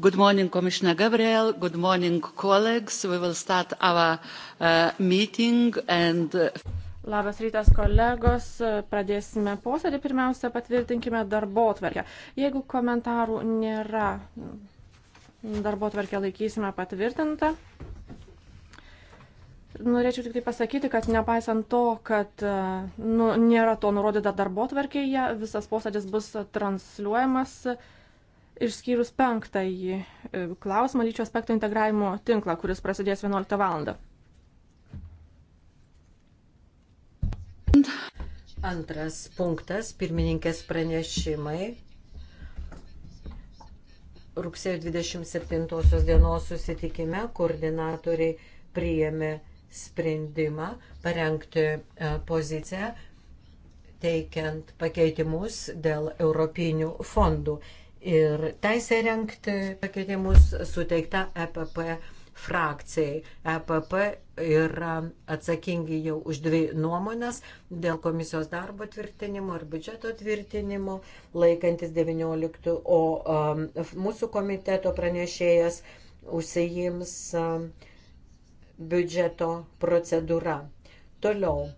Good morning, Commissioner Gabriel. Good morning, colleagues. We will start our uh, meeting and. Uh, Labas rytas, kolegos. Pradėsime posėdį. Pirmiausia, patvirtinkime darbo tvarkę. Jeigu komentarų nėra, darbo tvarkę laikysime patvirtintą. Norėčiau tik tai pasakyti, kad nepaisant to, kad uh, nu, nėra to nurodyta darbo tvarkėje, visas posėdis bus transliuojamas. Uh, išskyrus penktąjį e, klausimą lyčio aspekto integravimo tinklą, kuris prasidės 11 val. Antras punktas - pirmininkės pranešimai. Rugsėjo 27 dienos susitikime koordinatoriai priėmė sprendimą parengti e, poziciją teikiant pakeitimus dėl europinių fondų ir teisė renkti pakeitimus suteikta EPP frakcijai. EPP yra atsakingi jau už dvi nuomonės dėl komisijos darbo tvirtinimo ir biudžeto tvirtinimo, laikantis 19, o um, mūsų komiteto pranešėjas užsijims um, biudžeto procedūra. Toliau,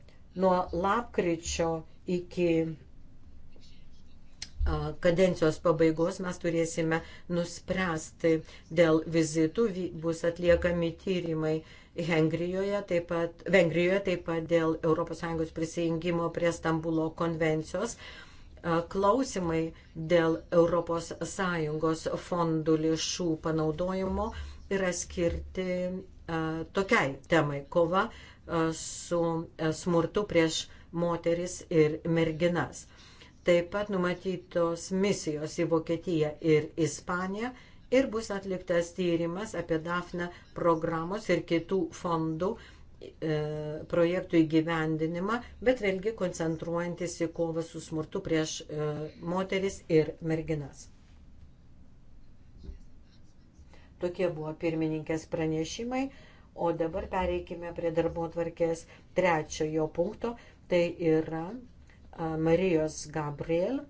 nuo lapkričio iki kadencijos pabaigos mes turėsime nuspręsti dėl vizitų, bus atliekami tyrimai Vengrijoje, taip pat, Vengrijoje, taip pat dėl ES prisijungimo prie Stambulo konvencijos. Klausimai dėl ES fondų lėšų panaudojimo yra skirti tokiai temai - kova su e, smurtu prieš moteris ir merginas taip pat numatytos misijos į Vokietiją ir Ispaniją ir bus atliktas tyrimas apie DAFNE programos ir kitų fondų e, projektų įgyvendinimą, bet vėlgi koncentruojantis į kovą su smurtu prieš e, moteris ir merginas. Tokie buvo pirmininkės pranešimai, o dabar pereikime prie darbo tvarkės trečiojo punkto, tai yra Marijos Gabriel,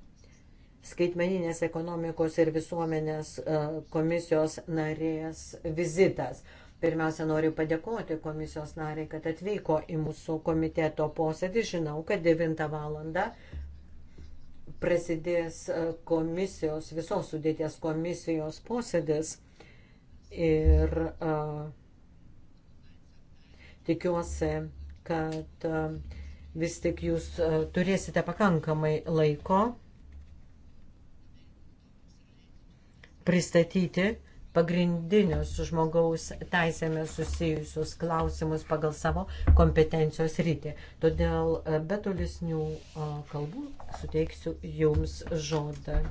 skaitmeninės ekonomikos ir visuomenės komisijos narės vizitas. Pirmiausia, noriu padėkoti komisijos nariai, kad atvyko į mūsų komiteto posėdį. Žinau, kad 9 valandą prasidės komisijos, visos sudėties komisijos posėdis. Ir uh, tikiuosi, kad uh, vis tik jūs e, turėsite pakankamai laiko pristatyti pagrindinius žmogaus teisėmis susijusius klausimus pagal savo kompetencijos rytį. Todėl e, be tolesnių e, kalbų suteiksiu Jums žodą.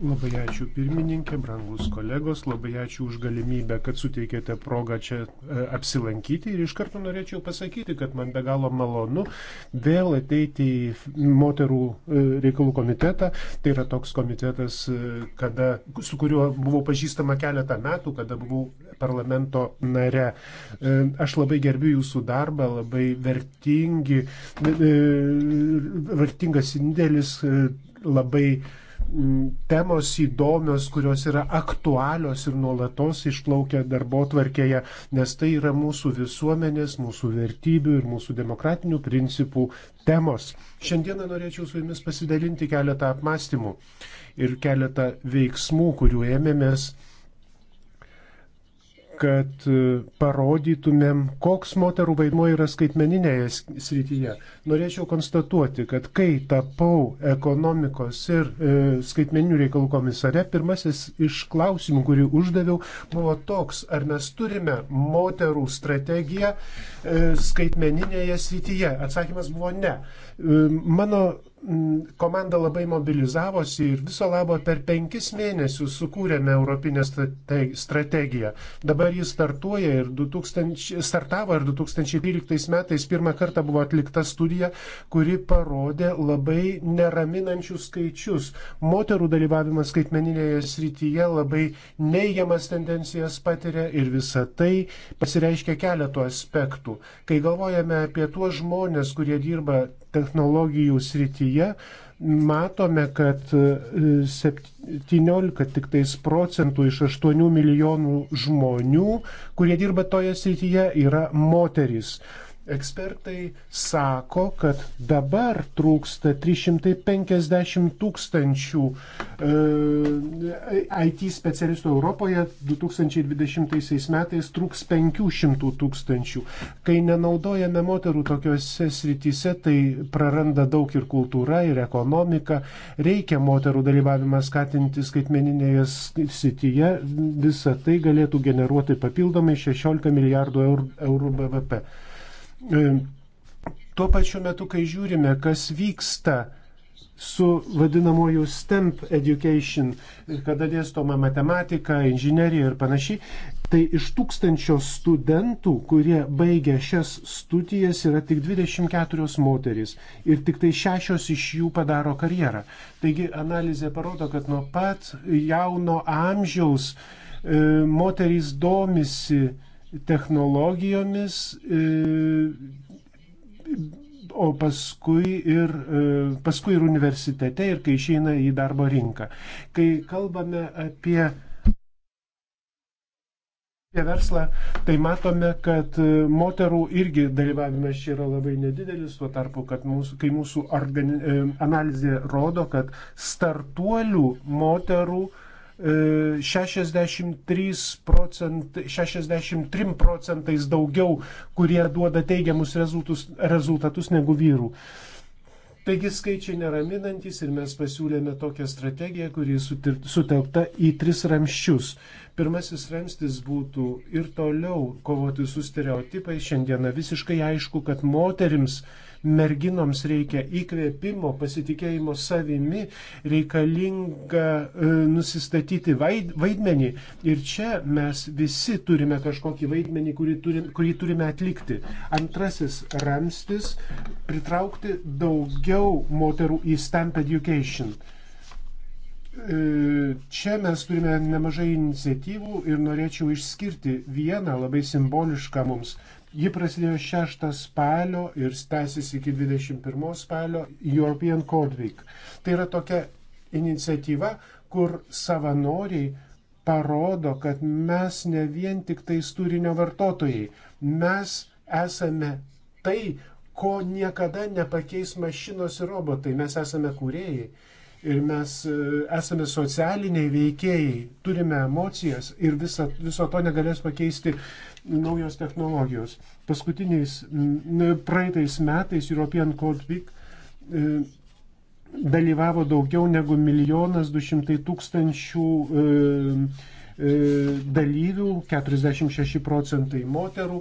Labai ačiū pirmininkė, brangus kolegos, labai ačiū už galimybę, kad suteikėte progą čia e, apsilankyti ir iš karto norėčiau pasakyti, kad man be galo malonu vėl ateiti į moterų e, reikalų komitetą. Tai yra toks komitetas, e, kada, su kuriuo buvau pažįstama keletą metų, kada buvau parlamento nare. E, aš labai gerbiu jūsų darbą, labai vertingi, e, e vertingas indėlis, e, labai e, temos įdomios, kurios yra aktualios ir nuolatos išplaukia darbo tvarkėje, nes tai yra mūsų visuomenės, mūsų vertybių ir mūsų demokratinių principų temos. Šiandieną norėčiau su jumis pasidalinti keletą apmąstymų ir keletą veiksmų, kurių ėmėmės kad e, parodytumėm, koks moterų vaidmuo yra skaitmeninėje srityje. Norėčiau konstatuoti, kad kai tapau ekonomikos ir e, skaitmeninių reikalų komisare, pirmasis iš klausimų, kurį uždaviau, buvo toks, ar mes turime moterų strategiją e, skaitmeninėje srityje. Atsakymas buvo ne. E, mano Mm, komanda labai mobilizavosi ir viso labo per penkis mėnesius sukūrėme Europinę strategiją. Dabar jis startuoja ir 2000, startavo ir 2013 metais pirmą kartą buvo atlikta studija, kuri parodė labai neraminančius skaičius. Moterų dalyvavimas skaitmeninėje srityje labai neigiamas tendencijas patiria ir visa tai pasireiškia keletų aspektų. Kai galvojame apie tuos žmonės, kurie dirba technologijų srityje matome, kad 17 tik tais procentų iš 8 milijonų žmonių, kurie dirba toje srityje, yra moteris. Ekspertai sako, kad dabar trūksta 350 tūkstančių e, IT specialistų Europoje, 2020 metais trūks 500 tūkstančių. Kai nenaudojame moterų tokiuose srityse, tai praranda daug ir kultūra, ir ekonomika. Reikia moterų dalyvavimą skatinti skaitmeninėje srityje. Visa tai galėtų generuoti papildomai 16 milijardų eurų BVP. E, tuo pačiu metu, kai žiūrime, kas vyksta su vadinamoju STEMP education, kada dėstoma matematika, inžinierija ir panašiai, tai iš tūkstančio studentų, kurie baigia šias studijas, yra tik 24 moteris ir tik tai šešios iš jų padaro karjerą. Taigi analizė parodo, kad nuo pat jauno amžiaus e, moterys domisi e, technologijomis, e, o paskui ir, e, paskui ir universitete ir kai išeina į darbo rinką. Kai kalbame apie apie verslą, tai matome, kad e, moterų irgi dalyvavimas čia yra labai nedidelis, tuo tarpu, kad mūsų, kai mūsų organi, analizė rodo, kad startuolių moterų uh, 63 procentai, 63 procentais daugiau, kurie duoda teigiamus rezultus, rezultatus negu vyrų. Taigi skaičiai neraminantis ir mes pasiūlėme tokią strategiją, kuri sutelkta į tris ramščius. Pirmasis ramstis būtų ir toliau kovoti su stereotipais. Šiandieną visiškai aišku, kad moterims uh, merginoms reikia įkvėpimo, pasitikėjimo savimi, reikalinga e, nusistatyti vaid, vaidmenį. Ir čia mes visi turime kažkokį vaidmenį, kurį, turim, kurį turime atlikti. Antrasis ramstis - pritraukti daugiau moterų į STEM education e, čia mes turime nemažai iniciatyvų ir norėčiau išskirti vieną labai simbolišką mums Ji prasidėjo 6 spalio ir tęsis iki 21 spalio European Code Week. Tai yra tokia iniciatyva, kur savanoriai parodo, kad mes ne vien tik tai turinio vartotojai, mes esame tai, ko niekada nepakeis mašinos ir robotai, mes esame kūrėjai ir mes e, esame socialiniai veikėjai, turime emocijas ir visa, viso to negalės pakeisti naujos technologijos. Paskutiniais praeitais metais European Code Week e, dalyvavo daugiau negu milijonas du šimtai tūkstančių e, dalyvių, 46 procentai moterų.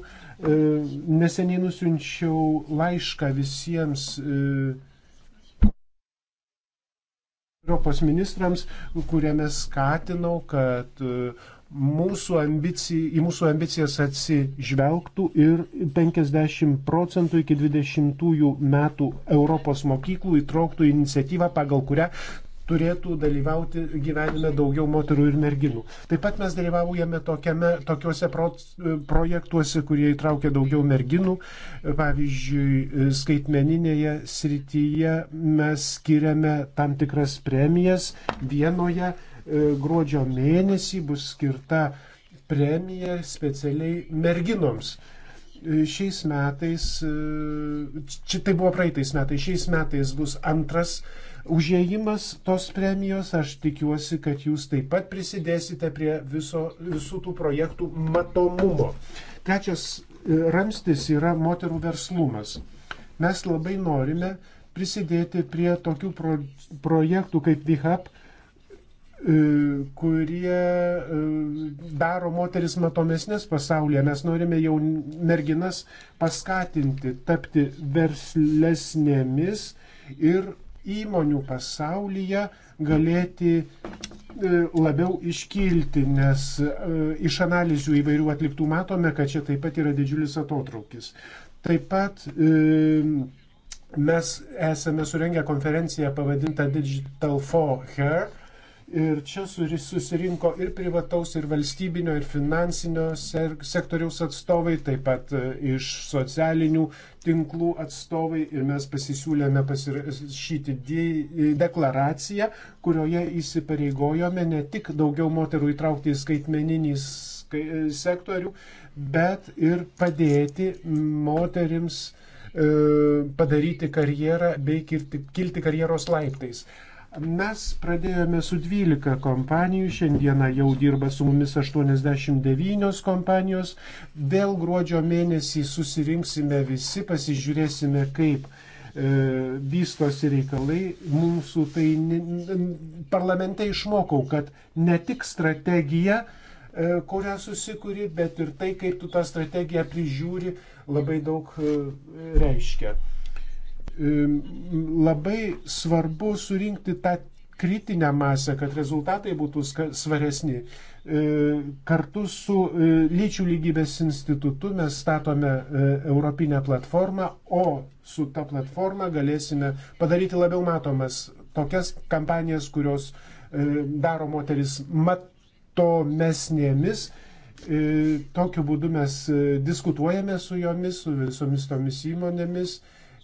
Neseniai nusinčiau laišką visiems Europos ministrams, kuriame skatinau, kad e, mūsų ambicija, į mūsų ambicijas atsižvelgtų ir 50 procentų iki 20 metų Europos mokyklų įtrauktų iniciatyvą, pagal kurią turėtų dalyvauti gyvenime daugiau moterų ir merginų. Taip pat mes dalyvaujame tokiame, tokiuose pro, e, projektuose, kurie įtraukia daugiau merginų. E, pavyzdžiui, e, skaitmeninėje srityje mes skiriame tam tikras premijas. Vienoje gruodžio mėnesį bus skirta premija specialiai merginoms šiais metais, čia tai buvo praeitais metais, šiais metais bus antras užėjimas tos premijos. Aš tikiuosi, kad jūs taip pat prisidėsite prie viso, visų tų projektų matomumo. Trečias e, ramstis yra moterų verslumas. Mes labai norime prisidėti prie tokių pro, projektų kaip VHAP, e, kurie e, daro moteris matomesnės pasaulyje. Mes norime jau merginas paskatinti tapti verslesnėmis ir įmonių pasaulyje galėti e, labiau iškilti, nes e, iš analizių įvairių atliktų matome, kad čia taip pat yra didžiulis atotraukis. Taip pat e, mes esame surengę konferenciją pavadintą Digital for Her, Ir čia susirinko ir privataus, ir valstybinio, ir finansinio sektoriaus atstovai, taip pat e, iš socialinių tinklų atstovai. Ir mes pasisiūlėme pasirašyti e, deklaraciją, kurioje įsipareigojome ne tik daugiau moterų įtraukti į skaitmeninį e, sektorių, bet ir padėti moterims padaryti karjerą bei kilti karjeros laiptais. Mes pradėjome su 12 kompanijų, šiandieną jau dirba su mumis 89 kompanijos. Vėl gruodžio mėnesį susirinksime visi, pasižiūrėsime, kaip e, vystosi reikalai. Mūsų tai parlamente išmokau, kad ne tik strategija, e, kurią susikuri, bet ir tai, kaip tu tą strategiją prižiūri, labai daug e, reiškia. Labai svarbu surinkti tą kritinę masę, kad rezultatai būtų svaresni. Kartu su e, lyčių lygybės institutu mes statome e, Europinę platformą, o su ta platforma galėsime padaryti labiau matomas tokias kampanijas, kurios e, daro moteris matomesnėmis. Tokiu būdu mes diskutuojame su jomis, su visomis tomis įmonėmis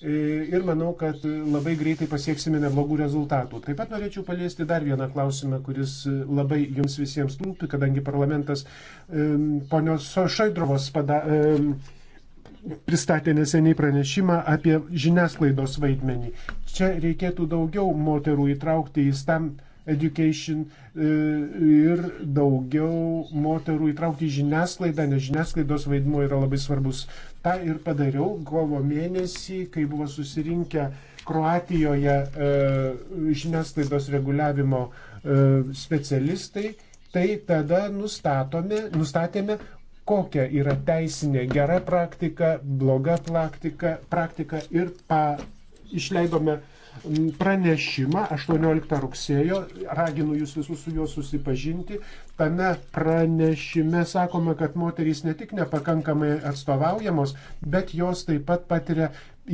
E, ir manau, kad labai greitai pasieksime neblogų rezultatų. Taip pat norėčiau paliesti dar vieną klausimą, kuris labai jums visiems rūpi, kadangi parlamentas ponios Šaidrovos pada, pristatė neseniai pranešimą apie žiniasklaidos vaidmenį. Čia reikėtų daugiau moterų įtraukti į tam education e, ir daugiau moterų įtraukti į žiniasklaidą, nes žiniasklaidos vaidmuo yra labai svarbus Ta ir padariau kovo mėnesį, kai buvo susirinkę Kroatijoje e, žiniasklaidos reguliavimo e, specialistai. Tai tada nustatėme, kokia yra teisinė gera praktika, bloga praktika, praktika ir pa, išleidome e, pranešimą 18 rugsėjo. Raginu jūs visus su juo susipažinti. Tame pranešime sakoma, kad moterys ne tik nepakankamai atstovaujamos, bet jos taip pat patiria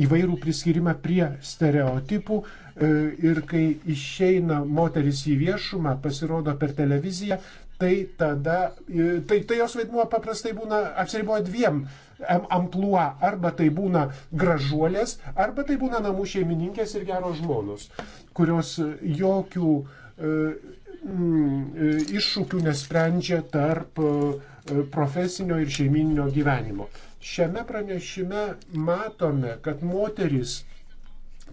įvairų priskirimą prie stereotipų e, ir kai išeina moteris į viešumą, pasirodo per televiziją, tai tada, e, tai, tai jos vaidmuo paprastai būna apsiriboja dviem amplua. Arba tai būna gražuolės, arba tai būna namų šeimininkės ir geros žmonos, kurios e, jokių e, mm, e, iššūkių nesprendžia tarp profesinio ir šeimininio gyvenimo. Šiame pranešime matome, kad moteris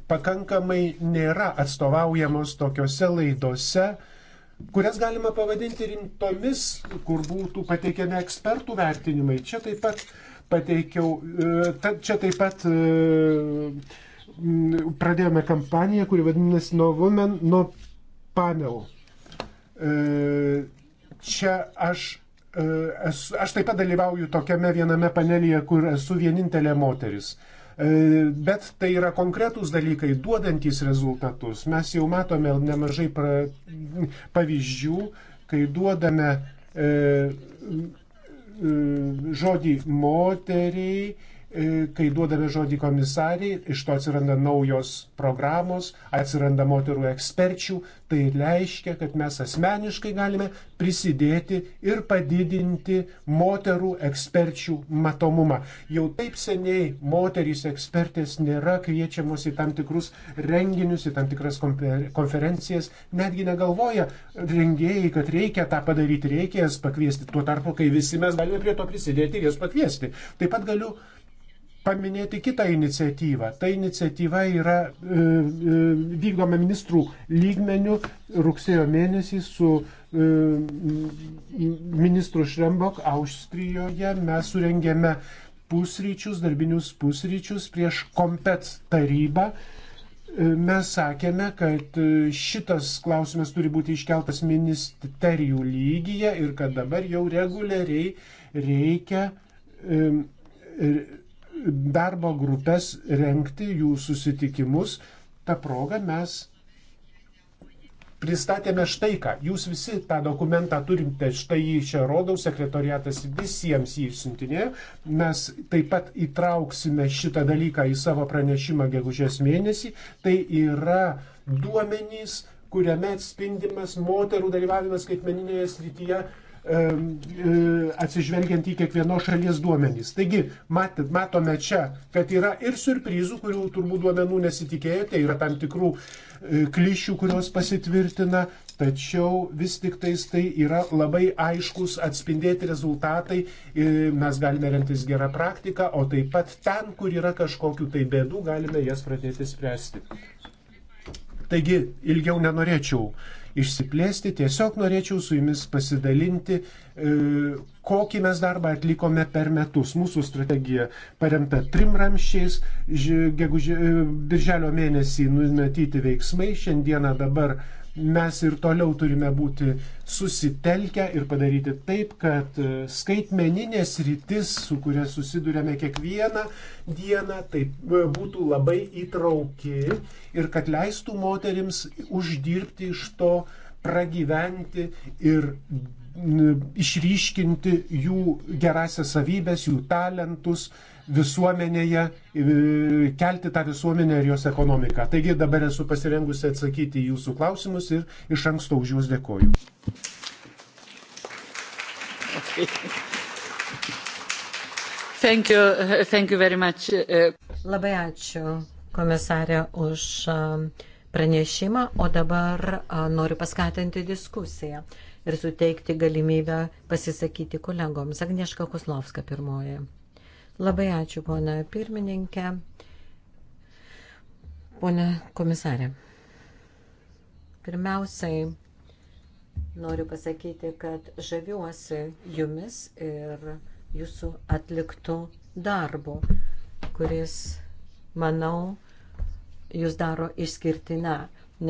pakankamai nėra atstovaujamos tokiuose laidose, kurias galima pavadinti rimtomis, kur būtų pateikiami ekspertų vertinimai. Čia taip pat pateikiau. E, ta, čia taip pat e, pradėjome kampaniją, kuri vadinasi No Women, No Panel. E, čia aš, esu, aš taip pat dalyvauju tokiame viename panelyje, kur esu vienintelė moteris. Bet tai yra konkretūs dalykai, duodantys rezultatus. Mes jau matome nemažai pra, pavyzdžių, kai duodame e, žodį moteriai E, kai duodame žodį komisariai, iš to atsiranda naujos programos, atsiranda moterų eksperčių, tai reiškia, kad mes asmeniškai galime prisidėti ir padidinti moterų eksperčių matomumą. Jau taip seniai moterys ekspertės nėra kviečiamos į tam tikrus renginius, į tam tikras konferencijas, netgi negalvoja rengėjai, kad reikia tą padaryti, reikia jas pakviesti, tuo tarpu, kai visi mes galime prie to prisidėti ir jas pakviesti. Taip pat galiu paminėti kitą iniciatyvą. Ta iniciatyva yra e, e, vykdoma ministrų lygmenių rugsėjo mėnesį su e, ministru Šrembok Austrijoje. Mes surengėme pusryčius, darbinius pusryčius prieš kompet tarybą. E, mes sakėme, kad e, šitas klausimas turi būti iškeltas ministerijų lygyje ir kad dabar jau reguliariai reikia e, e, darbo grupės renkti jų susitikimus. Ta proga mes pristatėme štai ką. Jūs visi tą dokumentą turite, štai jį čia rodau, sekretariatas visiems jį išsiuntinėjo. Mes taip pat įtrauksime šitą dalyką į savo pranešimą gegužės mėnesį. Tai yra duomenys, kuriame atspindimas moterų dalyvavimas skaitmeninėje srityje E, atsižvelgiant į kiekvienos šalies duomenys. Taigi, matyt, matome čia, kad yra ir surprizų, kurių turbūt duomenų nesitikėjote, yra tam tikrų e, klišių, kurios pasitvirtina, tačiau vis tik tais tai yra labai aiškus atspindėti rezultatai, mes galime remtis gerą praktiką, o taip pat ten, kur yra kažkokių tai bėdų, galime jas pradėti spręsti. Taigi, ilgiau nenorėčiau uh, išsiplėsti, tiesiog norėčiau su jumis pasidalinti, e, kokį mes darbą atlikome per metus. Mūsų strategija paremta trim ramščiais, e, birželio mėnesį numatyti veiksmai, šiandieną dabar mes ir toliau turime būti susitelkę ir padaryti taip, kad e, skaitmeninės rytis, su kuria susidurėme kiekvieną dieną, taip e, būtų labai įtrauki ir kad leistų moterims uždirbti iš to, pragyventi ir išryškinti jų gerasias savybės, jų talentus, visuomenėje, kelti tą visuomenę ir jos ekonomiką. Taigi dabar esu pasirengusi atsakyti į jūsų klausimus ir iš anksto už juos dėkoju. Thank you, thank you very much. Uh, Labai ačiū, komisarė, už um, pranešimą, o dabar uh, noriu paskatinti diskusiją ir suteikti galimybę pasisakyti kolegoms. Agnieška Kuslovska pirmoji. Labai ačiū, pona pirmininkė. Pone komisarė, pirmiausiai noriu pasakyti, kad žaviuosi jumis ir jūsų atliktų darbų, kuris, manau, jūs daro išskirtinę,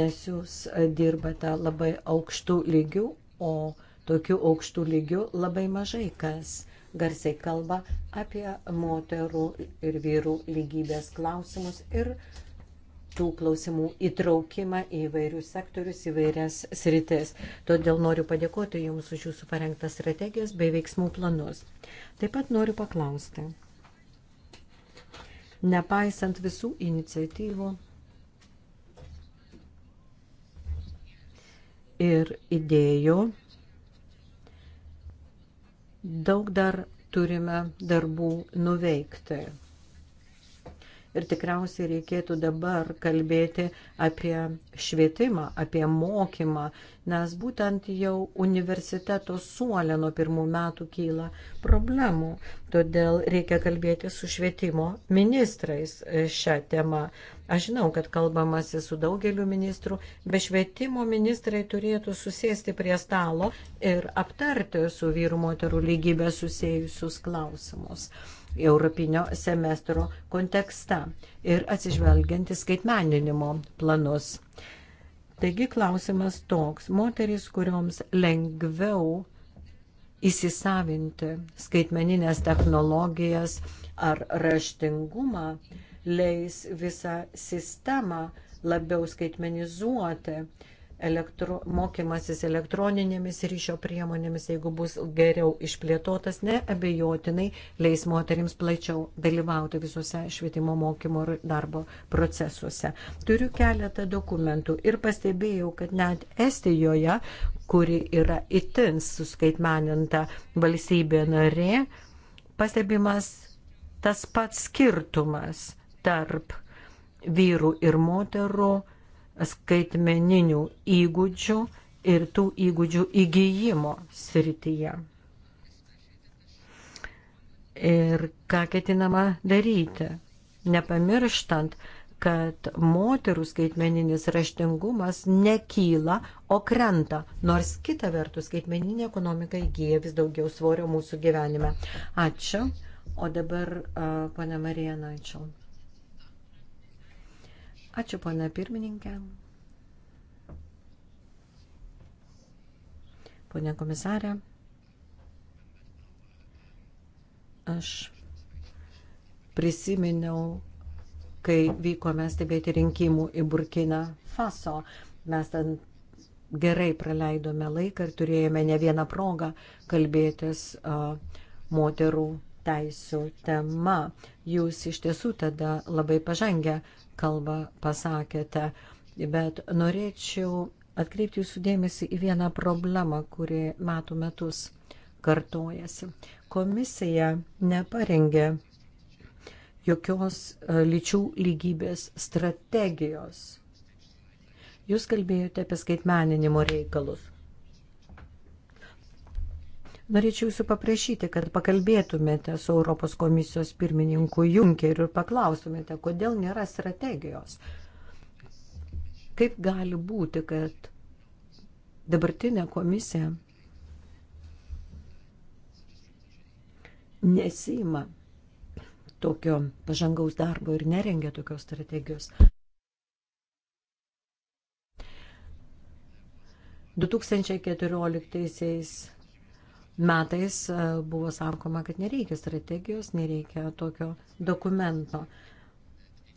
nes jūs dirbate labai aukštų lygių, o tokių aukštų lygių labai mažai kas garsiai kalba apie moterų ir vyrų lygybės klausimus ir tų klausimų įtraukimą į vairius sektorius, įvairias sritis. Todėl noriu padėkoti Jums už Jūsų parengtas strategijas bei veiksmų planus. Taip pat noriu paklausti. Nepaisant visų iniciatyvų, ir idėjų daug dar turime darbų nuveikti. Ir tikriausiai reikėtų dabar kalbėti apie švietimą, apie mokymą, nes būtent jau universiteto suolė nuo pirmų metų kyla problemų. Todėl reikia kalbėti su švietimo ministrais šią temą. Aš žinau, kad kalbamasi su daugeliu ministrų, bet švietimo ministrai turėtų susėsti prie stalo ir aptarti su vyrų moterų lygybė susijusius klausimus. Europinio semestro kontekste ir atsižvelgianti skaitmeninimo planus. Taigi klausimas toks. Moterys, kurioms lengviau įsisavinti skaitmeninės technologijas ar raštingumą, leis visą sistemą labiau skaitmenizuoti elektro, mokymasis elektroninėmis ryšio priemonėmis, jeigu bus geriau išplėtotas, neabejotinai leis moterims plačiau dalyvauti visuose švietimo mokymo ir darbo procesuose. Turiu keletą dokumentų ir pastebėjau, kad net Estijoje, kuri yra itin suskaitmeninta valstybė narė, pastebimas tas pats skirtumas tarp vyrų ir moterų skaitmeninių įgūdžių ir tų įgūdžių įgyjimo srityje. Ir ką ketinama daryti, nepamirštant, kad moterų skaitmeninis raštingumas nekyla, o krenta, nors kita vertus skaitmeninė ekonomika įgyja vis daugiau svorio mūsų gyvenime. Ačiū. O dabar, uh, ponia Marija Naičiau. Ačiū, pana pirmininkė. Pone komisarė, aš prisiminiau, kai vykome stebėti rinkimų į Burkina Faso. Mes ten gerai praleidome laiką ir turėjome ne vieną progą kalbėtis uh, moterų teisų tema. Jūs iš tiesų tada labai pažangę kalbą pasakėte, bet norėčiau atkreipti jūsų dėmesį į vieną problemą, kuri metų metus kartojasi. Komisija neparengė jokios e, lyčių lygybės strategijos. Jūs kalbėjote apie skaitmeninimo reikalus. Norėčiau jūsų paprašyti, kad pakalbėtumėte su Europos komisijos pirmininku Junkeriu ir paklaustumėte, kodėl nėra strategijos. Kaip gali būti, kad dabartinė komisija nesima tokio pažangaus darbo ir nerengia tokios strategijos. 2014 metais e, buvo sakoma, kad nereikia strategijos, nereikia tokio dokumento.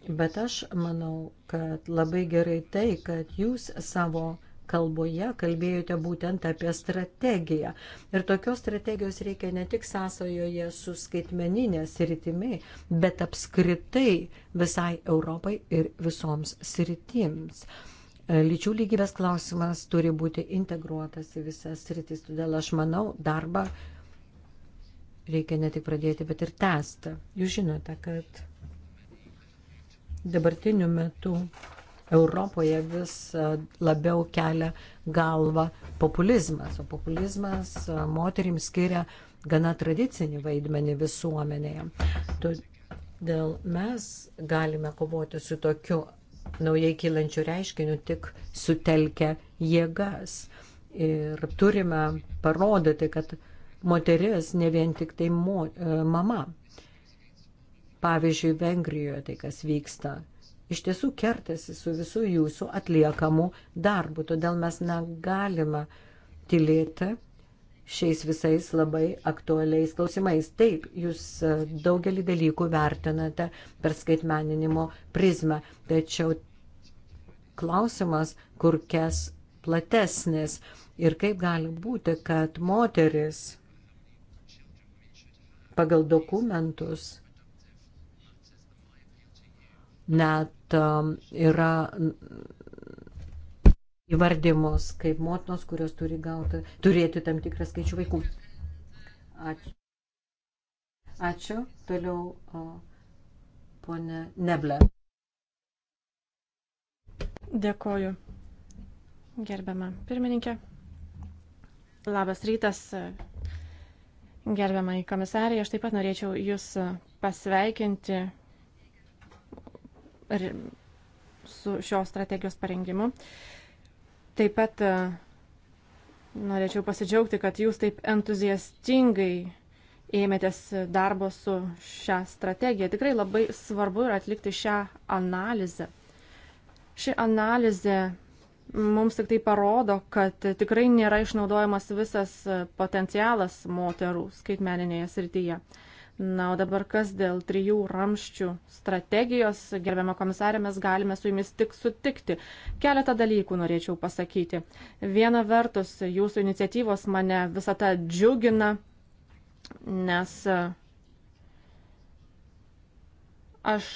Bet aš manau, kad labai gerai tai, kad jūs savo kalboje kalbėjote būtent apie strategiją. Ir tokios strategijos reikia ne tik sąsojoje su skaitmeninė sritimi, bet apskritai visai Europai ir visoms sritims lyčių lygybės klausimas turi būti integruotas į visas sritis. Todėl aš manau, darbą reikia ne tik pradėti, bet ir tęsti. Jūs žinote, kad dabartiniu metu Europoje vis labiau kelia galva populizmas, o populizmas moterims skiria gana tradicinį vaidmenį visuomenėje. Todėl mes galime kovoti su tokiu naujai kylančių reiškinių tik sutelkia jėgas. Ir turime parodyti, kad moteris ne vien tik tai mo, e, mama. Pavyzdžiui, Vengrijoje tai, kas vyksta, iš tiesų kertasi su visų jūsų atliekamu darbu. Todėl mes negalime tylėti šiais visais labai aktualiais klausimais. Taip, jūs e, daugelį dalykų vertinate per skaitmeninimo prizmę, tačiau klausimas kur kas platesnis ir kaip gali būti, kad moteris pagal dokumentus net e, yra įvardymus kaip motinos, kurios turi gauti, turėti tam tikrą skaičių vaikų. Ačiū. Ačiū. Toliau o, ponė Neble. Dėkoju. Gerbiama pirmininkė. Labas rytas, gerbiamai komisarė. Aš taip pat norėčiau Jūs pasveikinti su šios strategijos parengimu. Uh, Taip pat e, norėčiau pasidžiaugti, kad jūs taip entuziastingai ėmėtės darbo su šią strategiją. Tikrai labai svarbu yra atlikti šią analizę. Ši analizė mums tik tai parodo, kad tikrai nėra išnaudojamas visas e, potencialas moterų skaitmeninėje srityje. Na, o dabar kas dėl trijų ramščių strategijos, gerbiamą komisarę, mes galime su jumis tik sutikti. Keletą dalykų norėčiau pasakyti. Viena vertus, jūsų iniciatyvos mane visą tą džiugina, nes e, aš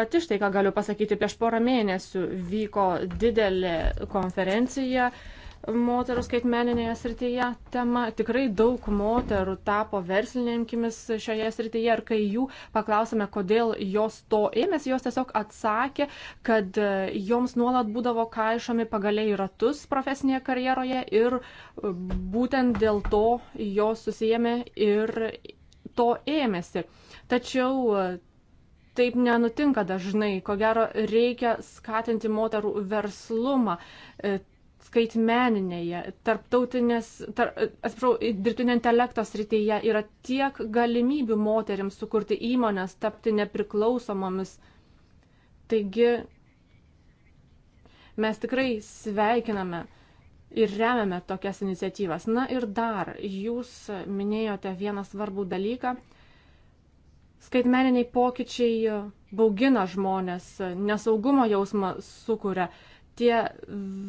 pati štai ką galiu pasakyti, prieš porą mėnesių vyko didelė konferencija moterų skaitmeninėje srityje tema. Tikrai daug moterų tapo verslininkimis šioje srityje ir kai jų paklausėme, kodėl jos to ėmėsi, jos tiesiog atsakė, kad e, joms nuolat būdavo kaišomi pagaliai ratus profesinėje karjeroje ir e, būtent dėl to jos susijėmė ir to ėmėsi. Tačiau e, taip nenutinka dažnai. Ko gero, reikia skatinti moterų verslumą skaitmeninėje, tarptautinės, tar, atsiprašau, dirbtinio intelekto srityje yra tiek galimybių moteriams sukurti įmonės, tapti nepriklausomomis. Taigi mes tikrai sveikiname ir remiame tokias iniciatyvas. Na ir dar, jūs minėjote vieną svarbų dalyką. Skaitmeniniai pokyčiai baugina žmonės, nesaugumo jausmą sukuria tie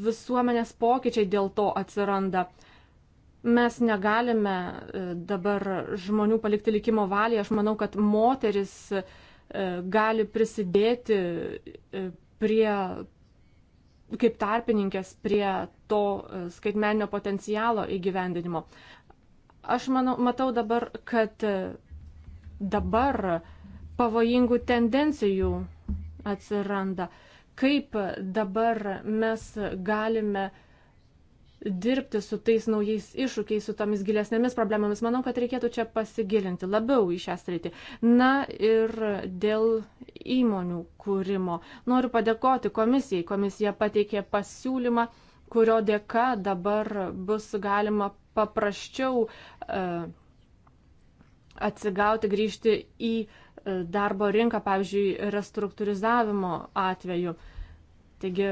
visuomenės pokyčiai dėl to atsiranda. Mes negalime e, dabar žmonių palikti likimo valiai. Aš manau, kad moteris e, gali prisidėti e, prie, kaip tarpininkės prie to skaitmeninio potencialo įgyvendinimo. Aš manau, matau dabar, kad dabar pavojingų tendencijų atsiranda. Uh, Kaip dabar mes galime dirbti su tais naujais iššūkiais, su tomis gilesnėmis problemomis. Manau, kad reikėtų čia pasigilinti labiau į šią sritį. Na ir dėl įmonių kūrimo. Noriu padėkoti komisijai. Komisija pateikė pasiūlymą, kurio dėka dabar bus galima paprasčiau uh, atsigauti, grįžti į uh, darbo rinką, pavyzdžiui, restruktūrizavimo atveju. Taigi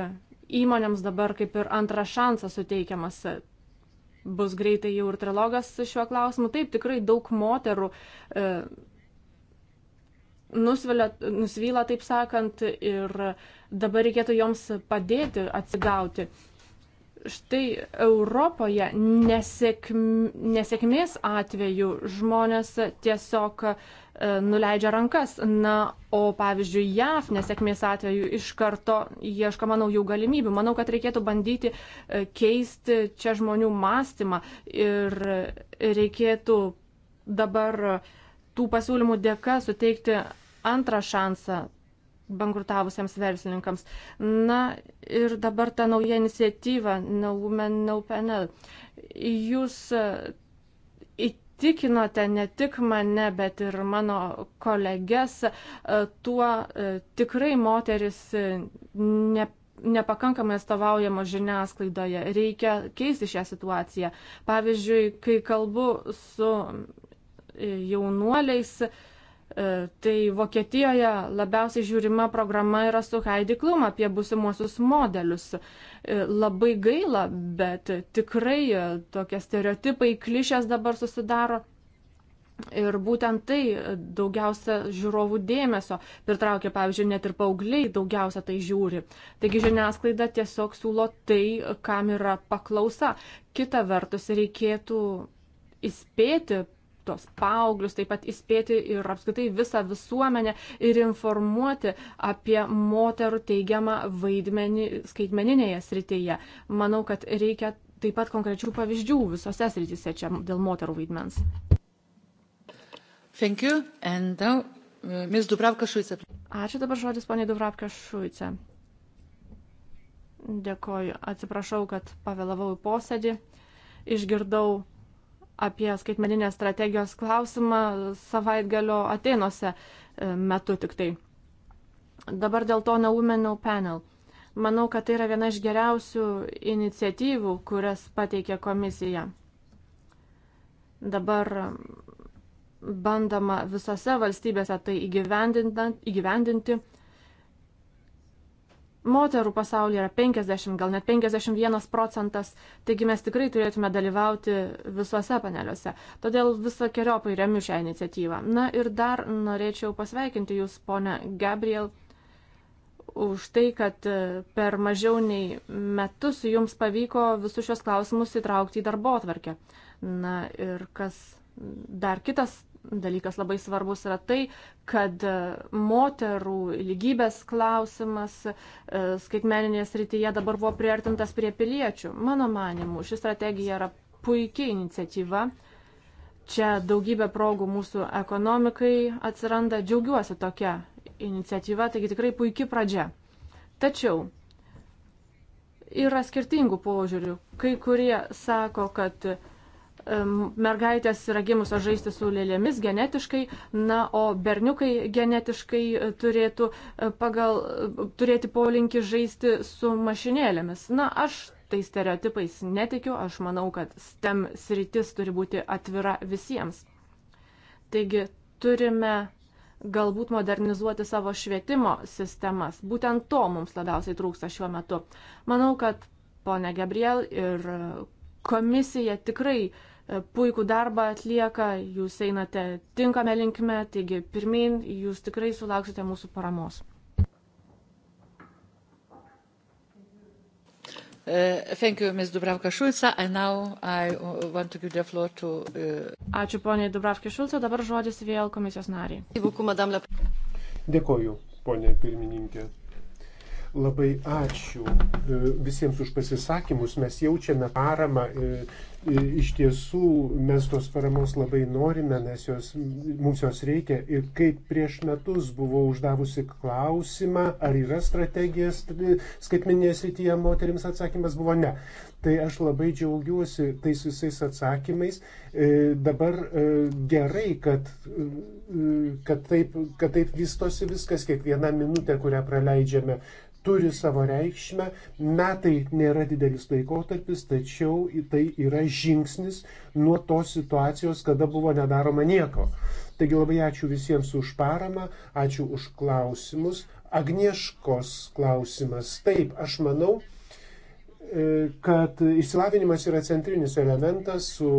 įmonėms dabar kaip ir antras šansas suteikiamas. Bus greitai jau ir trilogas šiuo klausimu. Taip, tikrai daug moterų e, nusvilia, nusvyla, taip sakant, ir dabar reikėtų joms padėti atsigauti štai Europoje nesėkm, nesėkmės atveju žmonės tiesiog e, nuleidžia rankas. Na, o pavyzdžiui, JAV nesėkmės atveju iš karto ieškama naujų galimybių. Manau, kad reikėtų bandyti e, keisti čia žmonių mąstymą ir reikėtų dabar tų pasiūlymų dėka suteikti antrą šansą bankrutavusiems verslininkams. Na ir dabar ta nauja iniciatyva, No Women, No Panel. Jūs e, įtikinote ne tik mane, bet ir mano kolegės, e, tuo e, tikrai moteris ne, nepakankamai atstovaujama žiniasklaidoje. Reikia keisti šią situaciją. Pavyzdžiui, kai kalbu su jaunuoliais, E, tai Vokietijoje labiausiai žiūrima programa yra su Heidi Klum apie busimuosius modelius. E, labai gaila, bet tikrai e, tokie stereotipai, klišės dabar susidaro. Ir būtent tai daugiausia žiūrovų dėmesio pritraukia, pavyzdžiui, net ir paaugliai daugiausia tai žiūri. Taigi žiniasklaida tiesiog siūlo tai, kam yra paklausa. Kita vertus, reikėtų įspėti tos paauglius, taip pat įspėti ir apskritai visą visuomenę ir informuoti apie moterų teigiamą vaidmenį skaitmeninėje srityje. Manau, kad reikia taip pat konkrečių pavyzdžių visose srityse čia dėl moterų vaidmens. Thank you. And now, uh, Ms. Dubravka Šuica. Ačiū dabar žodis, ponė Dubravka Šuica. Dėkoju. Atsiprašau, kad pavėlavau į posėdį. Išgirdau apie skaitmeninės strategijos klausimą savaitgalio Atenose e, metu tik tai. Dabar dėl to Naumenau no panel. Manau, kad tai yra viena iš geriausių iniciatyvų, kurias pateikė komisija. Dabar bandama visose valstybėse tai įgyvendinti Moterų pasaulyje yra 50, gal net 51 procentas, taigi mes tikrai turėtume dalyvauti visuose paneliuose. Todėl visą keriopai remiu šią iniciatyvą. Na ir dar norėčiau pasveikinti Jūs, ponę Gabriel, už tai, kad e, per mažiau nei metus Jums pavyko visus šios klausimus įtraukti į darbo atvarkę. Na ir kas dar kitas dalykas labai svarbus yra tai, kad e, moterų lygybės klausimas e, skaitmeninės rytyje dabar buvo priartintas prie piliečių. Mano manimu, ši strategija yra puikiai iniciatyva. Čia daugybė progų mūsų ekonomikai atsiranda. Džiaugiuosi tokia iniciatyva, taigi tikrai puikia pradžia. Tačiau yra skirtingų požiūrių. Kai kurie sako, kad mergaitės yra gimusios žaisti su lėlėmis genetiškai, na, o berniukai genetiškai e, turėtų e, pagal, e, turėti polinkį žaisti su mašinėlėmis. Na, aš tai stereotipais netikiu, aš manau, kad STEM sritis turi būti atvira visiems. Taigi turime galbūt modernizuoti savo švietimo sistemas. Būtent to mums labiausiai trūksta šiuo metu. Manau, kad ponia Gabriel ir komisija tikrai uh, puikų darbą atlieka, jūs einate tinkame linkme, taigi pirmin jūs tikrai sulauksite mūsų paramos. Uh, thank you, Ms. Dubravka Šulca. And now I want to give the floor to... Uh... Ačiū poniai Dubravka Šulca. Dabar žodis vėl komisijos nariai. Dėkoju, ponė pirmininkė. Labai ačiū e, visiems už pasisakymus. Mes jaučiame paramą. E, e, iš tiesų mes tos paramos labai norime, nes jos, mums jos reikia. Ir kaip prieš metus buvau uždavusi klausimą, ar yra strategijas skaitmeninėje srityje moteriams, atsakymas buvo ne. Tai aš labai džiaugiuosi tais visais atsakymais. Dabar gerai, kad, kad, taip, kad taip vystosi viskas, kiekviena minutė, kurią praleidžiame turi savo reikšmę, metai nėra didelis laikotarpis, tačiau tai yra žingsnis nuo tos situacijos, kada buvo nedaroma nieko. Taigi labai ačiū visiems už paramą, ačiū už klausimus. Agnieškos klausimas. Taip, aš manau, e, kad išsilavinimas yra centrinis elementas su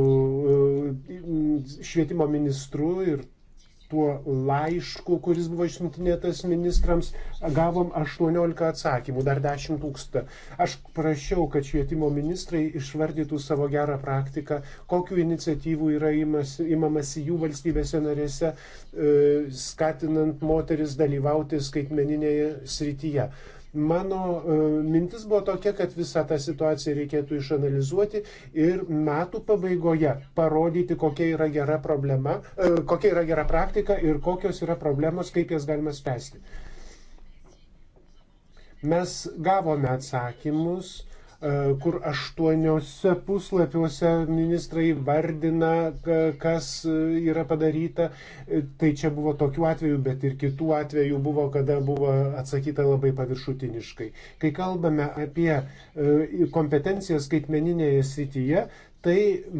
e, švietimo ministru ir tuo laišku, kuris buvo išsintinėtas ministrams, gavom 18 atsakymų, dar 10 tūkstą. Aš prašiau, kad švietimo ministrai išvardytų savo gerą praktiką, kokiu iniciatyvu yra imasi, imamasi jų valstybėse narėse, e, skatinant moteris dalyvauti skaitmeninėje srityje. Mano e, mintis buvo tokia, kad visą tą situaciją reikėtų išanalizuoti ir metų pabaigoje parodyti, kokia yra gera problema, e, kokia yra gera praktika ir kokios yra problemos, kaip jas galima spręsti. Mes gavome atsakymus, E, kur aštuoniuose puslapiuose ministrai vardina, kas e, yra padaryta. E, tai čia buvo tokių atvejų, bet ir kitų atvejų buvo, kada buvo atsakyta labai paviršutiniškai. Kai kalbame apie kompetenciją skaitmeninėje srityje, tai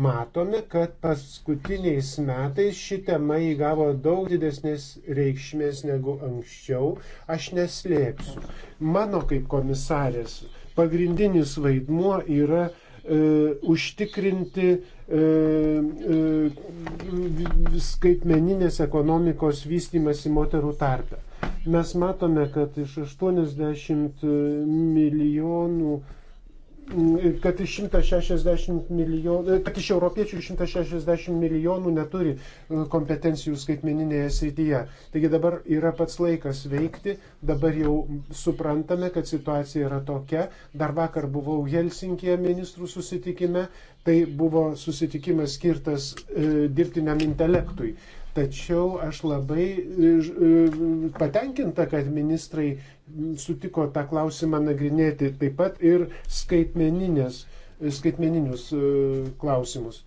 matome, kad paskutiniais metais ši tema įgavo daug didesnės reikšmės negu anksčiau. Aš neslėpsiu. Mano kaip komisarės pagrindinis vaidmuo yra e, užtikrinti e, e, skaitmeninės ekonomikos vystimasi moterų tarpe. Mes matome, kad iš 80 milijonų kad iš, 160 milijonų, kad iš europiečių 160 milijonų neturi e, kompetencijų skaitmeninėje srityje. Taigi dabar yra pats laikas veikti, dabar jau suprantame, kad situacija yra tokia. Dar vakar buvau Helsinkije ministrų susitikime, tai buvo susitikimas skirtas e, dirbtiniam intelektui. Tačiau aš labai e, e, patenkinta, kad ministrai sutiko tą klausimą nagrinėti taip pat ir e, skaitmeninius klausimus.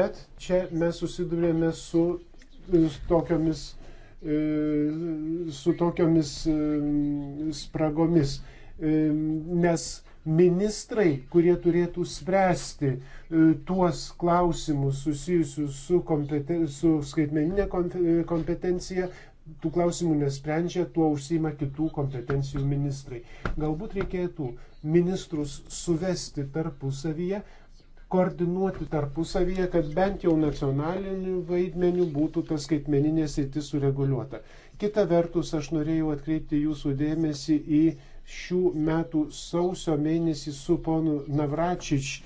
Bet čia mes susidurėme su tokiomis, su tokiomis spragomis, nes ministrai, kurie turėtų spręsti e, tuos klausimus susijusius su, kompeten... su skaitmeninė e, kompetencija, tų klausimų nesprendžia, tuo užsima kitų kompetencijų ministrai. Galbūt reikėtų ministrus suvesti tarpusavyje, koordinuoti tarpusavyje, kad bent jau nacionaliniu vaidmeniu būtų ta skaitmeninė sėti sureguliuota. Kita vertus, aš norėjau atkreipti jūsų dėmesį į šių metų sausio mėnesį su ponu Navračič e,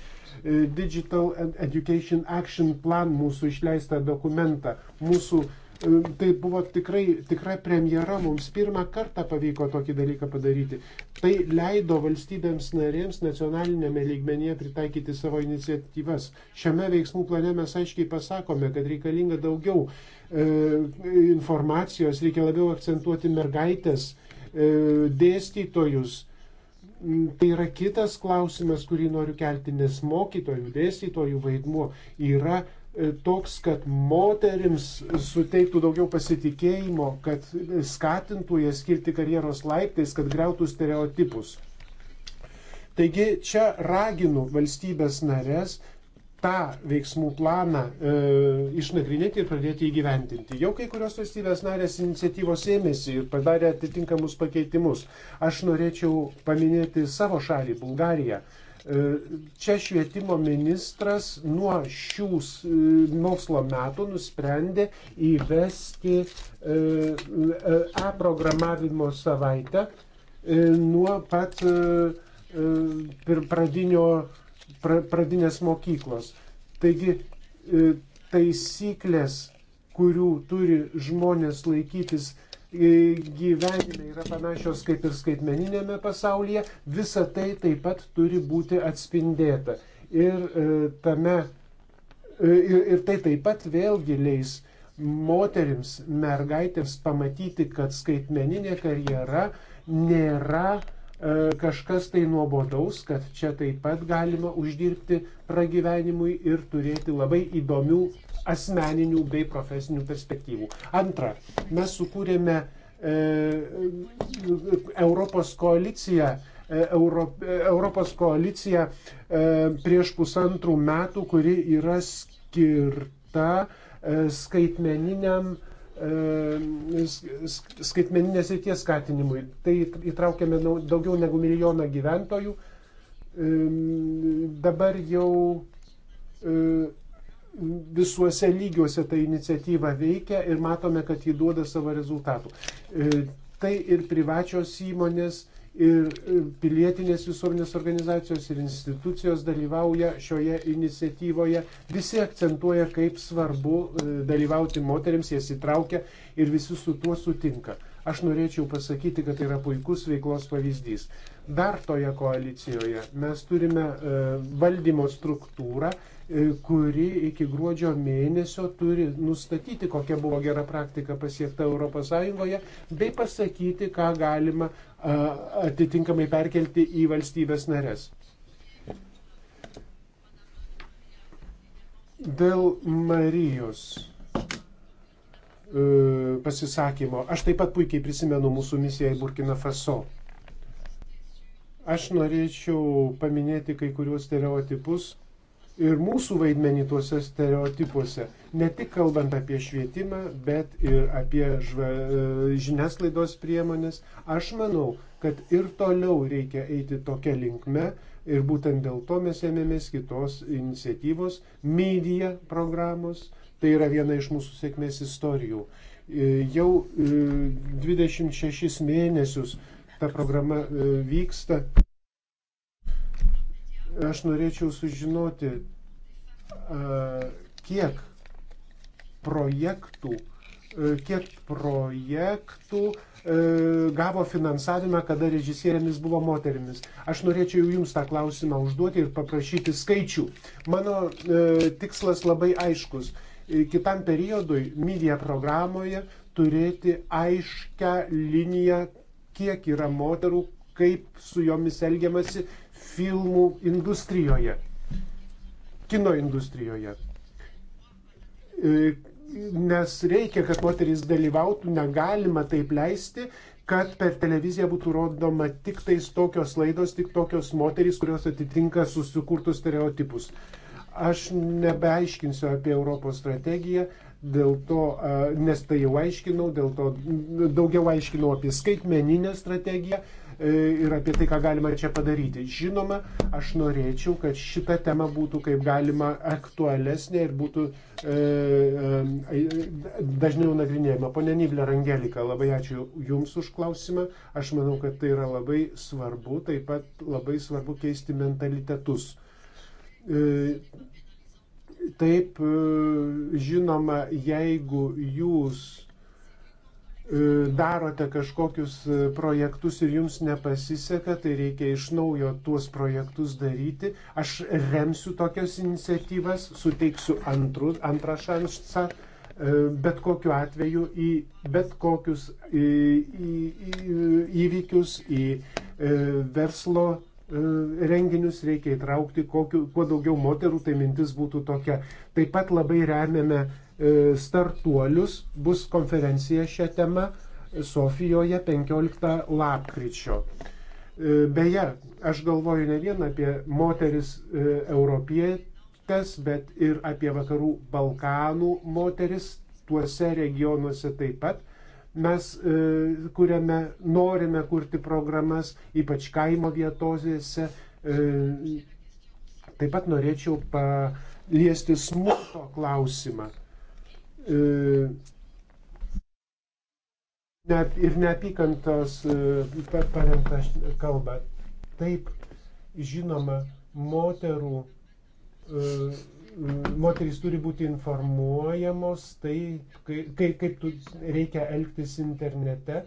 Digital Education Action Plan mūsų išleistą dokumentą. Mūsų, e, tai buvo tikrai, tikra premjera, mums pirmą kartą pavyko tokį dalyką padaryti. Tai leido valstybėms narėms nacionalinėme lygmenyje pritaikyti savo iniciatyvas. Šiame veiksmų plane mes aiškiai pasakome, kad reikalinga daugiau e, informacijos, reikia labiau akcentuoti mergaitės e, E, dėstytojus. Mm, tai yra kitas klausimas, kurį noriu kelti, nes mokytojų, dėstytojų vaidmuo yra e, toks, kad moterims suteiktų daugiau pasitikėjimo, kad skatintų jas skirti karjeros laiptais, kad greutų stereotipus. Taigi čia raginu valstybės narės tą veiksmų planą e, išnagrinėti ir pradėti įgyvendinti. Jau kai kurios valstybės narės iniciatyvos ėmėsi ir padarė atitinkamus pakeitimus. Aš norėčiau paminėti savo šalį, Bulgariją. E, čia švietimo ministras nuo šių e, mokslo metų nusprendė įvesti e-programavimo e, e savaitę e, nuo pat e, e pradinio pra, pradinės mokyklos. Taigi e, taisyklės, kurių turi žmonės laikytis e, gyvenime, yra panašios kaip ir skaitmeninėme pasaulyje, visa tai taip pat turi būti atspindėta. Ir, e, tame, ir, ir tai taip pat vėlgi leis moterims, mergaitėms pamatyti, kad skaitmeninė karjera nėra uh, E, kažkas tai nuobodaus, kad čia taip pat galima uždirbti pragyvenimui ir turėti labai įdomių asmeninių bei profesinių perspektyvų. Antra, mes sukūrėme e, Europos koaliciją. E, Euro, e, Europos koalicija e, prieš pusantrų metų, kuri yra skirta e, skaitmeniniam e, Ehm, skaitmeninės ryties skatinimui. Tai įtraukėme daugiau negu milijoną gyventojų. Ehm, dabar jau e, visuose lygiuose ta iniciatyva veikia ir matome, kad ji duoda savo rezultatų. E, tai ir privačios įmonės, ir pilietinės visuomenės organizacijos ir institucijos dalyvauja šioje iniciatyvoje. Visi akcentuoja, kaip svarbu e, dalyvauti moteriams, jas įtraukia ir visi su tuo sutinka. Aš norėčiau pasakyti, kad tai yra puikus veiklos pavyzdys dar toje koalicijoje mes turime e, valdymo struktūrą, e, kuri iki gruodžio mėnesio turi nustatyti, kokia buvo gera praktika pasiekta ES, bei pasakyti, ką galima e, atitinkamai perkelti į valstybės narės. Dėl Marijos pasisakymo. Aš taip pat puikiai prisimenu mūsų misiją į Burkina Faso. Aš norėčiau paminėti kai kuriuos stereotipus ir mūsų vaidmenį tuose stereotipuose. Ne tik kalbant apie švietimą, bet ir apie žva, žiniasklaidos priemonės. Aš manau, kad ir toliau reikia eiti tokia linkme ir būtent dėl to mes ėmėmės kitos iniciatyvos - media programos. Tai yra viena iš mūsų sėkmės istorijų. Jau 26 e, mėnesius ta programa e, vyksta. Aš norėčiau sužinoti, kiek projektų, e, kiek projektų e, gavo finansavimą, kada režisierėmis buvo moterimis. Aš norėčiau jums tą klausimą užduoti ir paprašyti skaičių. Mano tikslas labai aiškus. Kitam periodui media programoje turėti aiškę liniją kiek yra moterų, kaip su jomis elgiamasi filmų industrijoje, kino industrijoje. E, nes reikia, kad moteris dalyvautų, negalima taip leisti, kad per televiziją būtų rodoma tik tais tokios laidos, tik tokios moterys, kurios atitinka susikurtus stereotipus. Aš nebeaiškinsiu apie Europos strategiją, dėl to, nes tai jau aiškinau, dėl to daugiau aiškinau apie skaitmeninę strategiją e, ir apie tai, ką galima čia padaryti. Žinoma, aš norėčiau, kad šita tema būtų kaip galima aktualesnė ir būtų e, e, dažniau nagrinėjama. Pone Niblė Rangelika, labai ačiū Jums už klausimą. Aš manau, kad tai yra labai svarbu, taip pat labai svarbu keisti mentalitetus Taip, e, žinoma, jeigu jūs e, darote kažkokius e, projektus ir jums nepasiseka, tai reikia iš naujo tuos projektus daryti. Aš remsiu tokias iniciatyvas, suteiksiu antru, antrą šansą, bet kokiu atveju į bet kokius į, į, į, įvykius, į verslo E, renginius reikia įtraukti, kokiu, kuo daugiau moterų, tai mintis būtų tokia. Taip pat labai remiame e, startuolius, bus konferencija šią temą Sofijoje 15 lapkričio. E, beje, aš galvoju ne vien apie moteris europietės, bet ir apie vakarų Balkanų moteris tuose regionuose taip pat Mes e, kuriame, norime kurti programas, ypač kaimo vietovėse. E, taip pat norėčiau paliesti smurto klausimą. E, ir neapykantos e, paremta kalba. Taip, žinoma, moterų e, moterys turi būti informuojamos, tai kaip, kaip reikia elgtis internete.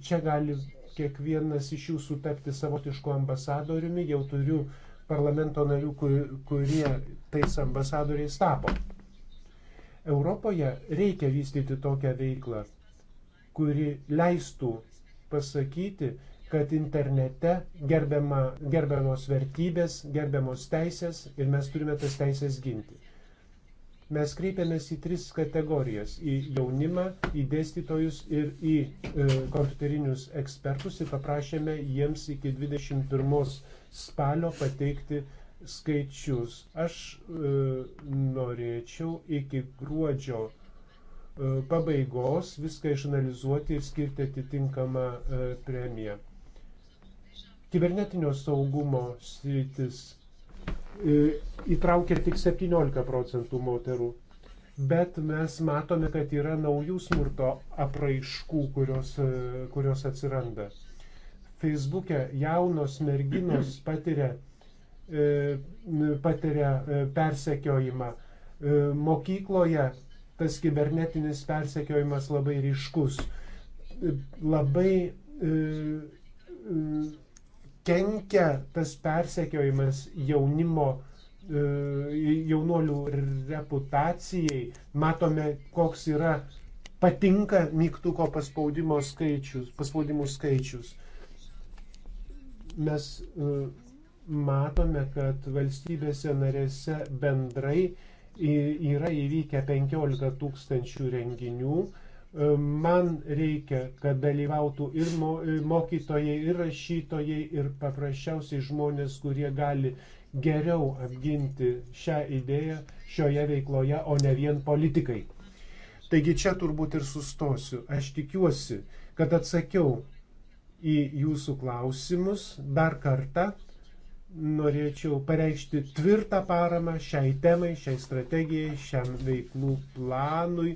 Čia gali kiekvienas iš jūsų tapti savotišku ambasadoriumi, jau turiu parlamento narių, kur, kurie tais ambasadoriais tapo. Europoje reikia vystyti tokią veiklą, kuri leistų pasakyti, kad internete gerbiama, gerbiamos vertybės, gerbiamos teisės ir mes turime tas teisės ginti. Mes kreipiamės į tris kategorijas - į jaunimą, į dėstytojus ir į e, kompiuterinius ekspertus ir paprašėme jiems iki 21 spalio pateikti skaičius. Aš e, norėčiau iki gruodžio e, pabaigos viską išanalizuoti ir skirti atitinkamą e, premiją. Kibernetinio saugumo sritis e, įtraukia tik 17 procentų moterų. Bet mes matome, kad yra naujų smurto apraiškų, kurios, e, kurios atsiranda. Facebook'e jaunos merginos patiria, e, patiria persekiojimą. Mokykloje tas kibernetinis persekiojimas labai ryškus. Labai kenkia tas persekiojimas jaunimo, e, jaunuolių reputacijai. Matome, koks yra patinka mygtuko paspaudimo skaičius, paspaudimų skaičius. Mes e, matome, kad valstybėse narėse bendrai yra įvykę 15 tūkstančių renginių man reikia, kad dalyvautų ir mokytojai, ir rašytojai, ir paprasčiausiai žmonės, kurie gali geriau apginti šią idėją šioje veikloje, o ne vien politikai. Taigi čia turbūt ir sustosiu. Aš tikiuosi, kad atsakiau į jūsų klausimus dar kartą. Norėčiau pareikšti tvirtą paramą šiai temai, šiai strategijai, šiam veiklų planui,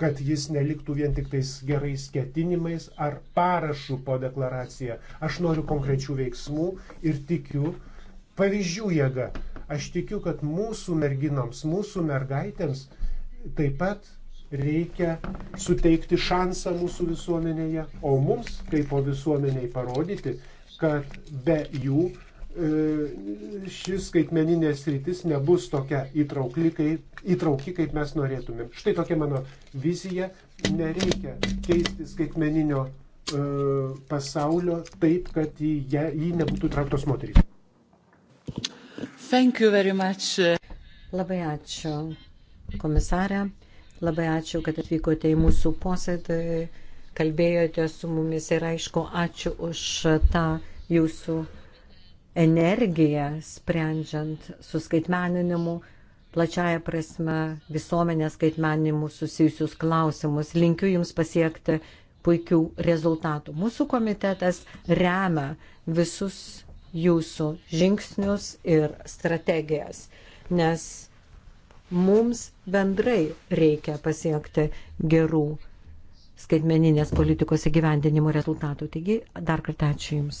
kad jis neliktų vien tik tais gerais ketinimais ar parašu po deklaracija. Aš noriu konkrečių veiksmų ir tikiu pavyzdžių jėga. Aš tikiu, kad mūsų merginoms, mūsų mergaitėms taip pat reikia suteikti šansą mūsų visuomenėje, o mums kaip po visuomeniai parodyti, kad be jų E, šis skaitmeninė sritis nebus tokia įtraukli kaip, įtrauki, kaip mes norėtumėm. Štai tokia mano vizija. Nereikia keisti skaitmeninio e, pasaulio taip, kad į jį, jį nebūtų trauktos moterys. Labai ačiū, komisarė. Labai ačiū, kad atvykote į mūsų posėdį, kalbėjote su mumis ir aišku, ačiū už tą jūsų energiją, sprendžiant su skaitmeninimu, plačiaja prasme, visuomenės skaitmeninimu susijusius klausimus. Linkiu Jums pasiekti puikių rezultatų. Mūsų komitetas remia visus Jūsų žingsnius ir strategijas, nes mums bendrai reikia pasiekti gerų skaitmeninės politikos įgyvendinimo rezultatų. Taigi, dar kartą ačiū Jums.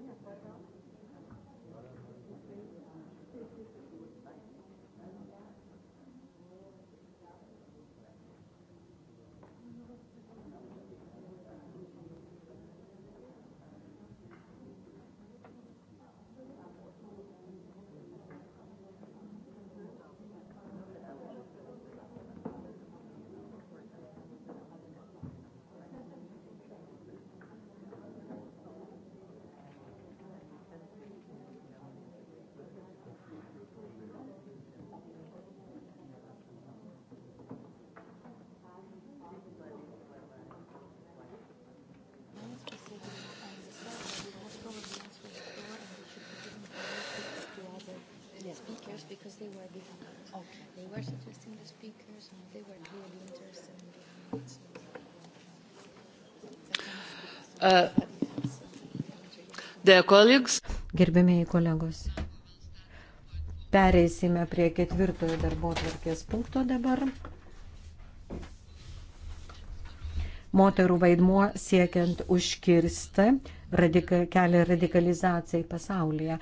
testing the speakers. Uh, they were clearly interested in behind. So. Uh, Gerbėmiai kolegos, pereisime prie ketvirtojo darbo tvarkės punkto dabar. Moterų vaidmuo siekiant užkirsti radika, kelią radikalizacijai pasaulyje.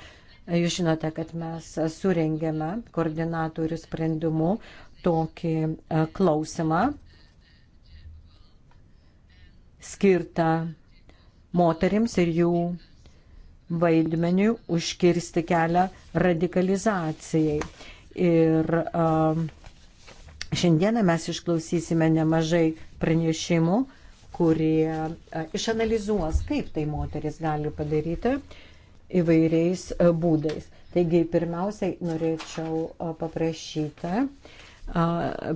Jūs žinote, kad mes surengėme koordinatorių sprendimu tokį e, klausimą skirtą moterims ir jų vaidmeniui užkirsti kelią radikalizacijai. Ir uh, šiandieną mes išklausysime nemažai pranešimų, kurie uh, išanalizuos, kaip tai moteris gali padaryti įvairiais uh, būdais. Taigi, pirmiausiai norėčiau paprašyti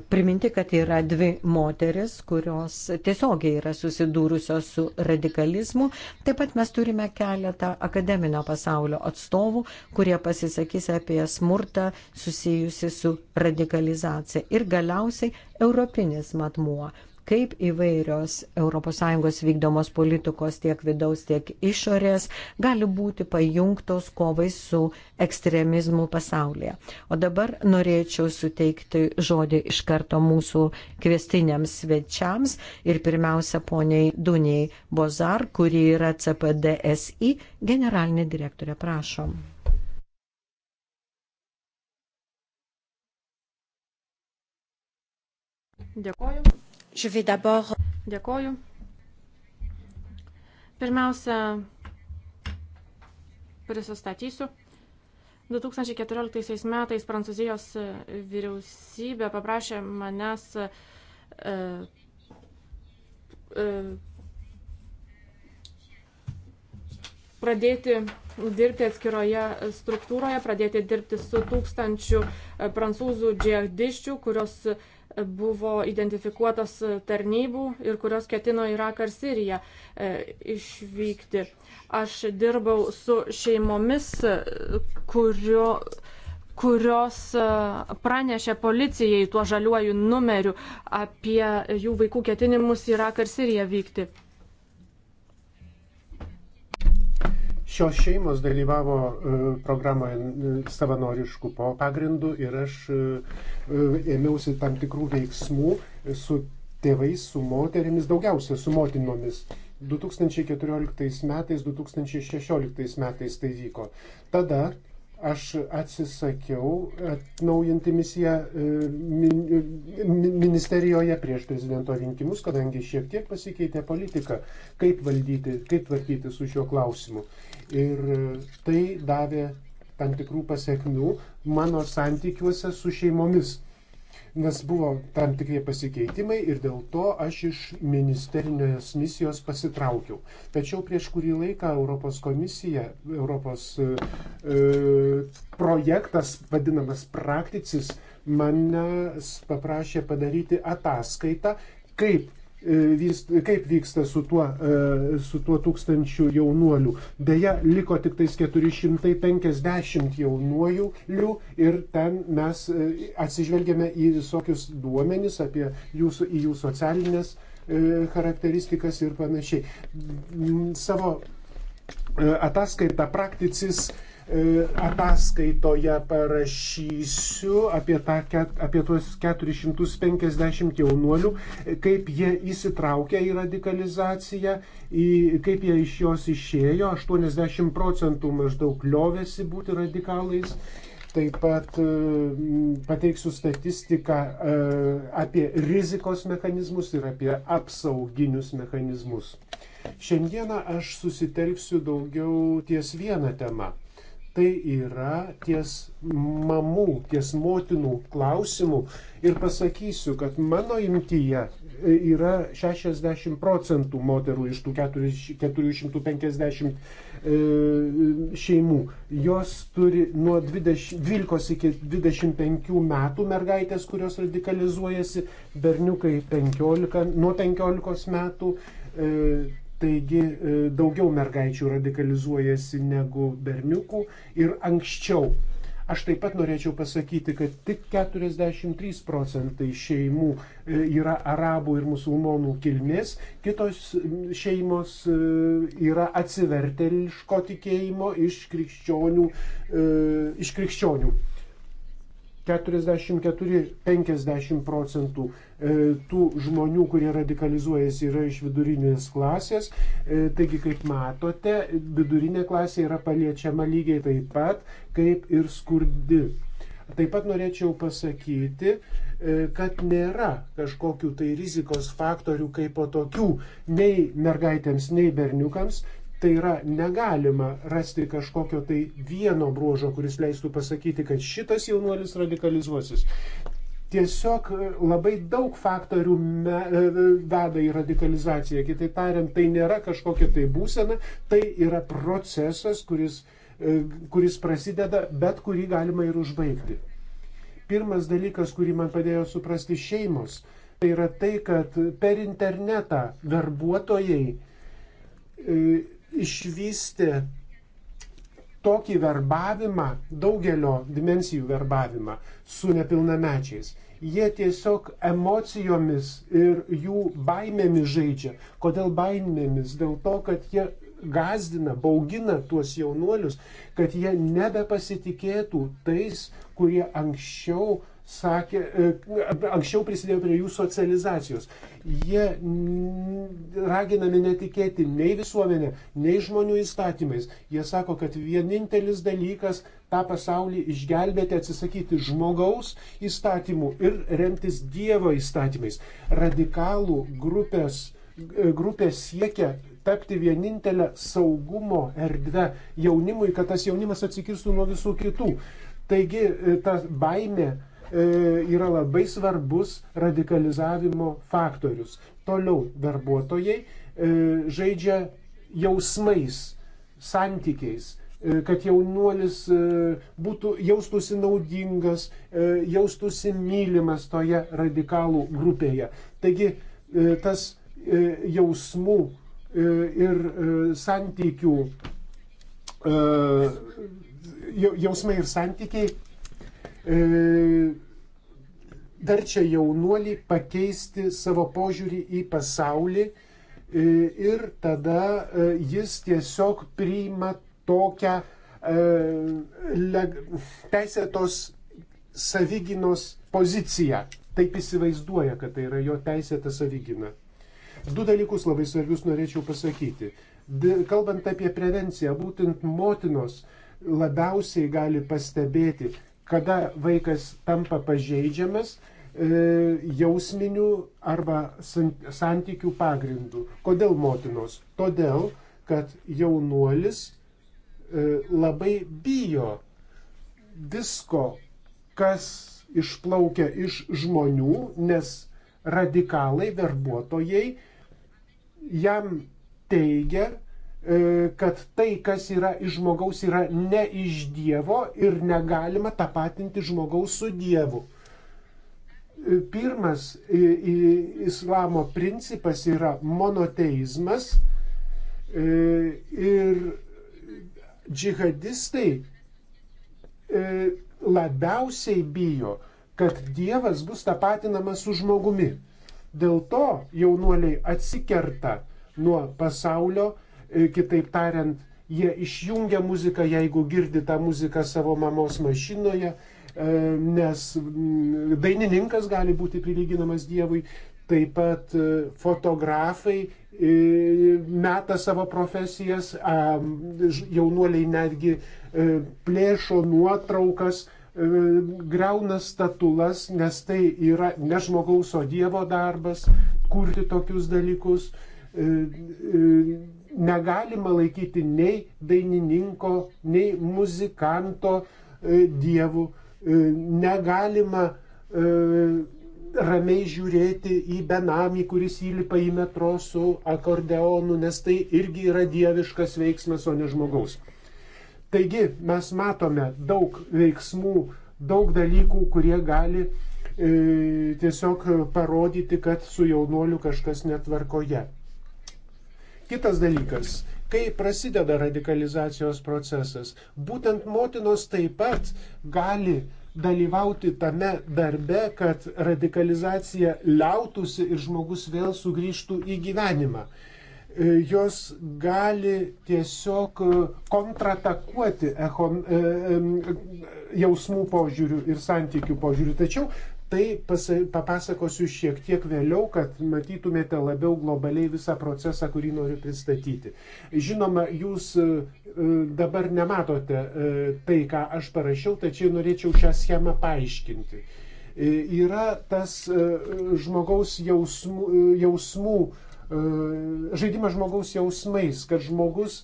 priminti, kad yra dvi moteris, kurios tiesiogiai yra susidūrusios su radikalizmu. Taip pat mes turime keletą akademinio pasaulio atstovų, kurie pasisakys apie smurtą susijusi su radikalizacija. Ir galiausiai europinis matmuo kaip įvairios ES vykdomos politikos tiek vidaus, tiek išorės gali būti pajungtos kovai su ekstremizmu pasaulyje. O dabar norėčiau suteikti žodį iš karto mūsų kvestiniams svečiams ir pirmiausia poniai Duniai Bozar, kuri yra CPDSI generalinė direktorė. Prašom. Dėkuoju. Dėkoju. Pirmiausia, prisistatysiu. 2014 metais Prancūzijos vyriausybė paprašė manęs e, e, pradėti dirbti atskiroje struktūroje, pradėti dirbti su tūkstančiu prancūzų džihadiščių, kurios buvo identifikuotos tarnybų ir kurios ketino Iraką ir Siriją e, išvykti. Aš dirbau su šeimomis, kurio, kurios e, pranešė policijai tuo žaliuoju numeriu apie jų vaikų ketinimus į Iraką ir Siriją vykti. Šios šeimos dalyvavo e, programoje e, savanoriškų pagrindų ir aš e, ėmiausi tam tikrų veiksmų su tėvais, su moterimis, daugiausia su motinomis. 2014 metais, 2016 metais tai vyko. Tada aš atsisakiau atnaujinti misiją ministerijoje prieš prezidento rinkimus, kadangi šiek tiek pasikeitė politika, kaip valdyti, kaip tvarkyti su šiuo klausimu. Ir e, tai davė tam tikrų pasiekmių mano santykiuose su šeimomis. Nes buvo tam tikrie pasikeitimai ir dėl to aš iš ministerinės misijos pasitraukiau. Tačiau prieš kurį laiką Europos komisija, Europos e, e projektas, vadinamas prakticis, manęs paprašė padaryti ataskaitą, kaip E, kaip vyksta su tuo, e, su tuo tūkstančiu jaunuolių. Beje, liko tik tais 450 jaunuolių ir ten mes e, atsižvelgėme į visokius duomenis apie jūsų, į jų socialinės charakteristikas ir panašiai. Savo ataskaitą prakticis E, ataskaitoje parašysiu apie, tą, apie tuos 450 jaunuolių, kaip jie įsitraukė į radikalizaciją, į, kaip jie iš jos išėjo, 80 procentų maždaug liovėsi būti radikalais. Taip pat e, pateiksiu statistiką e, apie rizikos mechanizmus ir apie apsauginius mechanizmus. Šiandieną aš susitelksiu daugiau ties vieną temą tai yra ties mamų, ties motinų klausimų. Ir pasakysiu, kad mano imtyje e, yra 60 procentų moterų iš tų 450 e, šeimų. Jos turi nuo 20, 12 iki 25 metų mergaitės, kurios radikalizuojasi, berniukai 15, nuo 15 metų e, Taigi e, daugiau mergaičių radikalizuojasi negu berniukų ir anksčiau. Aš taip pat norėčiau pasakyti, kad tik 43 procentai šeimų e, yra arabų ir musulmonų kilmės, kitos šeimos e, yra atsiverteliško tikėjimo iš krikščionių. Iš krikščionių. 44-50 procentų e, tų žmonių, kurie radikalizuojasi, yra iš vidurinės klasės. E, taigi, kaip matote, vidurinė klasė yra paliečiama lygiai taip pat, kaip ir skurdi. Taip pat norėčiau pasakyti, e, kad nėra kažkokių tai rizikos faktorių kaip po tokių nei mergaitėms, nei berniukams, Tai yra negalima rasti kažkokio tai vieno bruožo, kuris leistų pasakyti, kad šitas jaunuolis radikalizuosis. Tiesiog e, labai daug faktorių me, e, veda į radikalizaciją. Kitaip tariant, tai nėra kažkokia tai būsena, tai yra procesas, kuris, e, kuris prasideda, bet kurį galima ir užbaigti. Pirmas dalykas, kurį man padėjo suprasti šeimos, tai yra tai, kad per internetą darbuotojai išvystė tokį verbavimą, daugelio dimensijų verbavimą su nepilnamečiais. Jie tiesiog emocijomis ir jų baimėmis žaidžia. Kodėl baimėmis? Dėl to, kad jie gazdina, baugina tuos jaunuolius, kad jie nebepasitikėtų tais, kurie anksčiau sakė, e, anksčiau prisidėjo prie jų socializacijos. Jie raginami netikėti nei visuomenė, nei žmonių įstatymais. Jie sako, kad vienintelis dalykas tą pasaulį išgelbėti, atsisakyti žmogaus įstatymų ir remtis Dievo įstatymais. Radikalų grupės, e, grupė siekia tapti vienintelę saugumo erdvę jaunimui, kad tas jaunimas atsikirstų nuo visų kitų. Taigi e, ta baimė E, yra labai svarbus radikalizavimo faktorius. Toliau darbuotojai e, žaidžia jausmais, santykiais, e, kad jaunuolis būtų, jaustųsi naudingas, jaustųsi mylimas toje radikalų grupėje. Taigi tas jausmų ir santykių jausmai ir santykiai E, verčia jaunuolį pakeisti savo požiūrį į pasaulį e, ir tada e, jis tiesiog priima tokią teisėtos savyginos poziciją. Taip įsivaizduoja, kad tai yra jo teisėta savygina. Du dalykus labai svarbius norėčiau pasakyti. Kalbant apie prevenciją, būtent motinos labiausiai gali pastebėti, kada vaikas tampa pažeidžiamas e, jausminių arba santykių pagrindų. Kodėl motinos? Todėl, kad jaunuolis e, labai bijo visko, kas išplaukia iš žmonių, nes radikalai, verbuotojai jam teigia, E, kad tai, kas yra iš žmogaus, yra ne iš Dievo ir negalima tapatinti žmogaus su Dievu. E, pirmas e, islamo principas yra monoteizmas ir džihadistai labiausiai bijo, kad Dievas bus tapatinamas su žmogumi. Dėl to jaunuoliai atsikerta nuo pasaulio E, kitaip tariant, jie išjungia muziką, jeigu girdi tą muziką savo mamos mašinoje, e, nes mm, dainininkas gali būti prilyginamas Dievui, taip pat e, fotografai meta savo profesijas, jaunuoliai netgi plėšo nuotraukas, greuna statulas, nes tai yra ne žmogaus, o Dievo darbas kurti tokius dalykus negalima laikyti nei dainininko, nei muzikanto e, dievų, e, negalima e, ramiai žiūrėti į benamį, kuris įlipa į metro su akordeonu, nes tai irgi yra dieviškas veiksmas, o ne žmogaus. Taigi mes matome daug veiksmų, daug dalykų, kurie gali e, tiesiog parodyti, kad su jaunoliu kažkas netvarkoje. Kitas dalykas, kai prasideda radikalizacijos procesas, būtent motinos taip pat gali dalyvauti tame darbe, kad radikalizacija liautųsi ir žmogus vėl sugrįžtų į gyvenimą. E, jos gali tiesiog e, kontratakuoti e, jausmų požiūrių ir santykių požiūrių. Tačiau Tai pasa, papasakosiu šiek tiek vėliau, kad matytumėte labiau globaliai visą procesą, kurį noriu pristatyti. Žinoma, jūs e, e, dabar nematote e, tai, ką aš parašiau, tačiau norėčiau šią schemą paaiškinti. Yra tas žmogaus jausmų, jausmų žaidimas žmogaus jausmais, kad žmogus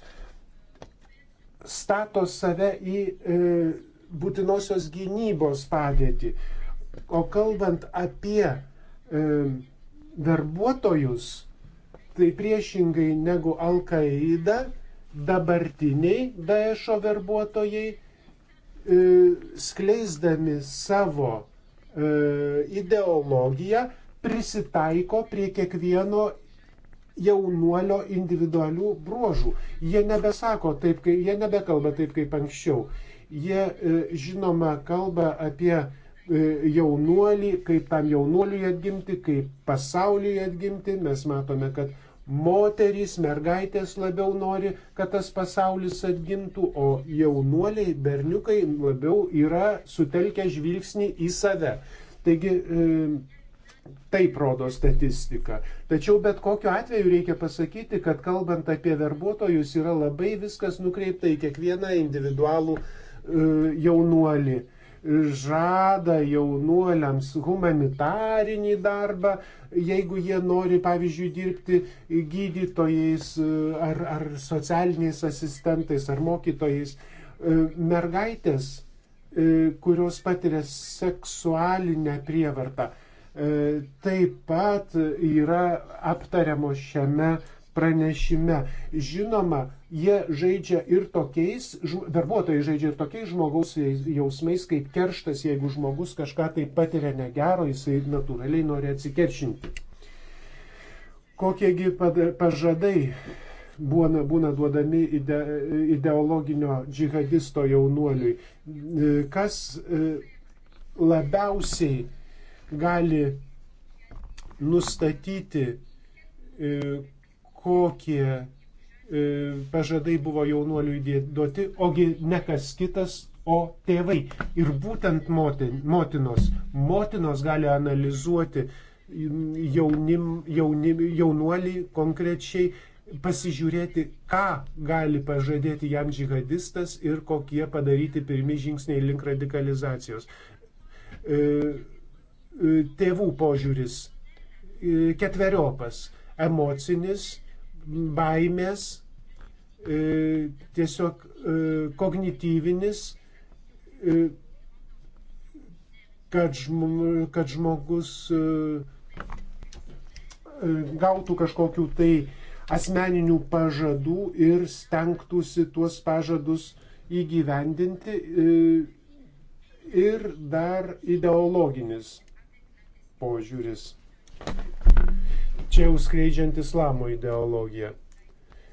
stato save į būtinosios gynybos padėtį O kalbant apie e, darbuotojus, tai priešingai negu Al-Qaeda, dabartiniai Daesho darbuotojai e, skleisdami savo e, ideologiją prisitaiko prie kiekvieno jaunuolio individualių bruožų. Jie nebesako taip, kaip, jie nebekalba taip kaip anksčiau. Jie e, žinoma kalba apie E, jaunuolį, kaip tam jaunuoliui atgimti, kaip pasauliui atgimti. Mes matome, kad moterys, mergaitės labiau nori, kad tas pasaulis atgimtų, o jaunuoliai, berniukai labiau yra sutelkę žvilgsnį į save. Taigi, e, Taip rodo statistika. Tačiau bet kokiu atveju reikia pasakyti, kad kalbant apie darbuotojus yra labai viskas nukreipta į kiekvieną individualų e, jaunuolį. E, žada jaunuoliams humanitarinį darbą, jeigu jie nori, pavyzdžiui, dirbti gydytojais e, ar, ar socialiniais asistentais ar mokytojais. E, mergaitės, e, kurios patiria seksualinę prievartą, taip pat yra aptariamos šiame pranešime. Žinoma, jie žaidžia ir tokiais, darbuotojai žaidžia ir tokiais žmogaus jausmais, kaip kerštas, jeigu žmogus kažką tai patiria negero, jisai natūraliai nori atsikeršinti. Kokiegi pažadai būna, būna duodami ide, ideologinio džihadisto jaunuoliui, kas e, labiausiai gali nustatyti, e, kokie E, pažadai buvo jaunuoliui duoti, ogi ne kas kitas, o tėvai. Ir būtent motinos. Motinos gali analizuoti jaunim, jaunim, jaunuolį konkrečiai, pasižiūrėti, ką gali pažadėti jam džihadistas ir kokie padaryti pirmi žingsniai link radikalizacijos. E, e, tėvų požiūris ketveriopas - emocinis, baimės, e, tiesiog e, kognityvinis, e, kad, žm kad žmogus gautų kažkokių tai asmeninių pažadų ir stengtųsi tuos pažadus įgyvendinti ir dar ideologinis požiūris čia jau skleidžiant islamo ideologiją.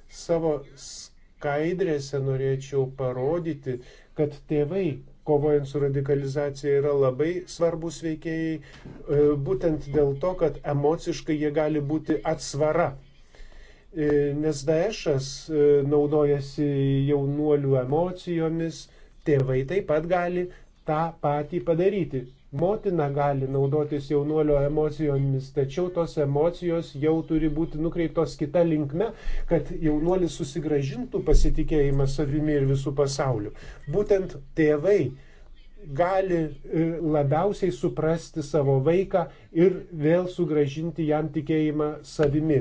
Savo skaidrėse norėčiau parodyti, kad tėvai kovojant su radikalizacija yra labai svarbus veikėjai, e, būtent dėl to, kad emociškai jie gali būti atsvara. E, nes Daešas e, naudojasi jaunuolių emocijomis, tėvai taip pat gali tą patį padaryti. Motina gali naudotis jaunuolio emocijomis, tačiau tos emocijos jau turi būti nukreiptos kita linkme, kad jaunuolis susigražintų pasitikėjimą savimi ir visų pasauliu. Būtent tėvai gali e, labiausiai suprasti savo vaiką ir vėl sugražinti jam tikėjimą savimi.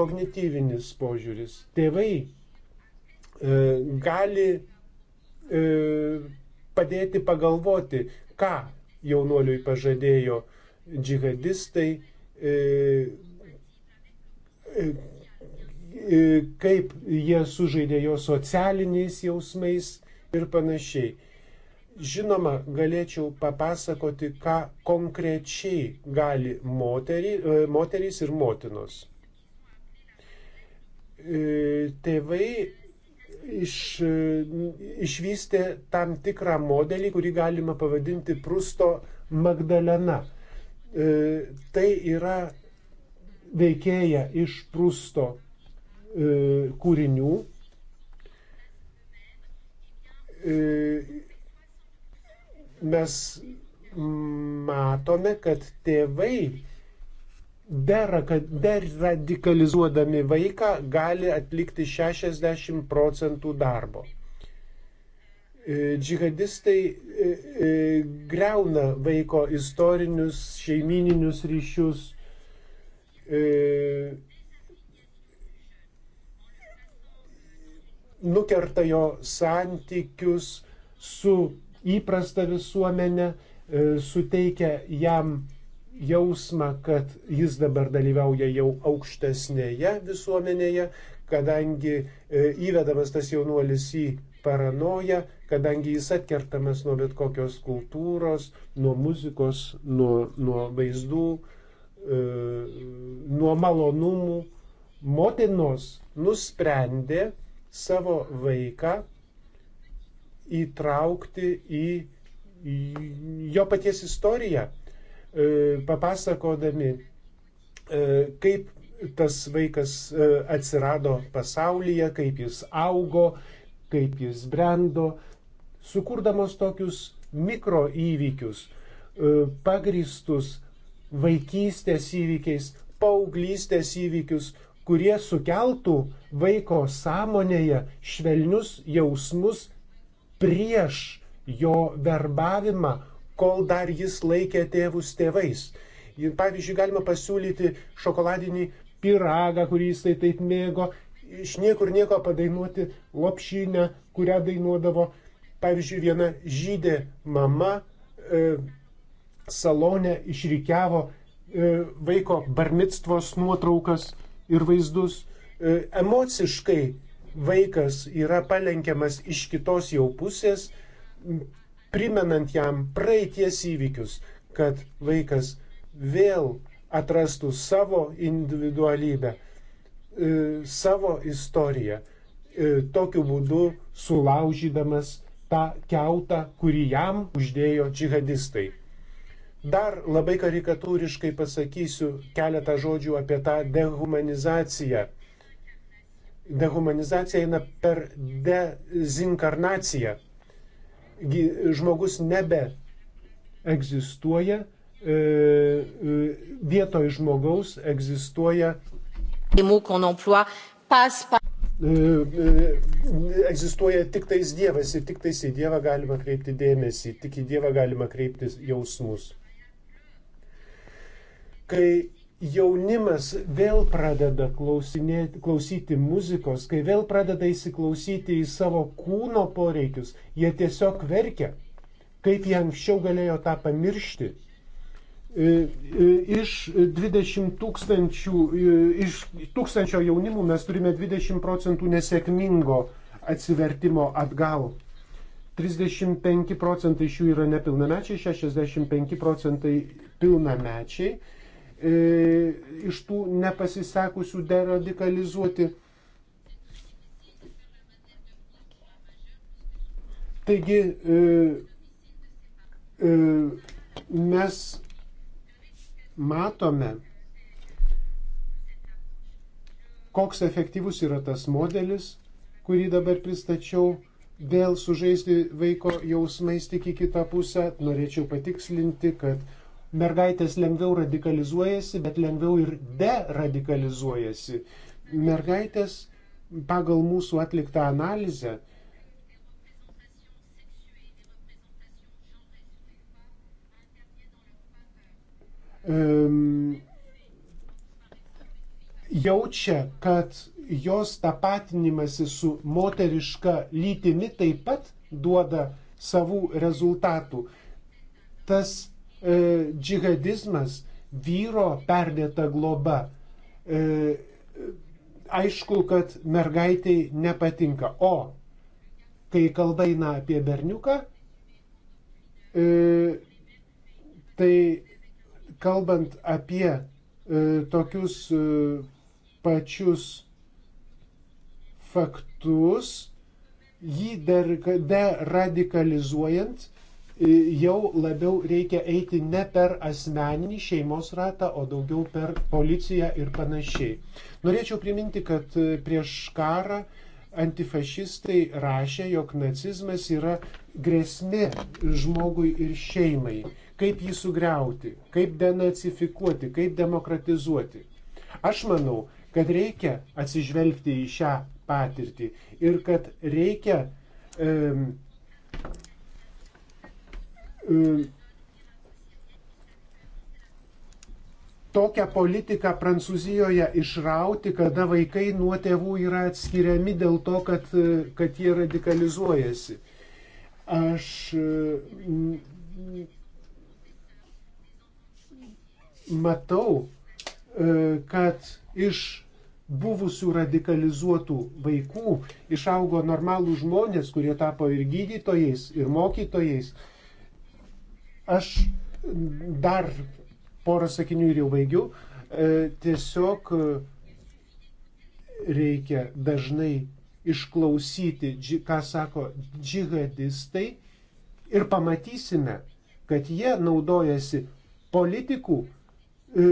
Kognityvinis požiūris. Tėvai e, gali e, padėti pagalvoti, ką jaunuoliui pažadėjo džihadistai, e, e, e, kaip jie sužaidė jo socialiniais jausmais ir panašiai. Žinoma, galėčiau papasakoti, ką konkrečiai gali moterį, moterys ir motinos. Tėvai iš, išvystė tam tikrą modelį, kurį galima pavadinti Prusto Magdalena. E, tai yra veikėja iš Prusto e, kūrinių. E, mes matome, kad tėvai deradikalizuodami vaiką gali atlikti 60 procentų darbo. E, džihadistai e, e, greuna vaiko istorinius šeimininius ryšius. Nukerta jo santykius su įprasta visuomenė, suteikia jam jausmą, kad jis dabar dalyvauja jau aukštesnėje visuomenėje, kadangi e, įvedamas tas jaunuolis į paranoją, kadangi jis atkertamas nuo bet kokios kultūros, nuo muzikos, nuo, nuo vaizdų, e, nuo malonumų, motinos nusprendė savo vaiką įtraukti į jo paties istoriją, E, papasakodami, e, kaip tas vaikas e, atsirado pasaulyje, kaip jis augo, kaip jis brendo, sukūrdamos tokius mikro įvykius, pagristus vaikystės įvykiais, paauglystės įvykius, kurie sukeltų vaiko sąmonėje švelnius jausmus prieš jo verbavimą, kol dar jis laikė tėvus tėvais. Ir pavyzdžiui, galima pasiūlyti šokoladinį pyragą, kurį jisai taip mėgo, iš niekur nieko padainuoti lopšinę, kurią dainuodavo. Pavyzdžiui, viena žydė mama e, salonė išrikiavo e, vaiko barmitstvos nuotraukas ir vaizdus. E, emociškai vaikas yra palenkiamas iš kitos jau pusės, primenant jam praeities įvykius, kad vaikas vėl atrastų savo individualybę, e, savo istoriją, e, tokiu būdu sulaužydamas tą keutą, kurį jam uždėjo džihadistai. Dar labai karikatūriškai pasakysiu keletą žodžių apie tą dehumanizaciją. Dehumanizacija eina per dezinkarnaciją žmogus nebe egzistuoja, e, e, vietoj žmogaus egzistuoja. E, egzistuoja tik tais Dievas ir tik tais į Dievą galima kreipti dėmesį, tik į Dievą galima kreipti jausmus. Kai jaunimas vėl pradeda klausyti muzikos, kai vėl pradeda įsiklausyti į savo kūno poreikius, jie tiesiog verkia. Kaip jie anksčiau galėjo tą pamiršti? E, e, iš 20 tūkstančių, e, iš tūkstančio jaunimų mes turime 20 procentų nesėkmingo atsivertimo atgal. 35 procentai iš jų yra nepilnamečiai, 65 procentai pilnamečiai E, iš tų nepasisekusių deradikalizuoti. Taigi e, e, mes matome, koks efektyvus yra tas modelis, kurį dabar pristačiau, vėl sužaisti vaiko jausmais tik į kitą pusę. Norėčiau patikslinti, kad mergaitės lengviau radikalizuojasi, bet lengviau ir deradikalizuojasi. Mergaitės pagal mūsų atliktą analizę jaučia, kad jos tapatinimasi su moteriška lytimi taip pat duoda savų rezultatų. Tas E, džihadizmas, vyro perdėta globa. E, aišku, kad mergaitiai nepatinka. O kai kalba eina apie berniuką, e, tai kalbant apie tokius pačius faktus, jį deradikalizuojant, E, jau labiau reikia eiti ne per asmeninį šeimos ratą, o daugiau per policiją ir panašiai. Norėčiau priminti, kad e, prieš karą antifašistai rašė, jog nacizmas yra grėsmė žmogui ir šeimai. Kaip jį sugriauti, kaip denacifikuoti, kaip demokratizuoti. Aš manau, kad reikia atsižvelgti į šią patirtį ir kad reikia um, e, tokią politiką Prancūzijoje išrauti, kada vaikai nuo tėvų yra atskiriami dėl to, kad, e, kad jie radikalizuojasi. Aš e, matau, e, kad iš buvusių radikalizuotų vaikų išaugo normalų žmonės, kurie tapo ir gydytojais, ir mokytojais, Aš dar porą sakinių ir jau baigiu. E, tiesiog e, reikia dažnai išklausyti, ką sako džihadistai ir pamatysime, kad jie naudojasi politikų e,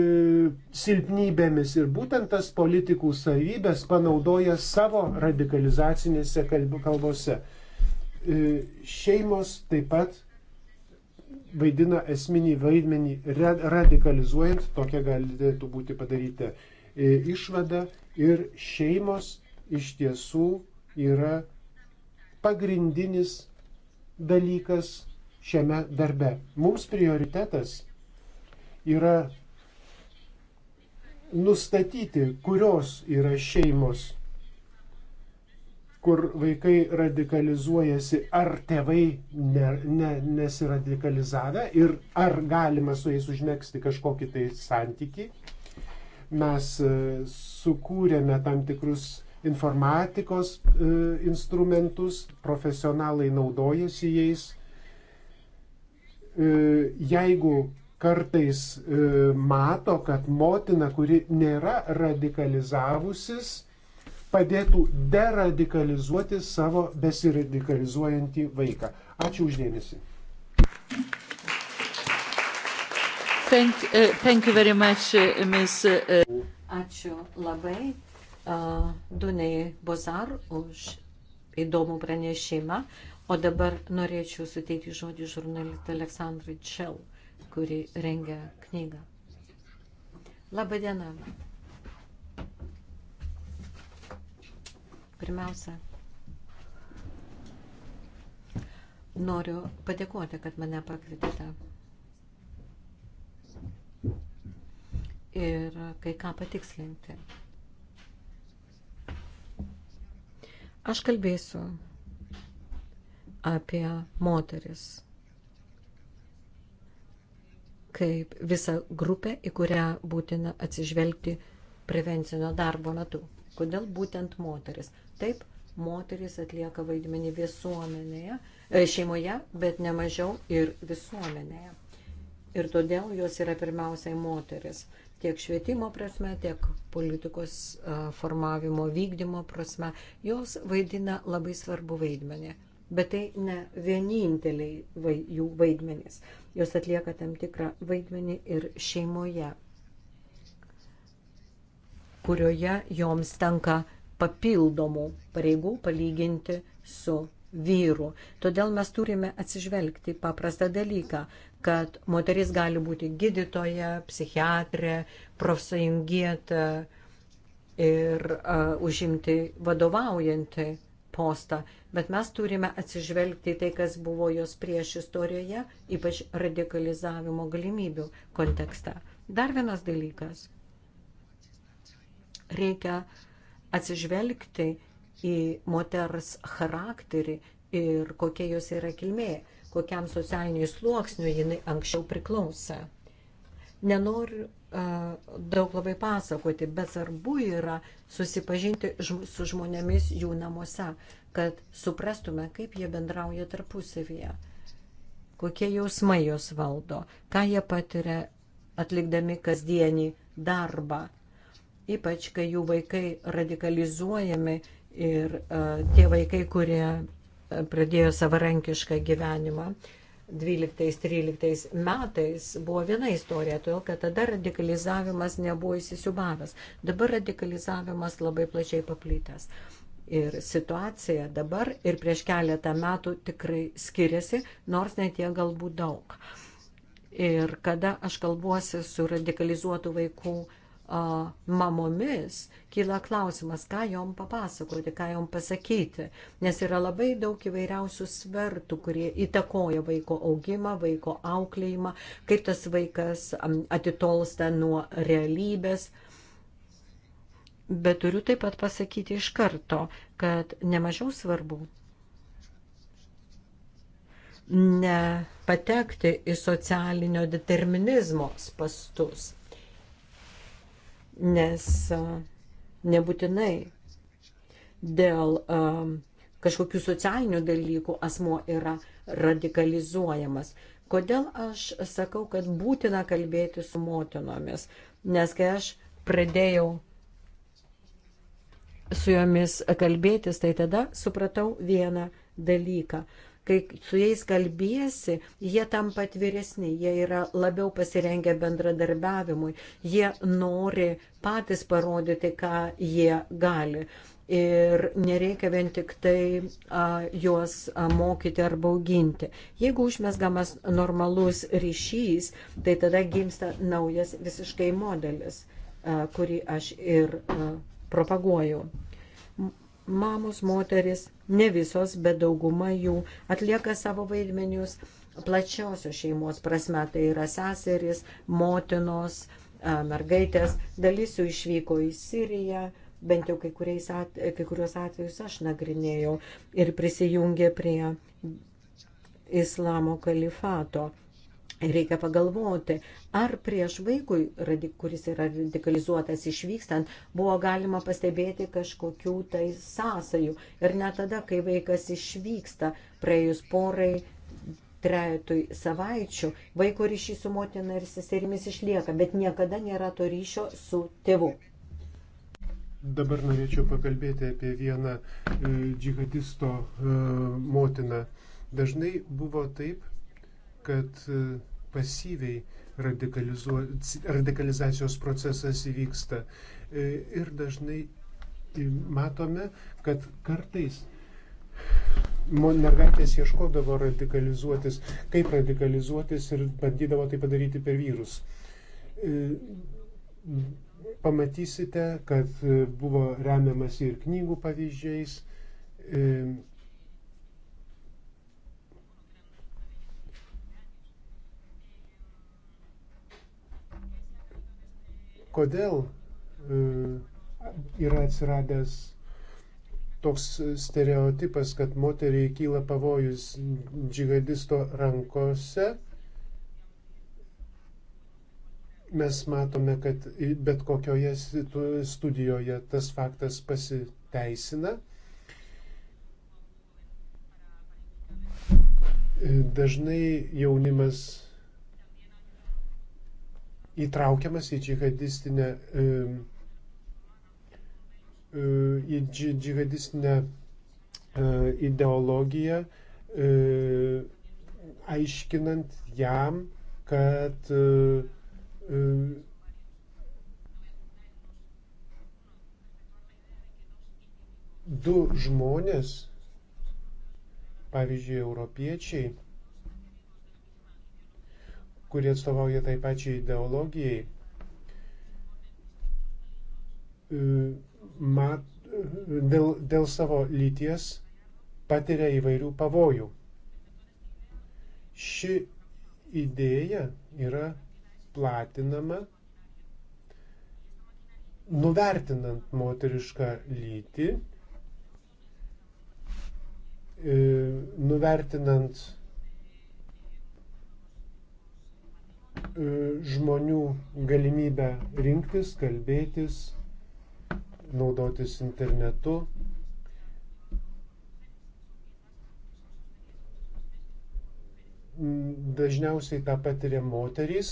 silpnybėmis ir būtent tas politikų savybės panaudoja savo radikalizacinėse kalbose. Šeimos taip pat vaidina esminį vaidmenį radikalizuojant, tokia galėtų būti padaryta e, išvada ir šeimos iš tiesų yra pagrindinis dalykas šiame darbe. Mums prioritetas yra nustatyti, kurios yra šeimos kur vaikai radikalizuojasi, ar tėvai ne, ne, nesiradikalizavę ir ar galima su jais užmėgsti kažkokį tai santyki. Mes e, sukūrėme tam tikrus informatikos e, instrumentus, profesionalai naudojasi jais. E, jeigu kartais mato, kad motina, kuri nėra radikalizavusis, padėtų deradikalizuoti savo besiradikalizuojantį vaiką. Ačiū uždėmesi. Thank, uh, thank you very much, uh, Ms. Uh... Ačiū labai uh, Dunai Bozar už įdomų pranešimą. O dabar norėčiau suteikti žodį žurnalistą Aleksandrui Čel, kuri rengia knygą. Labadiena. Pirmiausia, noriu padėkoti, kad mane pakvietėte. Ir kai ką patikslinti. Aš kalbėsiu apie moteris kaip visą grupę, į kurią būtina atsižvelgti prevencinio darbo metu. Kodėl būtent moteris? Taip, moteris atlieka vaidmenį visuomenėje, e, šeimoje, bet nemažiau ir visuomenėje. Ir todėl jos yra pirmiausiai moteris. Tiek švietimo prasme, tiek politikos e, formavimo vykdymo prasme, jos vaidina labai svarbu vaidmenį. Bet tai ne vieninteliai vai, jų vaidmenys. Jos atlieka tam tikrą vaidmenį ir šeimoje, kurioje joms tenka uh, papildomų pareigų palyginti su vyrų. Todėl mes turime atsižvelgti paprastą dalyką, kad moteris gali būti gydytoja, psichiatrė, profsąjungietė ir uh, užimti vadovaujantį postą. Bet mes turime atsižvelgti tai, kas buvo jos prieš istorijoje, ypač radikalizavimo galimybių kontekste. Dar vienas dalykas. Reikia uh, atsižvelgti į moters charakterį ir kokia jos yra kilmė, kokiam socialiniui sluoksniui jinai anksčiau priklausė. Nenoriu daug labai pasakoti, bet svarbu yra susipažinti su žmonėmis jų namuose, kad suprastume, kaip jie bendrauja tarpusavyje, kokie jausmai jos valdo, ką jie patiria atlikdami kasdienį darbą, ypač kai jų vaikai radikalizuojami ir uh, tie vaikai, kurie pradėjo savarankišką gyvenimą. 12-13 metais buvo viena istorija, todėl kad tada radikalizavimas nebuvo įsisiubavęs. Dabar radikalizavimas labai plačiai paplytęs. Ir situacija dabar ir prieš keletą metų tikrai skiriasi, nors netie galbūt daug. Ir kada aš kalbuosi su radikalizuotų vaikų uh, mamomis kyla klausimas, ką jom papasakoti, ką jom pasakyti, nes yra labai daug įvairiausių svertų, kurie įtakoja vaiko augimą, vaiko auklėjimą, kaip tas vaikas atitolsta nuo realybės. Bet turiu taip pat pasakyti iš karto, kad nemažiau svarbu nepatekti į socialinio determinizmo spastus nes nebūtinai dėl kažkokių socialinių dalykų asmo yra radikalizuojamas. Kodėl aš sakau, kad būtina kalbėti su motinomis? Nes kai aš pradėjau su jomis kalbėtis, tai tada supratau vieną dalyką kai su jais kalbėsi, jie tam patviresni, jie yra labiau pasirengę bendradarbiavimui, jie nori patys parodyti, ką jie gali. Ir nereikia vien tik tai a, juos a, mokyti ar bauginti. Jeigu užmesgamas normalus ryšys, tai tada gimsta naujas visiškai modelis, a, kurį aš ir a, propaguoju. Mamos, moteris, ne visos, bet dauguma jų atlieka savo vaidmenius plačiosios šeimos prasme, tai yra seseris, motinos, mergaitės, dalis jų išvyko į Siriją, bent jau kai, at, kai kuriuos atvejus aš nagrinėjau ir prisijungė prie islamo kalifato. Reikia pagalvoti, ar prieš vaikui, kuris yra radikalizuotas išvykstant, buvo galima pastebėti kažkokių tai sąsajų. Ir net tada, kai vaikas išvyksta praėjus porai, trejetui savaičių, vaiko ryšys su motina ir seserimis išlieka, bet niekada nėra to ryšio su tėvu. Dabar norėčiau pakalbėti apie vieną e, džihadisto e, motiną. Dažnai buvo taip, kad e, pasyviai radikalizacijos procesas įvyksta. E, ir dažnai matome, kad kartais mergaitės ieškodavo radikalizuotis, kaip radikalizuotis ir bandydavo tai padaryti per vyrus. E, pamatysite, kad buvo remiamas ir knygų pavyzdžiais, kodėl e, yra atsiradęs toks stereotipas, kad moteriai kyla pavojus džihadisto rankose. Mes matome, kad bet kokioje studijoje tas faktas pasiteisina. Dažnai jaunimas įtraukiamas į džihadistinę, e, į džihadistinę e, ideologiją, e, aiškinant jam, kad du žmonės, pavyzdžiui, europiečiai, kurie atstovauja tai pačiai ideologijai, e, mat, dėl, dėl savo lyties patiria įvairių pavojų. Ši idėja yra platinama nuvertinant moterišką lytį, e, nuvertinant E, žmonių galimybę rinktis, kalbėtis, naudotis internetu. Mm, dažniausiai tą patiria moterys.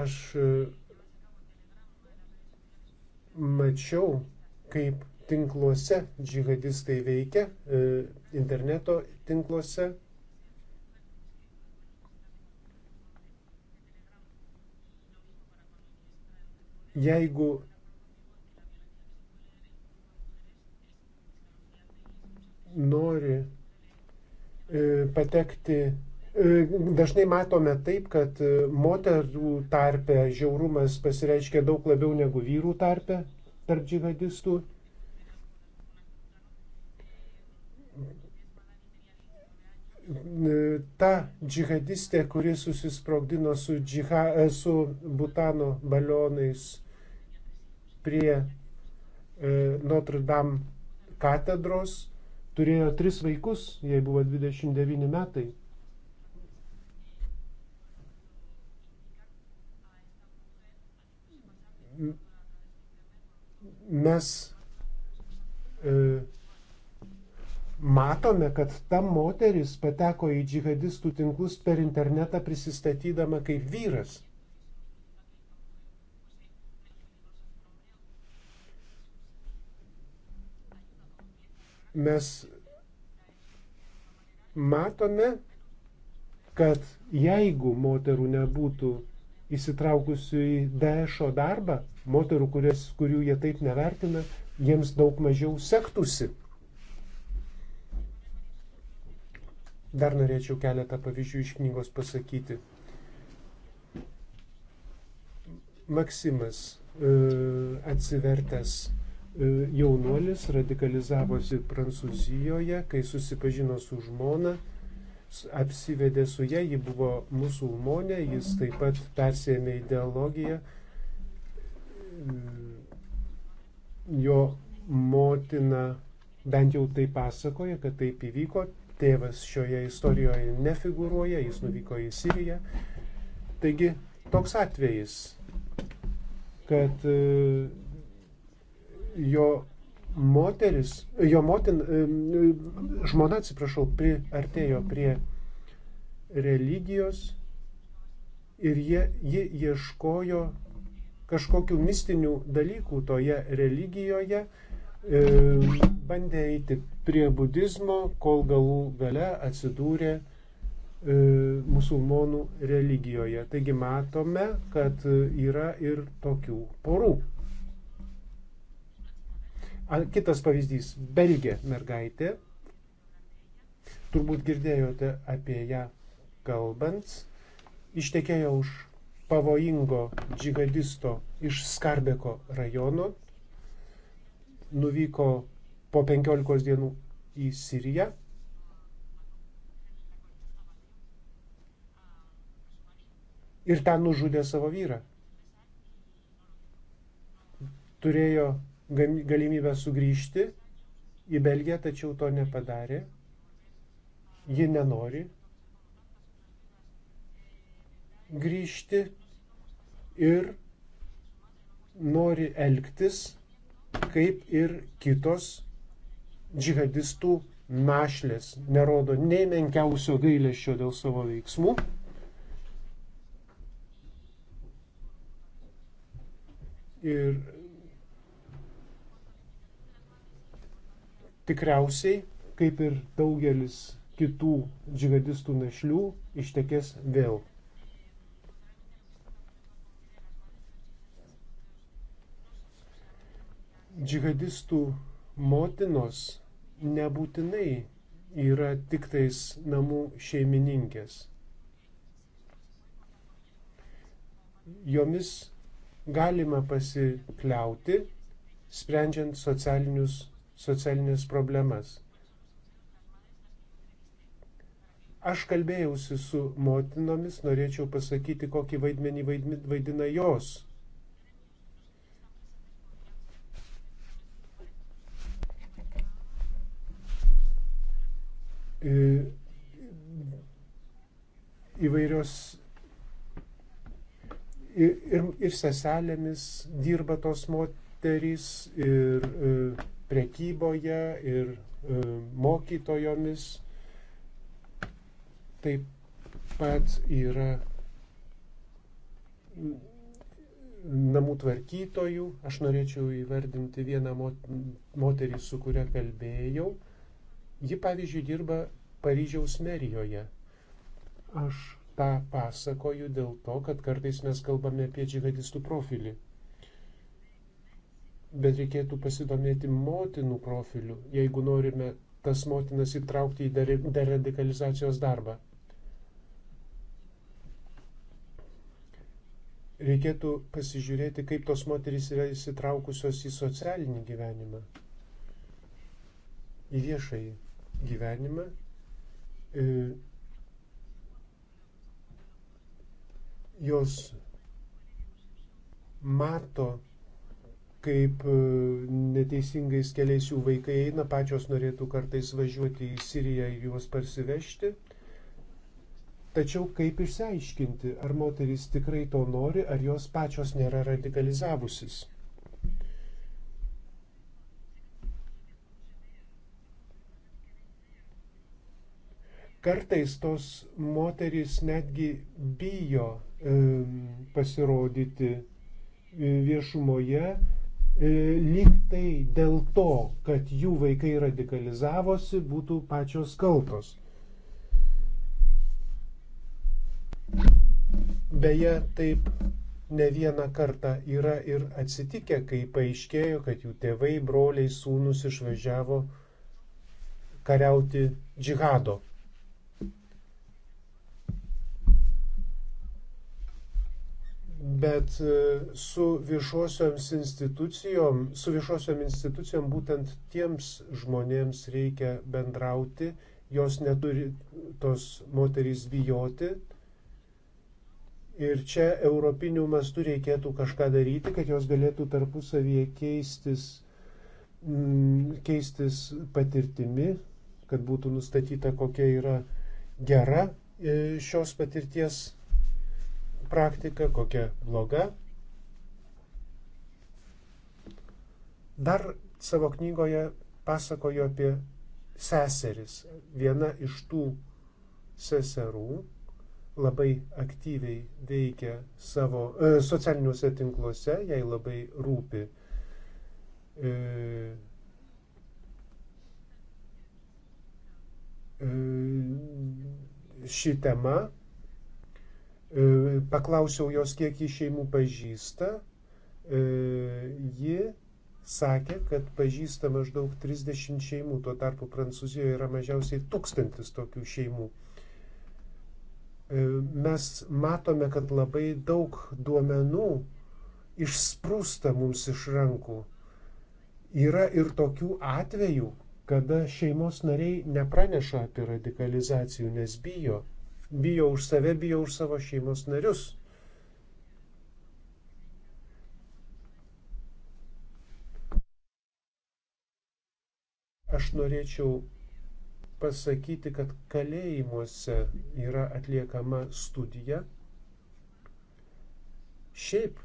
Aš e, mačiau, kaip tinkluose džihadistai veikia, e, interneto tinkluose. Jeigu nori e, patekti e, Dažnai matome taip, kad moterų tarpe žiaurumas pasireiškia daug labiau negu vyrų tarpe tarp džihadistų E, ta džihadistė, kuri susisprogdino su, džiha, e, su Butano balionais prie e, Notre Dame katedros, turėjo tris vaikus, jai buvo 29 metai. Mes e, matome, kad ta moteris pateko į džihadistų tinklus per internetą prisistatydama kaip vyras. Mes matome, kad jeigu moterų nebūtų įsitraukusių į Daesho darbą, moterų, kurias, kurių jie taip nevertina, jiems daug mažiau sektųsi. Dar norėčiau keletą pavyzdžių iš knygos pasakyti. Maksimas e, atsivertęs e, jaunuolis radikalizavosi Prancūzijoje, kai susipažino su žmona, apsivedė su ją, ji buvo musulmonė, jis taip pat persėmė ideologiją, jo motina bent jau tai pasakoja, kad taip įvyko, tėvas šioje istorijoje nefigūruoja, jis nuvyko į Siriją. Taigi toks atvejis, kad e, jo moteris, jo motin, e, žmona, atsiprašau, priartėjo prie religijos ir jie, ji ieškojo kažkokių mistinių dalykų toje religijoje, e, bandė eiti prie budizmo, kol galų gale atsidūrė e, musulmonų religijoje. Taigi matome, kad e, yra ir tokių porų. Kitas pavyzdys - Belgė mergaitė. Turbūt girdėjote apie ją kalbant. Ištekėjo už pavojingo džihadisto iš Skarbeko rajono, nuvyko po 15 dienų į Siriją. Ir ten nužudė savo vyrą. Turėjo galimybę sugrįžti į Belgiją, tačiau to nepadarė. Ji nenori grįžti ir nori elgtis kaip ir kitos džihadistų našlės nerodo nei menkiausio gailėščio dėl savo veiksmų. Ir tikriausiai, kaip ir daugelis kitų džihadistų našlių, ištekės vėl. Džihadistų motinos nebūtinai yra tik tais namų šeimininkės. Jomis galima pasikliauti, sprendžiant socialinės problemas. Aš kalbėjausi su motinomis, norėčiau pasakyti, kokį vaidmenį vaidina jos įvairios ir, ir, ir seselėmis dirba tos moterys ir e, prekyboje, ir e, mokytojomis. Taip pat yra namų tvarkytojų. Aš norėčiau įvardinti vieną moterį, su kuria kalbėjau. Ji, pavyzdžiui, dirba Paryžiaus merijoje. Aš tą pasakoju dėl to, kad kartais mes kalbame apie džihadistų profilį. Bet reikėtų pasidomėti motinų profiliu, jeigu norime tas motinas įtraukti į deradikalizacijos darbą. Reikėtų pasižiūrėti, kaip tos moterys yra įsitraukusios į socialinį gyvenimą, į viešąjį gyvenimą. E, jos mato, kaip e, neteisingais keliais jų vaikai eina, pačios norėtų kartais važiuoti į Siriją ir juos parsivežti. Tačiau kaip išsiaiškinti, ar moteris tikrai to nori, ar jos pačios nėra radikalizavusis? Kartais tos moterys netgi bijo e, pasirodyti viešumoje, e, lyg tai dėl to, kad jų vaikai radikalizavosi, būtų pačios kaltos. Beje, taip ne vieną kartą yra ir atsitikę, kai paaiškėjo, kad jų tėvai, broliai, sūnus išvažiavo kariauti džihado bet e, su viešosioms institucijom, su viešosiom institucijom būtent tiems žmonėms reikia bendrauti, jos neturi tos moterys bijoti. Ir čia europinių mastų reikėtų kažką daryti, kad jos galėtų tarpusavyje keistis, mm, keistis patirtimi, kad būtų nustatyta, kokia yra gera e, šios patirties praktika, kokia bloga. Dar savo knygoje pasakoju apie seseris. Viena iš tų seserų labai aktyviai veikia savo e, socialiniuose tinkluose, jai labai rūpi e, e, ši tema E, paklausiau jos, kiek jį šeimų pažįsta. E, ji sakė, kad pažįsta maždaug 30 šeimų, tuo tarpu Prancūzijoje yra mažiausiai tūkstantis tokių šeimų. E, mes matome, kad labai daug duomenų išsprūsta mums iš rankų. Yra ir tokių atvejų, kada šeimos nariai nepraneša apie radikalizacijų, nes bijo, bijo už save, bijo už savo šeimos narius. Aš norėčiau pasakyti, kad kalėjimuose yra atliekama studija. Šiaip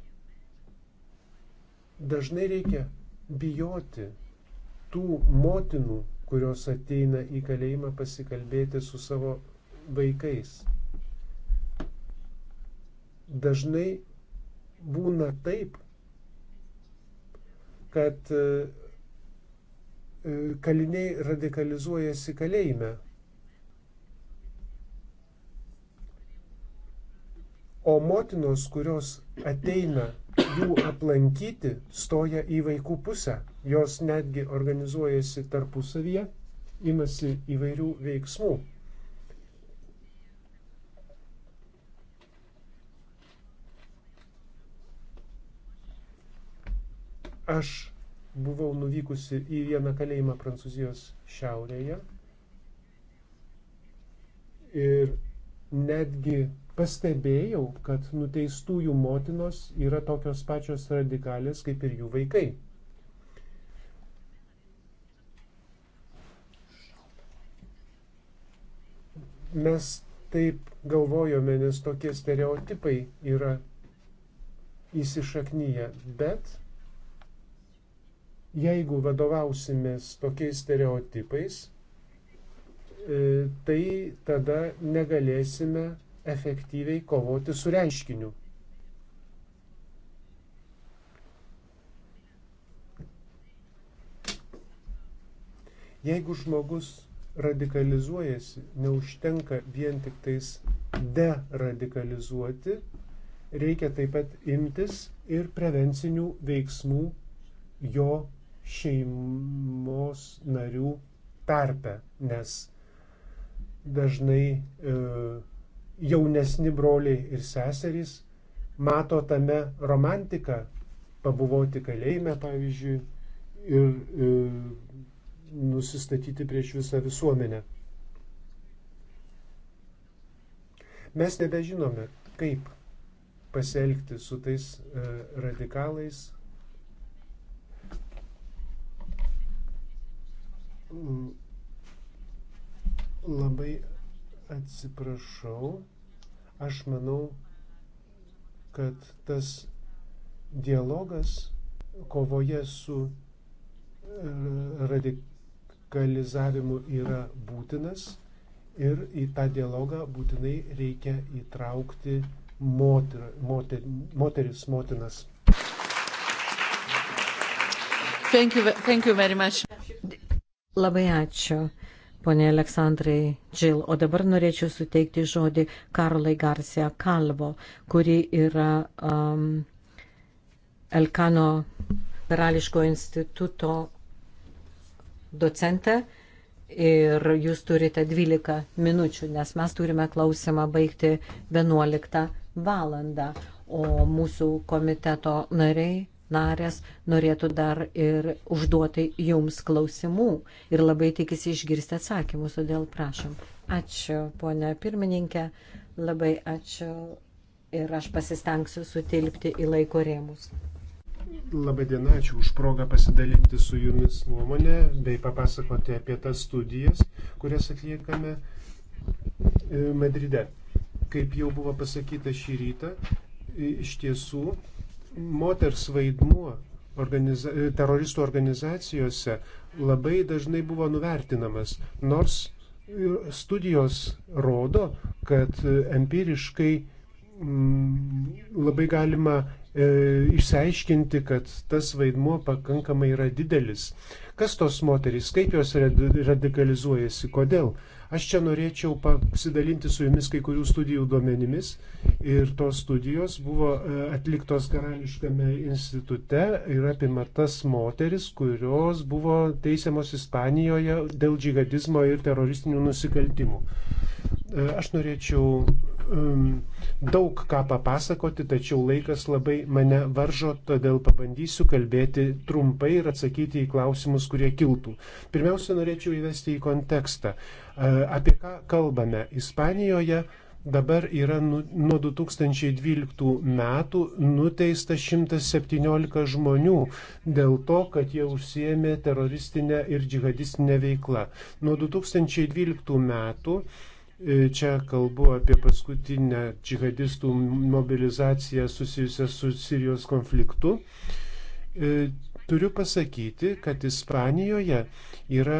dažnai reikia bijoti tų motinų, kurios ateina į kalėjimą pasikalbėti su savo vaikais. Dažnai būna taip, kad e, e, kaliniai radikalizuojasi kalėjime. O motinos, kurios ateina jų aplankyti, stoja į vaikų pusę. Jos netgi organizuojasi tarpusavyje, imasi įvairių veiksmų. Aš buvau nuvykusi į vieną kalėjimą Prancūzijos šiaurėje ir netgi pastebėjau, kad nuteistųjų motinos yra tokios pačios radikalės kaip ir jų vaikai. Mes taip galvojome, nes tokie stereotipai yra įsišaknyje, bet Jeigu vadovausimės tokiais stereotipais, e, tai tada negalėsime efektyviai kovoti su reiškiniu. Jeigu žmogus radikalizuojasi, neužtenka vien tik tais deradikalizuoti, reikia taip pat imtis ir prevencinių veiksmų jo šeimos narių tarpe, nes dažnai e, jaunesni broliai ir seserys mato tame romantiką, pabuvoti kalėjime, pavyzdžiui, ir e, nusistatyti prieš visą visuomenę. Mes nebežinome, kaip pasielgti su tais e, radikalais, Mm. Labai atsiprašau, aš manau, kad tas dialogas kovoje su e, radikalizavimu yra būtinas ir į tą dialogą būtinai reikia įtraukti moter, moter, moteris, motinas. Thank you, thank you very much. Labai ačiū, ponė Aleksandrai Džil. O dabar norėčiau suteikti žodį Karlai Garcia Kalvo, kuri yra um, Elkano karališko instituto docentė ir jūs turite 12 minučių, nes mes turime klausimą baigti 11 valandą, o mūsų komiteto nariai narės norėtų dar ir užduoti jums klausimų ir labai tikisi išgirsti atsakymus, todėl prašom. Ačiū, ponia pirmininkė, labai ačiū ir aš pasistengsiu sutilpti į laiko rėmus. Labadiena, ačiū už progą pasidalinti su jumis nuomonę bei papasakoti apie tas studijas, kurias atliekame e, Madride. Kaip jau buvo pasakyta šį rytą, iš tiesų moters vaidmuo organiza teroristų organizacijose labai dažnai buvo nuvertinamas, nors studijos rodo, kad empiriškai m, mm, labai galima e, išsiaiškinti, kad tas vaidmuo pakankamai yra didelis. Kas tos moterys, kaip jos radikalizuojasi, kodėl? E, Aš čia norėčiau pasidalinti su jumis kai kurių studijų duomenimis ir tos studijos buvo e, atliktos Karališkame institute ir apima tas moteris, kurios buvo teisiamos Ispanijoje dėl džihadizmo ir teroristinių nusikaltimų. E, aš norėčiau daug ką papasakoti, tačiau laikas labai mane varžo, todėl pabandysiu kalbėti trumpai ir atsakyti į klausimus, kurie kiltų. Pirmiausia, norėčiau įvesti į kontekstą, e, apie ką kalbame. Ispanijoje dabar yra nu, nuo 2012 metų nuteista 117 žmonių dėl to, kad jie užsiemė teroristinę ir džihadistinę veiklą. Nuo 2012 metų E, čia kalbu apie paskutinę džihadistų mobilizaciją susijusią su Sirijos konfliktu. E, turiu pasakyti, kad Ispanijoje yra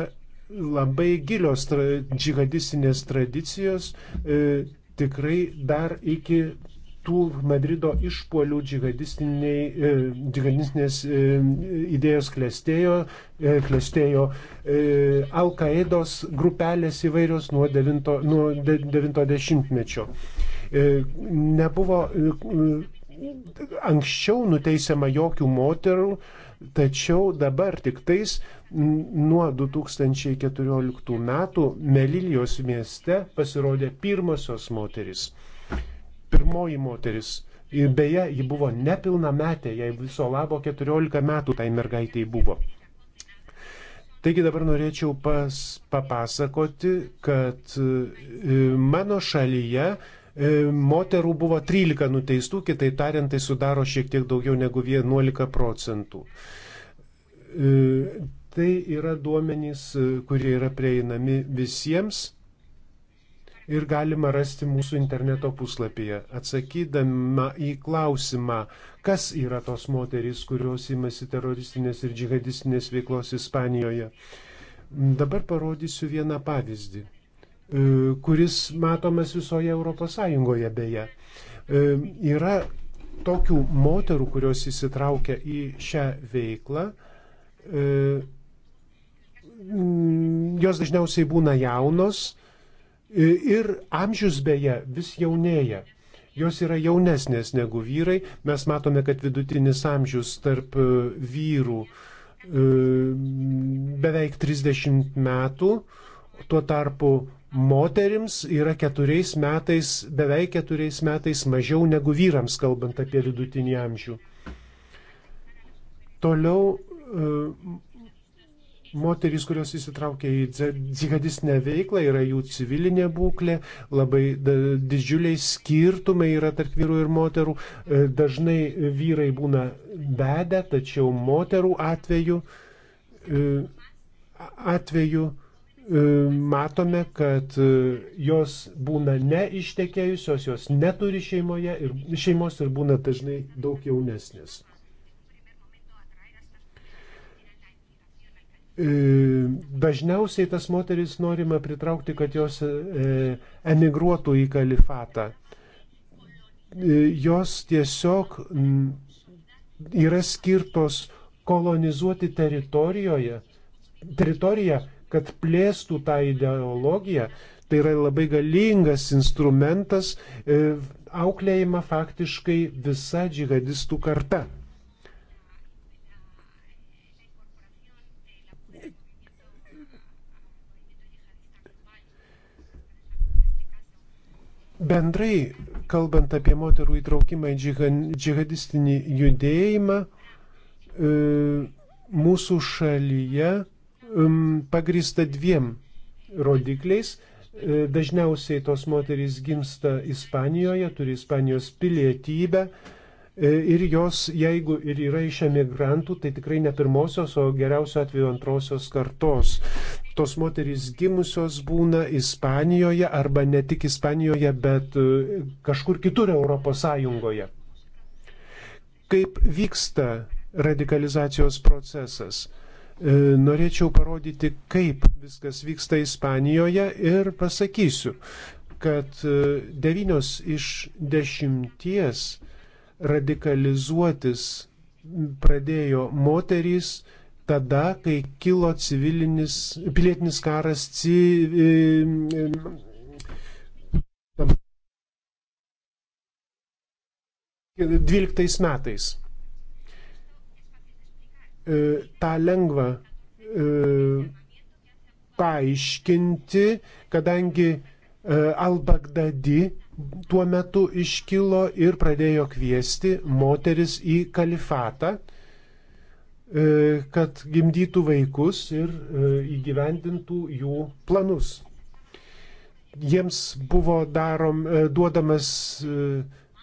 labai gilios tra džihadistinės tradicijos, e, tikrai dar iki tų Madrido išpolių e, džihadistinės e, idėjos klestėjo, e, klestėjo Al-Qaedos grupelės įvairios nuo 90-mečio. Nebuvo anksčiau nuteisiama jokių moterų, tačiau dabar tik tais nuo 2014 metų Melilijos mieste pasirodė pirmosios moteris pirmoji moteris. Ir beje, ji buvo nepilnametė, jai viso labo 14 metų tai mergaitiai buvo. Taigi dabar norėčiau pas, papasakoti, kad e, mano šalyje e, moterų buvo 13 nuteistų, kitai tariant, tai sudaro šiek tiek daugiau negu 11 procentų. E, tai yra duomenys, kurie yra prieinami visiems ir galima rasti mūsų interneto puslapyje. Atsakydama į klausimą, kas yra tos moterys, kurios įmasi teroristinės ir džihadistinės veiklos Ispanijoje. Dabar parodysiu vieną pavyzdį, e, kuris matomas visoje Europos Sąjungoje beje. E, yra tokių moterų, kurios įsitraukia į šią veiklą e, jos dažniausiai būna jaunos, Ir amžius beje vis jaunėja. Jos yra jaunesnės negu vyrai. Mes matome, kad vidutinis amžius tarp e, vyrų e, beveik 30 metų, tuo tarpu moterims yra keturiais metais, beveik keturiais metais mažiau negu vyrams, kalbant apie vidutinį amžių. Toliau e, Moterys, kurios įsitraukia į džihadistinę veiklą, yra jų civilinė būklė, labai didžiuliai skirtumai yra tarp vyrų ir moterų. E, dažnai vyrai būna bedę, tačiau moterų atveju, e, atveju e, matome, kad jos būna neištekėjusios, jos neturi šeimoje ir šeimos ir būna dažnai daug jaunesnės. E, dažniausiai tas moteris norima pritraukti, kad jos e, emigruotų į kalifatą. E, jos tiesiog yra skirtos kolonizuoti teritorijoje, teritoriją, kad plėstų tą ideologiją. Tai yra labai galingas instrumentas, auklėjama faktiškai visa džihadistų karta. Bendrai, kalbant apie moterų įtraukimą į džihadistinį judėjimą, e, mūsų šalyje pagrįsta dviem rodikliais. E, dažniausiai tos moterys gimsta Ispanijoje, turi Ispanijos pilietybę, E, ir jos, jeigu ir yra iš emigrantų, tai tikrai ne pirmosios, o geriausio atveju antrosios kartos. Tos moterys gimusios būna Ispanijoje arba ne tik Ispanijoje, bet e, kažkur kitur Europos Sąjungoje. Kaip vyksta radikalizacijos procesas? E, norėčiau parodyti, kaip viskas vyksta Ispanijoje ir pasakysiu, kad devynios iš dešimties radikalizuotis pradėjo moterys tada, kai kilo civilinis, pilietinis karas ci, e, e, tam, 12 metais. E, Ta lengva paaiškinti, kadangi Al-Baghdadi tuo metu iškilo ir pradėjo kviesti moteris į kalifatą, e, kad gimdytų vaikus ir e, įgyvendintų jų planus. Jiems buvo darom, e, duodamas,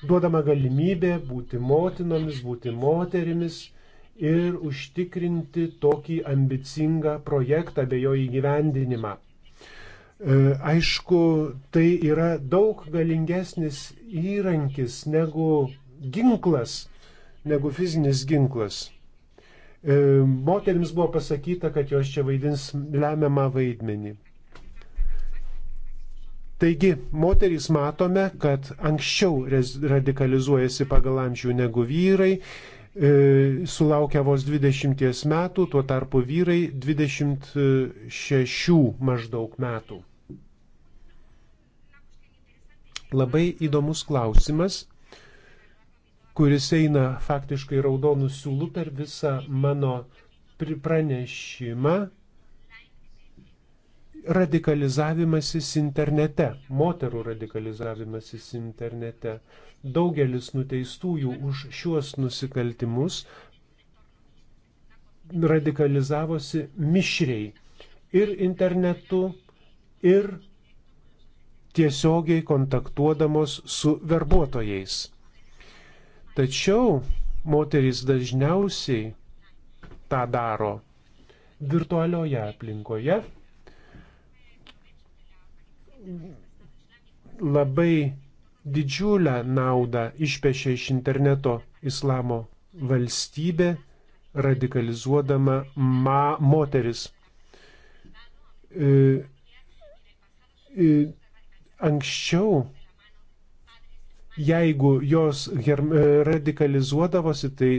duodama galimybė būti motinomis, būti moterimis ir užtikrinti tokį ambicingą projektą bei jo įgyvendinimą. E, aišku, tai yra daug galingesnis įrankis negu ginklas, negu fizinis ginklas. E, moterims buvo pasakyta, kad jos čia vaidins lemiamą vaidmenį. Taigi, moterys matome, kad anksčiau radikalizuojasi pagal amžių negu vyrai, e, sulaukia vos 20 metų, tuo tarpu vyrai 26 maždaug metų. Labai įdomus klausimas, kuris eina faktiškai raudonų siūlų per visą mano pranešimą. Radikalizavimasis internete, moterų radikalizavimasis internete. Daugelis nuteistųjų už šiuos nusikaltimus radikalizavosi mišriai ir internetu, ir tiesiogiai kontaktuodamos su verbuotojais. Tačiau moterys dažniausiai tą daro virtualioje aplinkoje. Labai didžiulę naudą išpešė iš interneto islamo valstybė, radikalizuodama ma moteris. E, e, Anksčiau, jeigu jos e, radikalizuodavosi, tai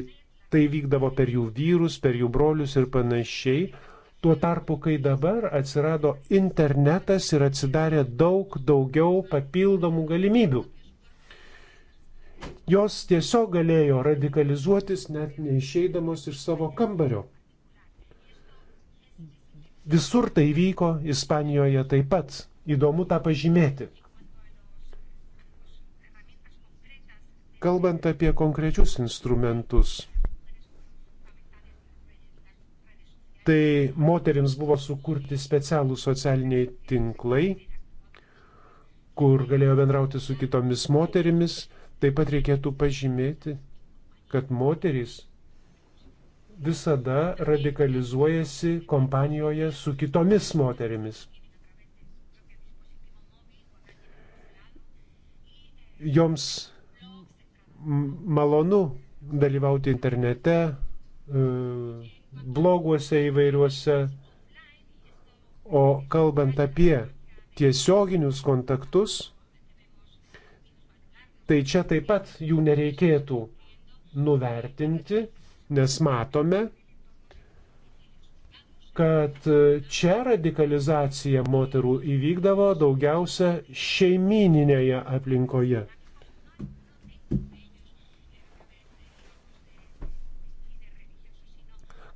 tai vykdavo per jų vyrus, per jų brolius ir panašiai. Tuo tarpu, kai dabar atsirado internetas ir atsidarė daug daugiau papildomų galimybių. Jos tiesiog galėjo radikalizuotis, net neišeidamos iš savo kambario. Visur tai vyko, Ispanijoje taip pat įdomu tą pažymėti. Kalbant apie konkrečius instrumentus, tai moteriams buvo sukurti specialų socialiniai tinklai, kur galėjo bendrauti su kitomis moterimis. Taip pat reikėtų pažymėti, kad moterys visada radikalizuojasi kompanijoje su kitomis moterimis. joms malonu dalyvauti internete, e, bloguose įvairiuose, o kalbant apie tiesioginius kontaktus, tai čia taip pat jų nereikėtų nuvertinti, nes matome, kad e, čia radikalizacija moterų įvykdavo daugiausia šeimininėje aplinkoje.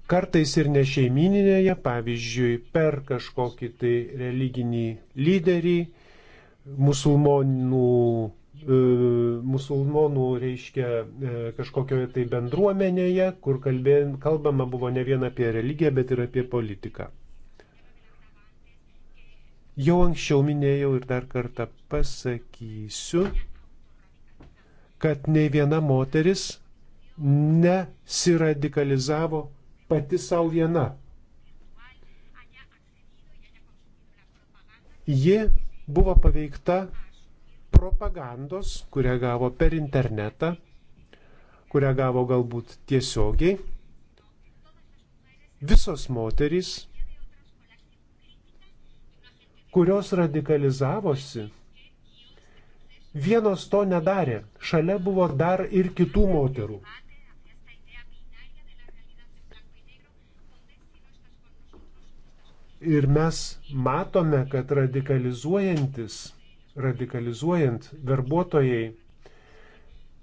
Kartais ir ne šeimininėje, pavyzdžiui, per kažkokį tai religinį lyderį, musulmonų E, musulmonų, reiškia, e, kažkokioje tai bendruomenėje, kur kalbė, kalbama buvo ne vien apie religiją, bet ir apie politiką. Jau anksčiau minėjau ir dar kartą pasakysiu, kad nei viena moteris nesiradikalizavo pati savo viena. Ji buvo paveikta propagandos, kurią gavo per internetą, kurią gavo galbūt tiesiogiai, visos moterys, kurios radikalizavosi, vienos to nedarė. Šalia buvo dar ir kitų moterų. Ir mes matome, kad radikalizuojantis radikalizuojant, darbuotojai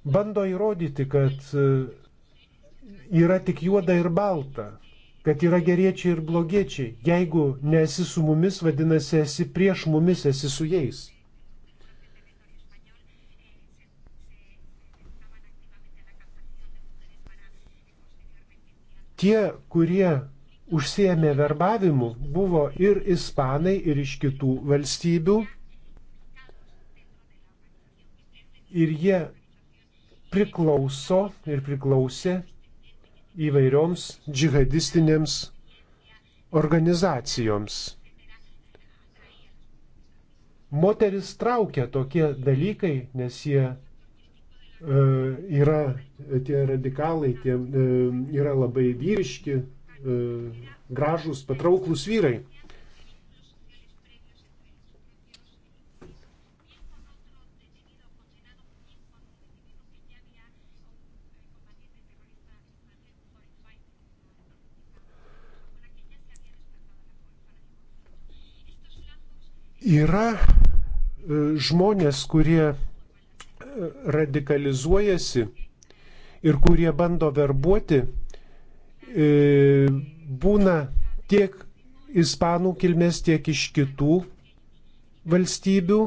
bando įrodyti, kad e, yra tik juoda ir balta, kad yra geriečiai ir blogiečiai. Jeigu nesi su mumis, vadinasi, esi prieš mumis, esi su jais. Tie, kurie užsiemė verbavimu, buvo ir ispanai, ir iš kitų valstybių, ir jie priklauso ir priklausė įvairioms džihadistinėms organizacijoms. Moteris traukia tokie dalykai, nes jie e, yra, tie radikalai, tie e, yra labai vyriški, e, gražūs, patrauklus vyrai. Yra e, žmonės, kurie e, radikalizuojasi ir kurie bando verbuoti, e, būna tiek ispanų kilmės, tiek iš kitų valstybių.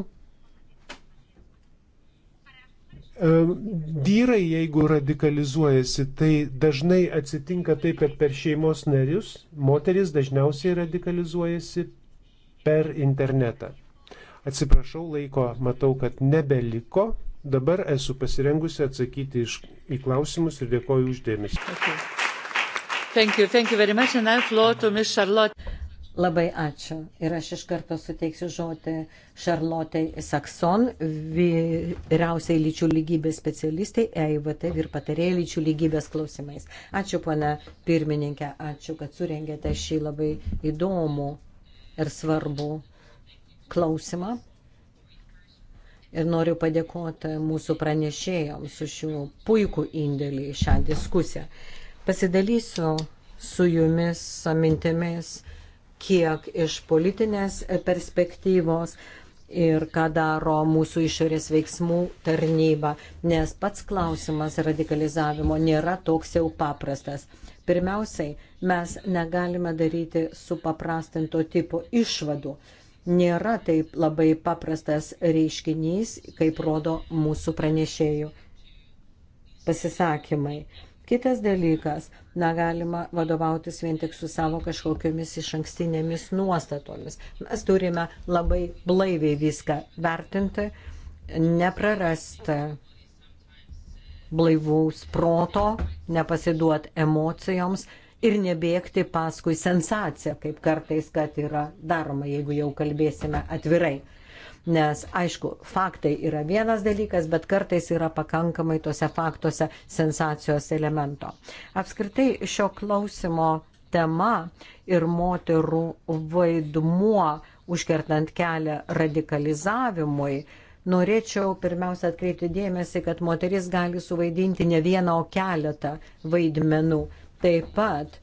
Vyrai, jeigu radikalizuojasi, tai dažnai atsitinka taip, kad per šeimos narius moteris dažniausiai radikalizuojasi per internetą. Atsiprašau, laiko matau, kad nebeliko. Dabar esu pasirengusi atsakyti iš, į klausimus ir dėkoju uždėmesi. Thank you. Thank you very much. And I floor to Miss Charlotte. Labai ačiū. Ir aš iš karto suteiksiu žodį Šarlotai Sakson, vyriausiai lyčių lygybės specialistai, EIVT ir patarėjai lyčių lygybės klausimais. Ačiū, pana pirmininkė, ačiū, kad surengėte šį labai įdomų ir svarbų klausimą. Ir noriu padėkoti mūsų pranešėjams už šių puikų indėlį į šią diskusiją. Pasidalysiu su jumis mintimis, kiek iš politinės perspektyvos ir ką daro mūsų išorės veiksmų tarnyba, nes pats klausimas radikalizavimo nėra toks jau paprastas. Pirmiausiai, mes negalime daryti supaprastinto tipo išvadų. Nėra taip labai paprastas reiškinys, kaip rodo mūsų pranešėjų pasisakymai. Kitas dalykas, negalima vadovautis vien tik su savo kažkokiamis iš ankstinėmis nuostatomis. Mes turime labai blaiviai viską vertinti, neprarasti blaivaus proto, nepasiduot emocijoms ir nebėgti paskui sensaciją, kaip kartais, kad yra daroma, jeigu jau kalbėsime atvirai. Nes, aišku, faktai yra vienas dalykas, bet kartais yra pakankamai tuose faktuose sensacijos elemento. Apskritai šio klausimo tema ir moterų vaidmuo užkertant kelią radikalizavimui Norėčiau pirmiausia atkreipti dėmesį, kad moteris gali suvaidinti ne vieną, o keletą vaidmenų. Taip pat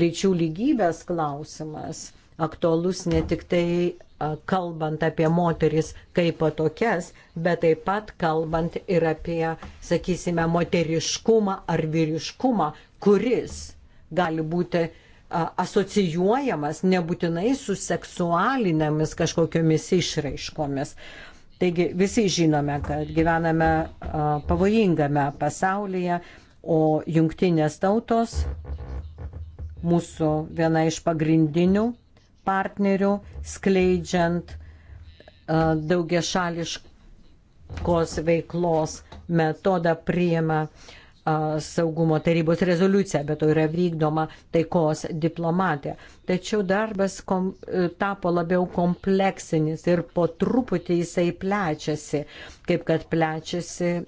lyčių lygybės klausimas aktualus ne tik tai kalbant apie moteris kaip tokias, bet taip pat kalbant ir apie, sakysime, moteriškumą ar vyriškumą, kuris gali būti asocijuojamas nebūtinai su seksualinėmis kažkokiamis išraiškomis. Taigi visi žinome, kad gyvename pavojingame pasaulyje, o jungtinės tautos mūsų viena iš pagrindinių partnerių skleidžiant daugia šališkos veiklos metodą priima uh, saugumo tarybos rezoliuciją, bet to yra vykdoma taikos diplomatija. Tačiau darbas kom, e, tapo labiau kompleksinis ir po truputį jisai plečiasi, kaip kad plečiasi e,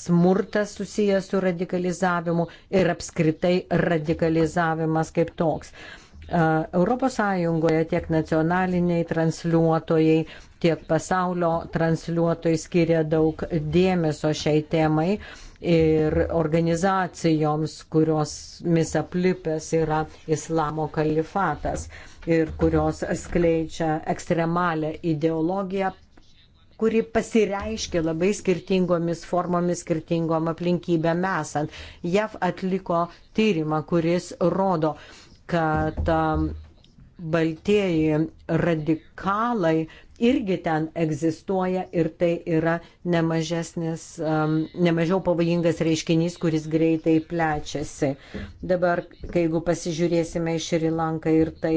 smurtas susijęs su radikalizavimu ir apskritai radikalizavimas kaip toks. E, Europos Sąjungoje tiek nacionaliniai transliuotojai, tiek pasaulio transliuotojai skiria daug dėmesio šiai temai ir organizacijoms, kuriosmis aplipęs yra islamo kalifatas ir kurios skleidžia ekstremalią ideologiją kuri pasireiškia labai skirtingomis formomis, skirtingom aplinkybėm esant. JAV atliko tyrimą, kuris rodo, kad um, baltieji radikalai irgi ten egzistuoja ir tai yra nemažesnis, um, nemažiau pavojingas reiškinys, kuris greitai plečiasi. Dabar, kai jeigu pasižiūrėsime į Šri Lanką ir tai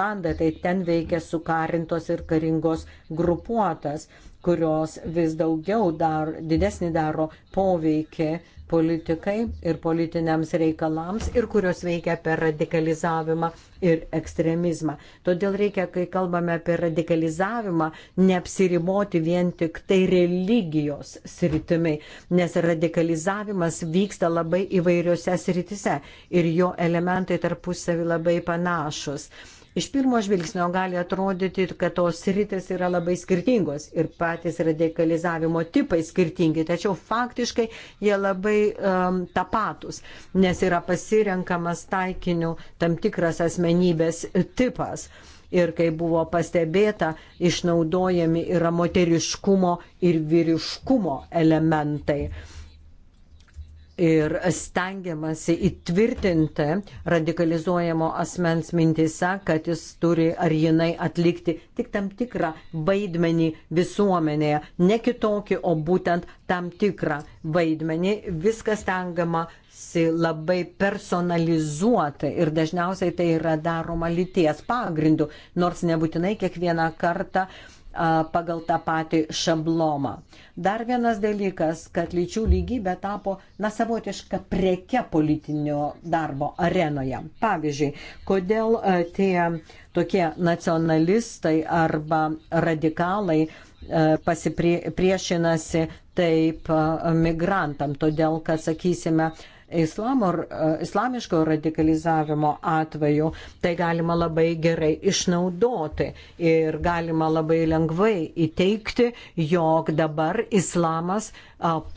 Landą, tai ten veikia sukarintos ir karingos grupuotas, kurios vis daugiau dar, didesnį daro poveikį politikai ir politiniams reikalams ir kurios veikia per radikalizavimą ir ekstremizmą. Todėl reikia, kai kalbame apie radikalizavimą, neapsiriboti vien tik tai religijos sritimi, nes radikalizavimas vyksta labai įvairiose sritise ir jo elementai tarpusavį labai panašus. Iš pirmo žvilgsnio gali atrodyti, kad tos rytis yra labai skirtingos ir patys radikalizavimo tipai skirtingi, tačiau faktiškai jie labai um, tapatus, nes yra pasirenkamas taikiniu tam tikras asmenybės tipas. Ir kai buvo pastebėta, išnaudojami yra moteriškumo ir vyriškumo elementai. Uh, ir stengiamasi įtvirtinti radikalizuojamo asmens mintise, kad jis turi ar jinai atlikti tik tam tikrą vaidmenį visuomenėje, ne kitokį, o būtent tam tikrą vaidmenį. Viskas tengama labai personalizuota ir dažniausiai tai yra daroma lyties pagrindu, nors nebūtinai kiekvieną kartą uh, pagal tą patį šablomą. Dar vienas dalykas, kad lyčių lygybė tapo, na, savotiška preke politinio darbo arenoje. Pavyzdžiui, kodėl tie tokie nacionalistai arba radikalai pasipriešinasi taip migrantam, todėl kad, sakysime, islamo, islamiško radikalizavimo atveju, tai galima labai gerai išnaudoti ir galima labai lengvai įteikti, jog dabar islamas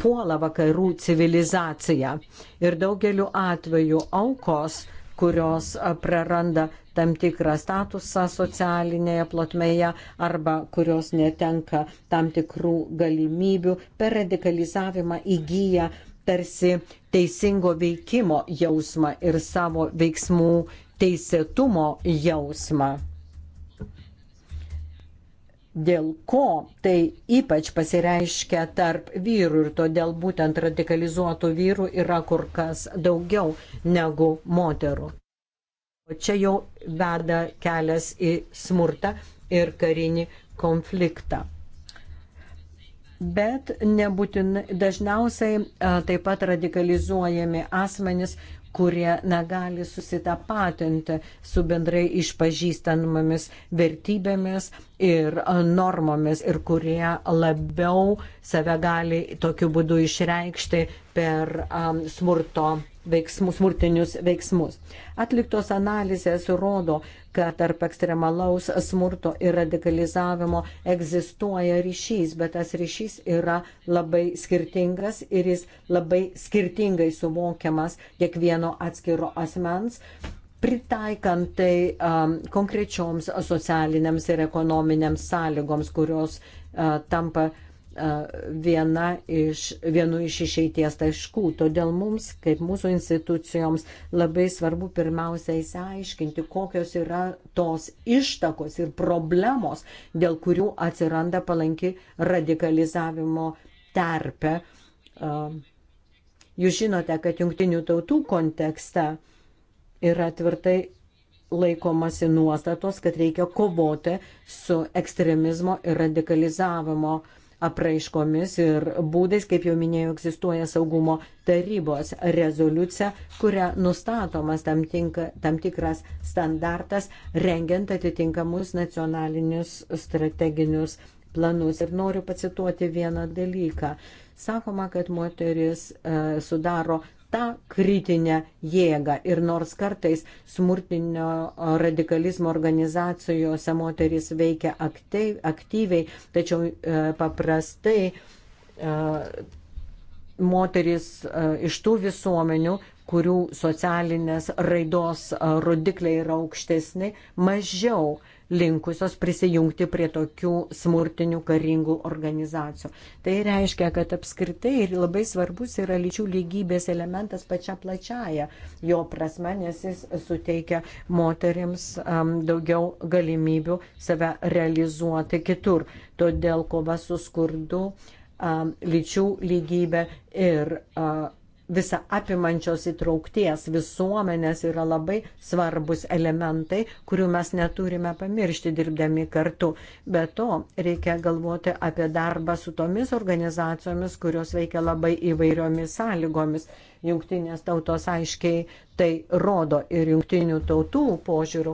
puola vakarų civilizaciją. Ir daugeliu atveju aukos kurios praranda tam tikrą statusą socialinėje plotmėje arba kurios netenka tam tikrų galimybių, per radikalizavimą įgyja tarsi teisingo veikimo jausmą ir savo veiksmų teisėtumo jausmą. Dėl ko tai ypač pasireiškia tarp vyrų ir todėl būtent radikalizuotų vyrų yra kur kas daugiau negu moterų. O čia jau veda kelias į smurtą ir karinį konfliktą bet nebūtinai dažniausiai taip pat radikalizuojami asmenys, kurie negali susitapatinti su bendrai išpažįstamomis vertybėmis ir normomis ir kurie labiau save gali tokiu būdu išreikšti per um, smurto veiksmus, smurtinius veiksmus. Atliktos analizės rodo, kad tarp ekstremalaus smurto ir radikalizavimo egzistuoja ryšys, bet tas ryšys yra labai skirtingas ir jis labai skirtingai suvokiamas kiekvieno atskiro asmens pritaikant tai um, konkrečioms socialiniams ir ekonominiams sąlygoms, kurios uh, tampa uh, viena iš, vienu iš išeities taškų. Todėl mums, kaip mūsų institucijoms, labai svarbu pirmiausia įsiaiškinti, kokios yra tos ištakos ir problemos, dėl kurių atsiranda palanki radikalizavimo terpė. Jūs žinote, kad jungtinių tautų kontekste yra tvirtai laikomasi nuostatos, kad reikia kovoti su ekstremizmo ir radikalizavimo uh, apraiškomis ir būdais, kaip jau minėjau, egzistuoja saugumo tarybos rezoliucija, kuria nustatomas tam, tinka, tam tikras standartas, rengiant atitinkamus nacionalinius strateginius planus. Ir noriu pacituoti vieną dalyką. Sakoma, kad moteris e, sudaro tą kritinę jėgą. Ir nors kartais smurtinio radikalizmo organizacijose moteris veikia aktyviai, tačiau e, paprastai e, moteris e, iš tų visuomenių, kurių socialinės raidos rodikliai yra aukštesni, mažiau uh, linkusios prisijungti prie tokių smurtinių karingų organizacijų. Tai reiškia, kad apskritai ir labai svarbus yra lyčių lygybės elementas pačia plačiaja jo prasme, nes jis suteikia moteriams um, daugiau galimybių save realizuoti kitur. Todėl kova su skurdu, um, lyčių lygybė ir uh, visą apimančios įtraukties visuomenės yra labai svarbus elementai, kurių mes neturime pamiršti dirbdami kartu. Be to, reikia galvoti apie darbą su tomis organizacijomis, kurios veikia labai įvairiomis sąlygomis. Jungtinės tautos aiškiai tai rodo ir jungtinių tautų požiūrų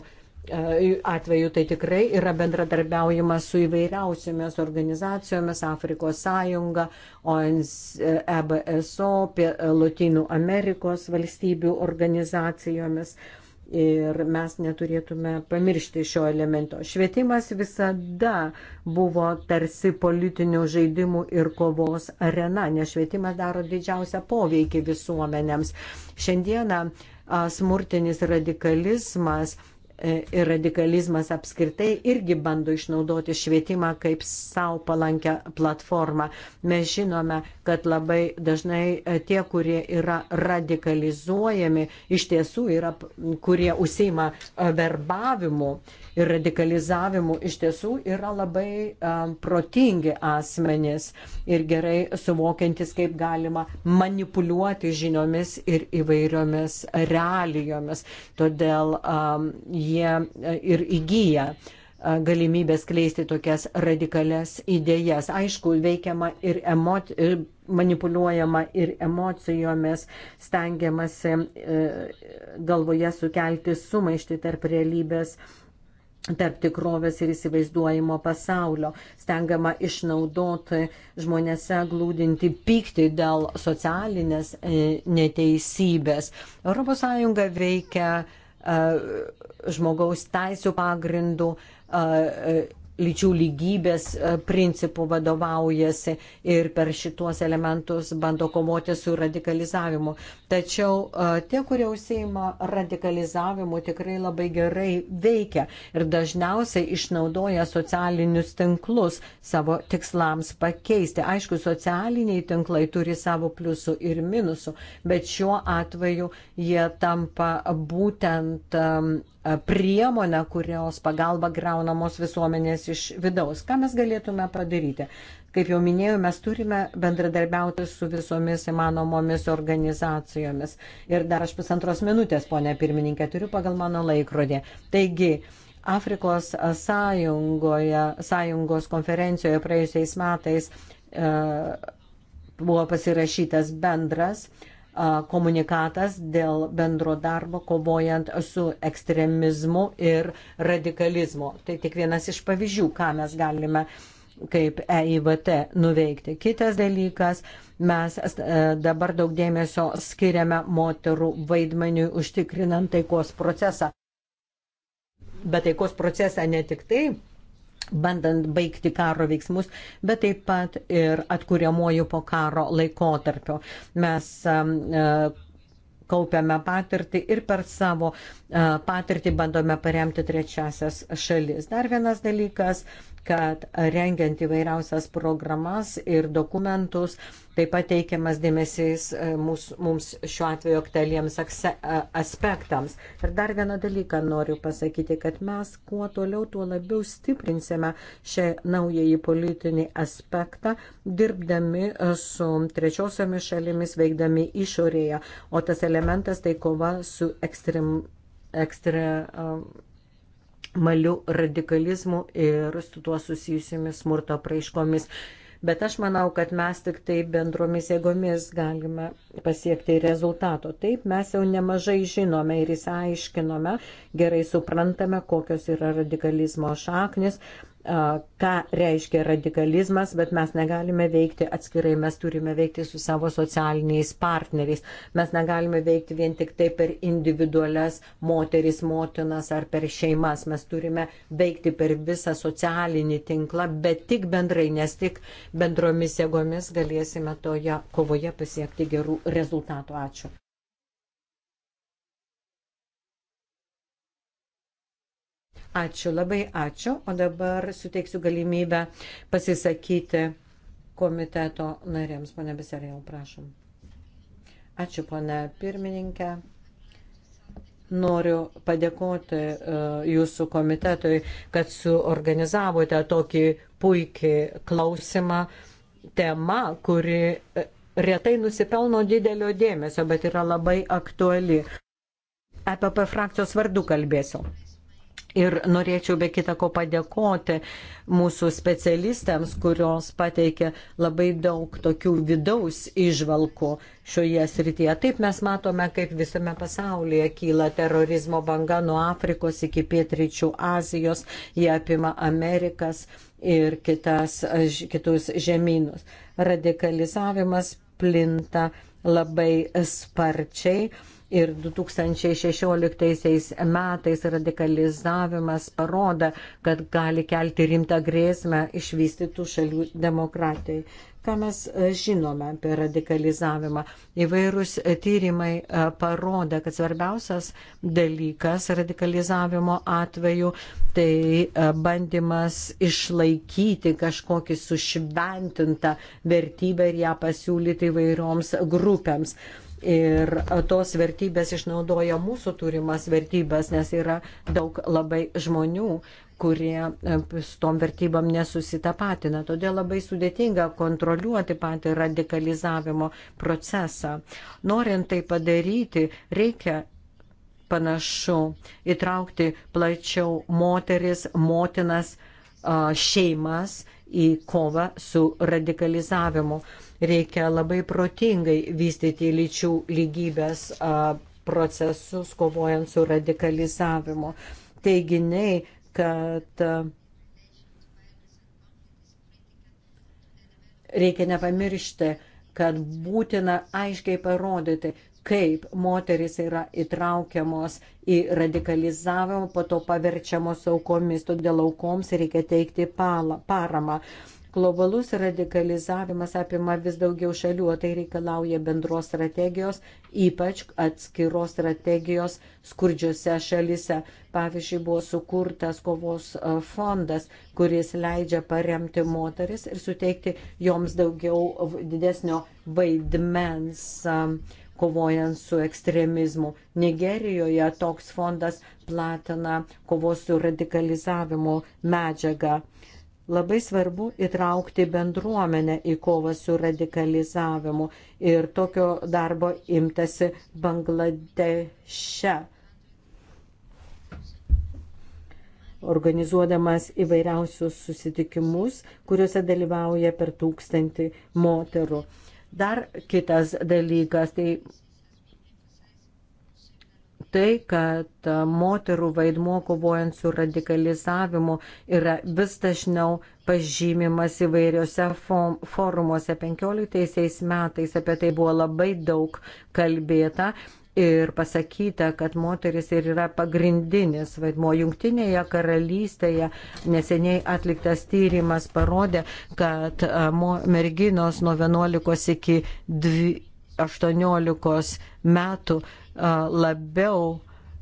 E, atveju tai tikrai yra bendradarbiaujama su įvairiausiomis organizacijomis, Afrikos sąjunga, ONS, EBSO, e e, Latinų Amerikos valstybių organizacijomis. Ir mes neturėtume pamiršti šio elemento. Švietimas visada buvo tarsi politinių žaidimų ir kovos arena, nes švietimas daro didžiausią poveikį visuomenėms. Šiandieną smurtinis radikalizmas E, ir radikalizmas apskritai irgi bando išnaudoti švietimą kaip savo palankę platformą. Mes žinome, kad labai dažnai e, tie, kurie yra radikalizuojami, iš tiesų yra, kurie užsima e, verbavimu ir radikalizavimu, iš tiesų yra labai um, protingi asmenys ir gerai suvokiantis, kaip galima manipuliuoti žiniomis ir įvairiomis realijomis. Todėl um, jie e, ir įgyja e, galimybės kleisti tokias radikales idėjas. Aišku, veikiama ir, emot, ir manipuliuojama ir emocijomis, stengiamasi e, galvoje sukelti sumaišti tarp realybės tarp tikrovės ir įsivaizduojimo pasaulio. Stengama išnaudoti žmonėse glūdinti pykti dėl socialinės neteisybės. ES veikia žmogaus teisų pagrindų lyčių lygybės e, principų vadovaujasi ir per šituos elementus bando kovoti su radikalizavimu. Tačiau e, tie, kurie užsieima radikalizavimu, tikrai labai gerai veikia ir dažniausiai išnaudoja socialinius tinklus savo tikslams pakeisti. Aišku, socialiniai tinklai turi savo pliusų ir minusų, bet šiuo atveju jie tampa būtent priemonę, kurios pagalba graunamos visuomenės iš vidaus. Ką mes galėtume padaryti? Kaip jau minėjau, mes turime bendradarbiauti su visomis įmanomomis organizacijomis. Ir dar aš pusantros minutės, ponė pirmininkė, turiu pagal mano laikrodį. Taigi, Afrikos sąjungoje, sąjungos konferencijoje praėjusiais metais e, buvo pasirašytas bendras e, komunikatas dėl bendro darbo kovojant su ekstremizmu ir radikalizmu. Tai tik vienas iš pavyzdžių, ką mes galime kaip EIVT nuveikti. Kitas dalykas, mes dabar daug dėmesio skiriame moterų vaidmeniui užtikrinant taikos procesą. Bet taikos procesą ne tik tai bandant baigti karo veiksmus, bet taip pat ir atkuriamuoju po karo laikotarpiu. Mes um, e, kaupiame patirtį ir per savo e, patirtį bandome paremti trečiasias šalis. Dar vienas dalykas kad rengiant įvairiausias programas ir dokumentus, taip pat teikiamas dėmesys e, mūs, mums šiuo atveju aktualiems e, aspektams. Ir dar vieną dalyką noriu pasakyti, kad mes kuo toliau, tuo labiau stiprinsime šią naująjį politinį aspektą, dirbdami e, su trečiosiomis šalimis, veikdami išorėje. O tas elementas tai kova su ekstrem, ekstre, malių radikalizmu ir su tuo susijusiamis smurto praiškomis. Bet aš manau, kad mes tik tai bendromis jėgomis galime pasiekti rezultato. Taip, mes jau nemažai žinome ir įsiaiškinome, gerai suprantame, kokios yra radikalizmo šaknis, ką reiškia radikalizmas, bet mes negalime veikti atskirai, mes turime veikti su savo socialiniais partneriais, mes negalime veikti vien tik tai per individualias moteris, motinas ar per šeimas, mes turime veikti per visą socialinį tinklą, bet tik bendrai, nes tik bendromis jėgomis galėsime toje kovoje pasiekti gerų rezultatų. Ačiū. Ačiū, labai ačiū. O dabar suteiksiu galimybę pasisakyti komiteto narėms. Pone Biserėjau, prašom. Ačiū, pone pirmininkė. Noriu padėkoti e, jūsų komitetui, kad suorganizavote tokį puikį klausimą. Tema, kuri e, retai nusipelno didelio dėmesio, bet yra labai aktuali. EPP frakcijos vardu kalbėsiu. Ir norėčiau be kita ko padėkoti mūsų specialistams, kurios pateikė labai daug tokių vidaus išvalkų šioje srityje. Taip mes matome, kaip visame pasaulyje kyla terorizmo banga nuo Afrikos iki pietryčių Azijos, jie apima Amerikas ir kitas, kitus žemynus. Radikalizavimas plinta labai sparčiai ir 2016 metais radikalizavimas parodo, kad gali kelti rimtą grėsmę išvystytų šalių demokratijai. Ką mes e, žinome apie radikalizavimą? Įvairūs e, tyrimai e, parodo, kad svarbiausias dalykas radikalizavimo atveju tai bandymas išlaikyti kažkokį sušventintą vertybę ir ją pasiūlyti įvairioms grupėms ir tos vertybės išnaudoja mūsų turimas vertybės, nes yra daug labai žmonių, kurie e, su tom vertybam nesusitapatina. Todėl labai sudėtinga kontroliuoti patį radikalizavimo procesą. Norint tai padaryti, reikia panašu įtraukti plačiau moteris, motinas, šeimas į kovą su radikalizavimu. Reikia labai protingai vystyti lyčių lygybės procesus, kovojant su radikalizavimu. Teiginiai, kad reikia nepamiršti, kad būtina aiškiai parodyti, kaip moteris yra įtraukiamos į radikalizavimą, po to paverčiamos aukomis, todėl aukoms reikia teikti paramą. Globalus radikalizavimas apima vis daugiau šalių, o tai reikalauja bendros strategijos, ypač atskiros strategijos skurdžiose šalise. Pavyzdžiui, buvo sukurtas kovos e, fondas, kuris leidžia paremti moteris ir suteikti joms daugiau didesnio vaidmens e, kovojant su ekstremizmu. Nigerijoje toks fondas platina kovos su radikalizavimu medžiagą. Labai svarbu įtraukti bendruomenę į kovą su radikalizavimu ir tokio darbo imtasi Bangladeše, organizuodamas įvairiausius susitikimus, kuriuose dalyvauja per tūkstantį moterų. Dar kitas dalykas, tai tai, kad moterų vaidmuo kovojant su radikalizavimu yra vis dažniau pažymimas įvairiose forumuose. 15 metais apie tai buvo labai daug kalbėta ir pasakyta, kad moteris ir yra pagrindinis vaidmo. Jungtinėje karalystėje neseniai atliktas tyrimas parodė, kad merginos nuo 11 iki 2 18 metų labiau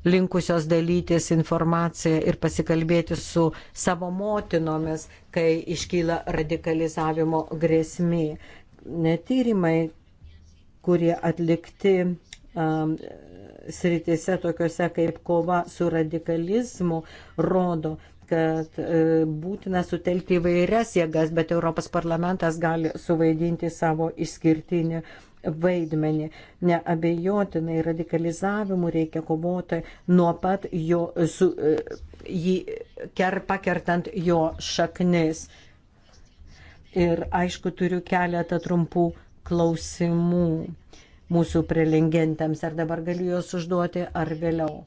linkusios dalytis informaciją ir pasikalbėti su savo motinomis, kai iškyla radikalizavimo grėsmė. Netyrimai, kurie atlikti um, sritise tokiuose kaip kova su radikalizmu, rodo, kad e, būtina sutelkti įvairias jėgas, bet Europos parlamentas gali suvaidinti savo išskirtinį vaidmenį. Neabejotinai radikalizavimu reikia kovoti nuo pat jo, su, e, jį ker, pakertant jo šaknis. Ir aišku, turiu keletą trumpų klausimų mūsų prelingentams. Ar dabar galiu juos užduoti, ar vėliau?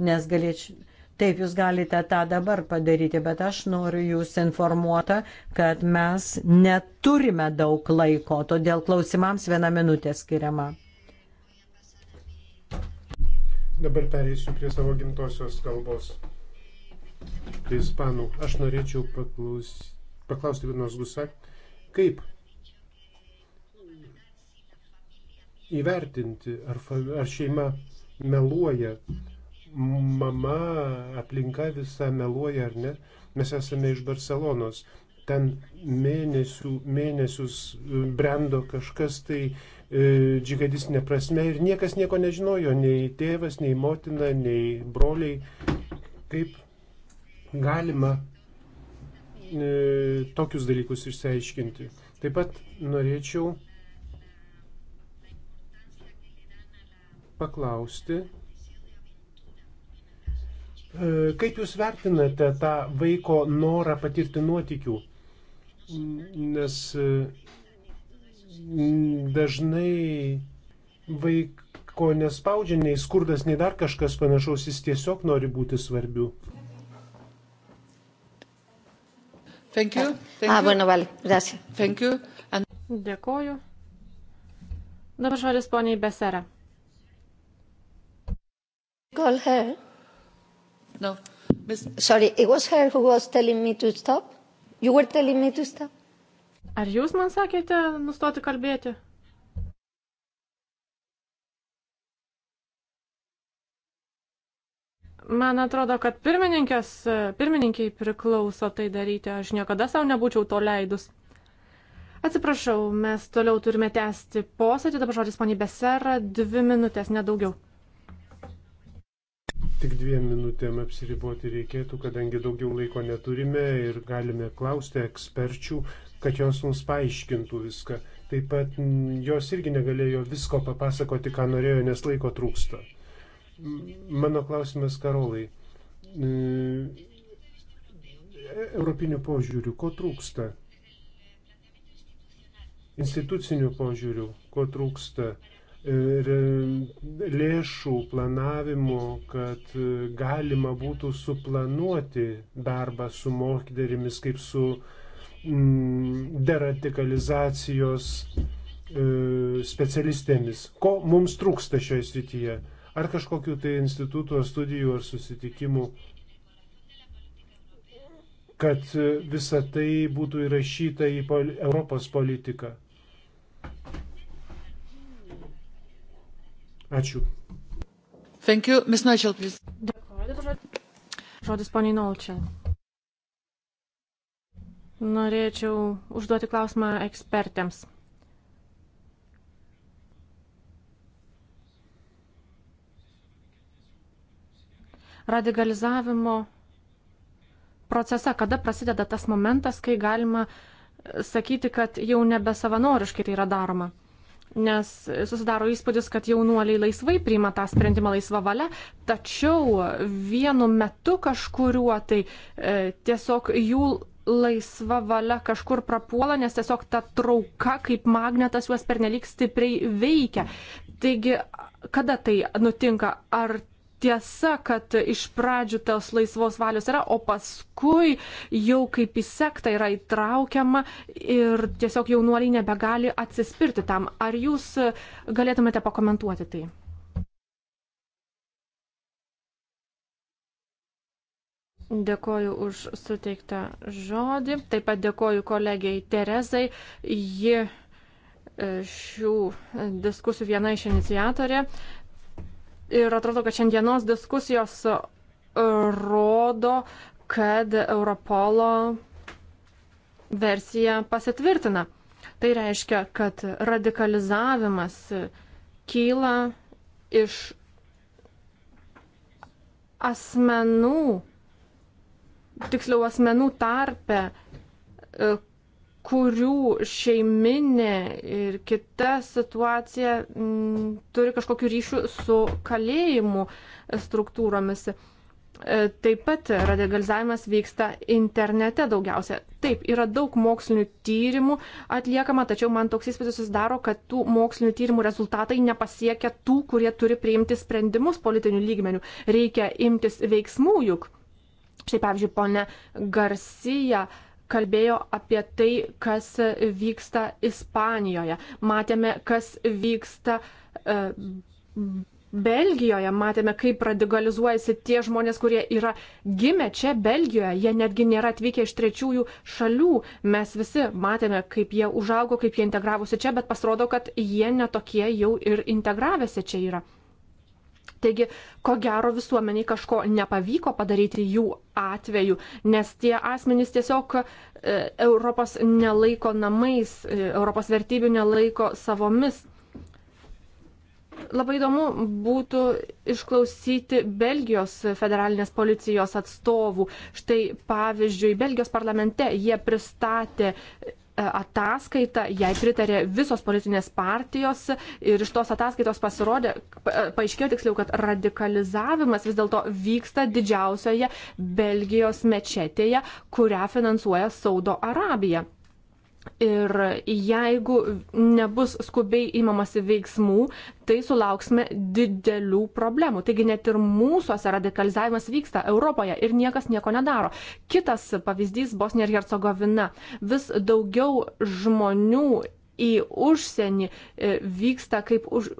Nes galėčiau Taip, jūs galite tą dabar padaryti, bet aš noriu jūs informuota, kad mes neturime daug laiko, todėl klausimams viena minutė skiriama. Dabar pereisiu prie savo gimtosios kalbos. Tai ispanų. Aš norėčiau paklaus... paklausti Vilnos Gusak, kaip įvertinti, ar, fa... ar šeima meluoja, mama, aplinka visa meluoja ar ne. Mes esame iš Barcelonos. Ten mėnesių, mėnesius e, brendo kažkas tai e, džihadistinė prasme ir niekas nieko nežinojo, nei tėvas, nei motina, nei broliai, kaip galima e, tokius dalykus išsiaiškinti. Taip pat norėčiau paklausti, E, kaip Jūs vertinate tą vaiko norą patirti nuotikių? Nes e, dažnai vaiko nespaudžia nei skurdas, nei dar kažkas panašaus, jis tiesiog nori būti svarbiu. Thank you. Thank ah, you. Ah, bueno, vale. Gracias. Thank you. And... Dėkoju. Dabar žodis poniai Besera. Call her. No. Miss... Sorry, it was her who was telling me to stop? You were telling me to stop? Ar jūs man sakėte nustoti kalbėti? Man atrodo, kad pirmininkės, pirmininkiai priklauso tai daryti, aš niekada savo nebūčiau to leidus. Atsiprašau, mes toliau turime tęsti posėdį, dabar žodis ponybė serą, dvi minutės, nedaugiau. Tik dviem minutėm apsiriboti reikėtų, kadangi daugiau laiko neturime ir galime klausti eksperčių, kad jos mums paaiškintų viską. Taip pat jos irgi negalėjo visko papasakoti, ką norėjo, nes laiko trūksta. Mano klausimas Karolai. E, europinių požiūrių, ko trūksta? Institucinių požiūrių, ko trūksta? E, lėšų planavimu, kad e, galima būtų suplanuoti darbą su moterimis kaip su mm, deradikalizacijos e, specialistėmis. Ko mums trūksta šioje srityje? Ar kažkokiu tai institutų, ar studijų, ar susitikimų, kad visa tai būtų įrašyta į pol Europos politiką? Ačiū. Thank you, Ms. Nočel, please. Dėkuoju. Žodis poniai Nočel. Norėčiau užduoti klausimą ekspertėms. radikalizavimo procese, kada prasideda tas momentas, kai galima sakyti, kad jau nebesavanoriškai tai yra daroma nes susidaro įspūdis, kad jaunuoliai laisvai priima tą sprendimą laisvą valią, tačiau vienu metu kažkuriuo tai e, tiesiog jų laisva valia kažkur prapuola, nes tiesiog ta trauka kaip magnetas juos pernelyg stipriai veikia. Taigi, kada tai nutinka? Ar tiesa, kad iš pradžių tos laisvos valios yra, o paskui jau kaip į sektą yra įtraukiama ir tiesiog jaunuoliai nebegali atsispirti tam. Ar jūs galėtumėte pakomentuoti tai? Dėkoju už suteiktą žodį. Taip pat dėkoju kolegiai Terezai. Ji e, šių diskusijų viena iš iniciatorė. Ir atrodo, kad šiandienos diskusijos e, rodo, kad Europolo versija pasitvirtina. Tai reiškia, kad radikalizavimas kyla iš asmenų, tiksliau asmenų tarpe, e, kurių šeiminė ir kita situacija m, mm, turi kažkokiu ryšiu su kalėjimų struktūromis. E, taip pat radikalizavimas vyksta internete daugiausia. Taip, yra daug mokslinių tyrimų atliekama, tačiau man toks įspūdis susidaro, kad tų mokslinių tyrimų rezultatai nepasiekia tų, kurie turi priimti sprendimus politinių lygmenių. Reikia imtis veiksmų juk. Štai pavyzdžiui, ponė Garcija uh, kalbėjo apie tai, kas vyksta Ispanijoje. Matėme, kas vyksta e, Belgijoje, matėme, kaip radikalizuojasi tie žmonės, kurie yra gimę čia Belgijoje, jie netgi nėra atvykę iš trečiųjų šalių. Mes visi matėme, kaip jie užaugo, kaip jie integravosi čia, bet pasirodo, kad jie netokie jau ir integravėsi čia yra. Taigi, ko gero visuomeniai kažko nepavyko padaryti jų atveju, nes tie asmenys tiesiog e, Europos nelaiko namais, e, Europos vertybių nelaiko savomis. Labai įdomu būtų išklausyti Belgijos federalinės policijos atstovų. Štai pavyzdžiui, Belgijos parlamente jie pristatė E, ataskaitą, jai pritarė visos politinės partijos ir iš tos ataskaitos pasirodė, e, paaiškėjo tiksliau, kad radikalizavimas vis dėlto vyksta didžiausioje Belgijos mečetėje, kurią finansuoja Saudo Arabija. Ir jeigu nebus skubiai įmamasi veiksmų, tai sulauksime didelių problemų. Taigi net ir mūsųose radikalizavimas vyksta Europoje ir niekas nieko nedaro. Kitas pavyzdys - Bosnija ir Hercegovina. Vis daugiau žmonių į užsienį e, vyksta kaip už,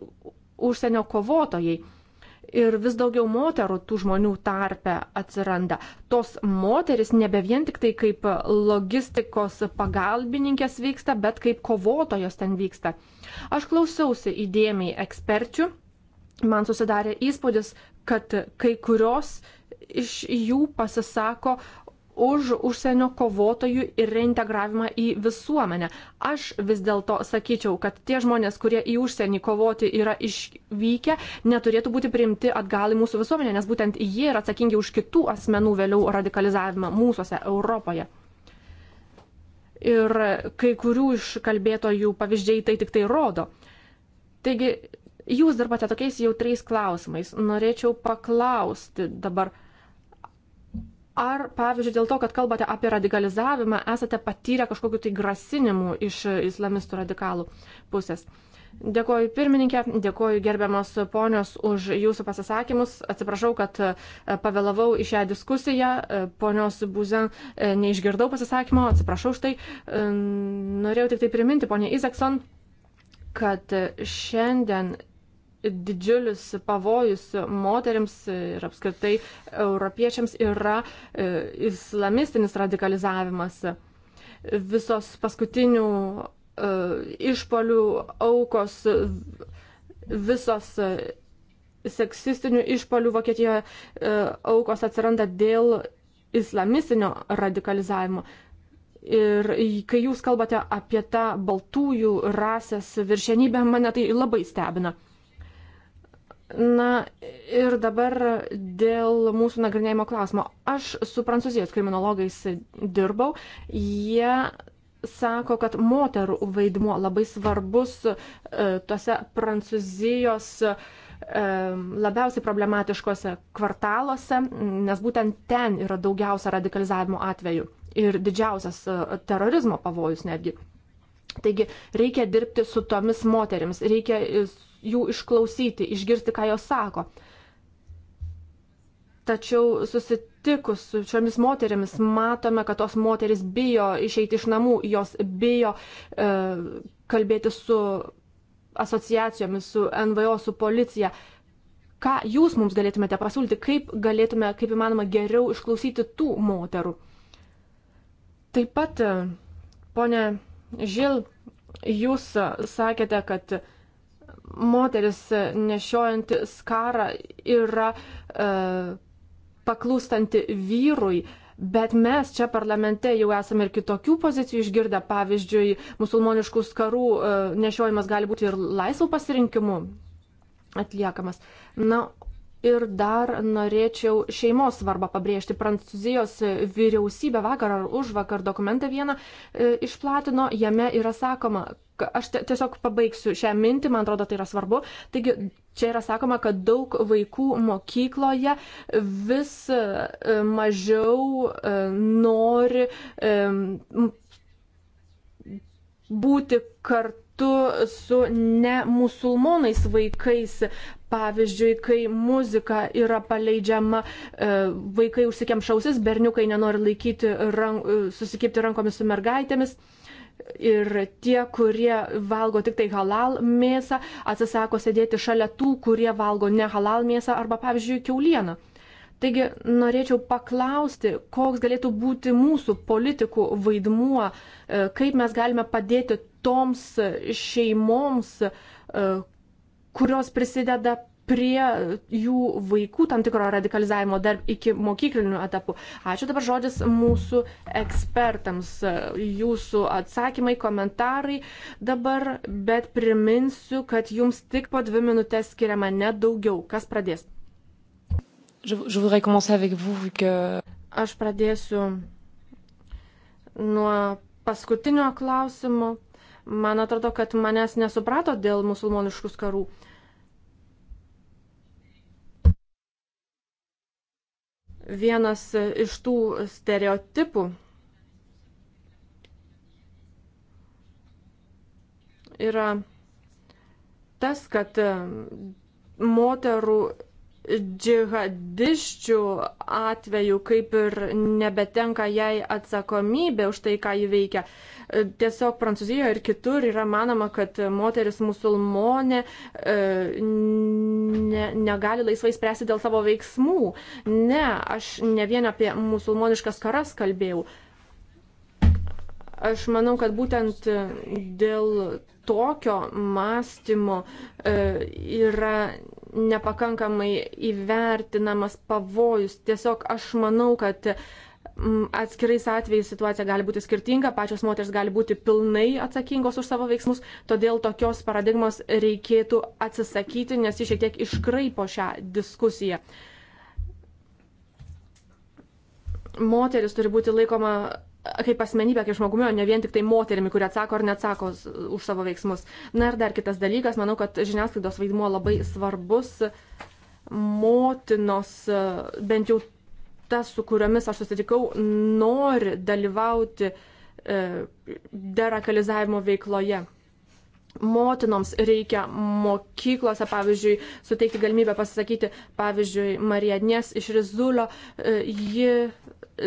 užsienio kovotojai ir vis daugiau moterų tų žmonių tarpe atsiranda. Tos moteris nebe vien tik tai kaip logistikos pagalbininkės vyksta, bet kaip kovotojos ten vyksta. Aš klausiausi įdėmiai eksperčių, man susidarė įspūdis, kad kai kurios iš jų pasisako už užsienio kovotojų ir reintegravimą į visuomenę. Aš vis dėlto sakyčiau, kad tie žmonės, kurie į užsienį kovoti yra išvykę, neturėtų būti priimti atgal į mūsų visuomenę, nes būtent jie yra atsakingi už kitų asmenų vėliau radikalizavimą mūsųse Europoje. Ir kai kurių iš kalbėtojų pavyzdžiai tai tik tai rodo. Taigi, jūs dirbate tokiais jautriais klausimais. Norėčiau paklausti dabar Ar, pavyzdžiui, dėl to, kad kalbate apie radikalizavimą, esate patyrę kažkokiu tai grasinimu iš islamistų radikalų pusės? Dėkoju pirmininkė, dėkoju gerbiamas ponios už jūsų pasisakymus. Atsiprašau, kad e, pavėlavau į šią diskusiją. E, ponios Buzen e, neišgirdau pasisakymo, atsiprašau už tai. Norėjau tik tai priminti, ponė Izekson, kad šiandien didžiulis pavojus moteriams ir apskritai europiečiams yra e, islamistinis radikalizavimas. Visos paskutinių e, išpolių aukos, visos seksistinių išpolių Vokietijoje e, aukos atsiranda dėl islamistinio radikalizavimo. Ir kai jūs kalbate apie tą baltųjų rasės viršenybę, mane tai labai stebina. Na ir dabar dėl mūsų nagrinėjimo klausimo. Aš su prancūzijos kriminologais dirbau. Jie sako, kad moterų vaidmuo labai svarbus e, tose prancūzijos e, labiausiai problematiškose kvartaluose, nes būtent ten yra daugiausia radikalizavimo atvejų ir didžiausias e, terorizmo pavojus netgi. Taigi reikia dirbti su tomis moteriams, reikia e, jų išklausyti, išgirsti, ką jos sako. Tačiau susitikus su šiomis moterimis matome, kad tos moteris bijo išeiti iš namų, jos bijo e, kalbėti su asociacijomis, su NVO, su policija. Ką jūs mums galėtumėte pasiūlyti, kaip galėtume, kaip įmanoma, geriau išklausyti tų moterų? Taip pat, e, ponė Žil, jūs sakėte, kad moteris nešiojanti skarą yra e, paklūstanti vyrui. Bet mes čia parlamente jau esame ir kitokių pozicijų išgirdę. Pavyzdžiui, musulmoniškų skarų e, nešiojimas gali būti ir laisvų pasirinkimų atliekamas. Na, ir dar norėčiau šeimos svarbą pabrėžti. Prancūzijos vyriausybė vakar ar už vakar dokumentą vieną e, išplatino. Jame yra sakoma, Aš tiesiog pabaigsiu šią mintį, man atrodo, tai yra svarbu. Taigi, čia yra sakoma, kad daug vaikų mokykloje vis e, mažiau e, nori e, būti kartu su ne musulmonais vaikais. Pavyzdžiui, kai muzika yra paleidžiama, vaikai užsikemšausis, berniukai nenori laikyti, rank, susikipti rankomis su mergaitėmis. Ir tie, kurie valgo tik tai halal mėsą, atsisako sėdėti šalia tų, kurie valgo ne halal mėsą arba, pavyzdžiui, keulieną. Taigi norėčiau paklausti, koks galėtų būti mūsų politikų vaidmuo, e, kaip mes galime padėti toms šeimoms, e, kurios prisideda prie jų vaikų tam tikro radikalizavimo dar iki mokyklinių etapų. Ačiū dabar žodis mūsų ekspertams. Jūsų atsakymai, komentarai dabar, bet priminsiu, kad jums tik po dvi minutės skiriama nedaugiau. Kas pradės? Aš pradėsiu nuo paskutinio klausimo. Man atrodo, kad manęs nesuprato dėl musulmoniškus karų. Uh, vienas iš tų stereotipų yra tas, kad moterų džihadiščių atveju kaip ir nebetenka jai atsakomybė už tai, ką ji veikia. E, tiesiog Prancūzijoje ir kitur yra manoma, kad moteris musulmonė e, ne, negali laisvai spręsti dėl savo veiksmų. Ne, aš ne vien apie musulmoniškas karas kalbėjau. Aš manau, kad būtent dėl tokio mąstymo e, yra nepakankamai įvertinamas pavojus. Tiesiog aš manau, kad mm, atskirais atvejais situacija gali būti skirtinga, pačios moteris gali būti pilnai atsakingos už savo veiksmus, todėl tokios paradigmos reikėtų atsisakyti, nes jis šiek tiek iškraipo šią diskusiją. Moteris turi būti laikoma kaip asmenybė, kaip žmogumi, o ne vien tik tai moterimi, kuri atsako ar neatsako už savo veiksmus. Na ir dar kitas dalykas, manau, kad žiniasklaidos vaidmuo labai svarbus motinos, e, bent jau tas, su kuriomis aš susitikau, nori dalyvauti e, derakalizavimo veikloje. Motinoms reikia mokyklose, pavyzdžiui, suteikti galimybę pasisakyti, pavyzdžiui, Marija Dnes iš Rizulio, e, ji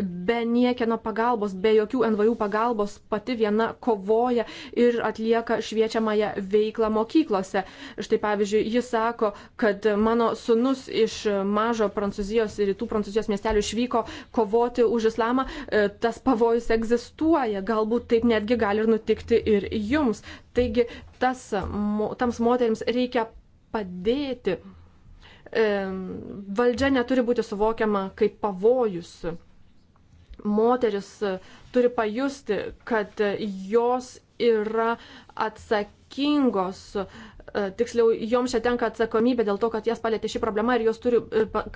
be niekieno pagalbos, be jokių NVU pagalbos pati viena kovoja ir atlieka šviečiamąją veiklą mokyklose. Štai pavyzdžiui, jis sako, kad mano sunus iš mažo Prancūzijos ir rytų Prancūzijos miestelių išvyko kovoti už islamą, e, tas pavojus egzistuoja, galbūt taip netgi gali ir nutikti ir jums. Taigi tas, tams moteriams reikia padėti. E, valdžia neturi būti suvokiama kaip pavojus moteris e, turi pajusti, kad e, jos yra atsakingos, e, tiksliau, joms čia tenka atsakomybė dėl to, kad jas palėtė šį problemą ir jos turi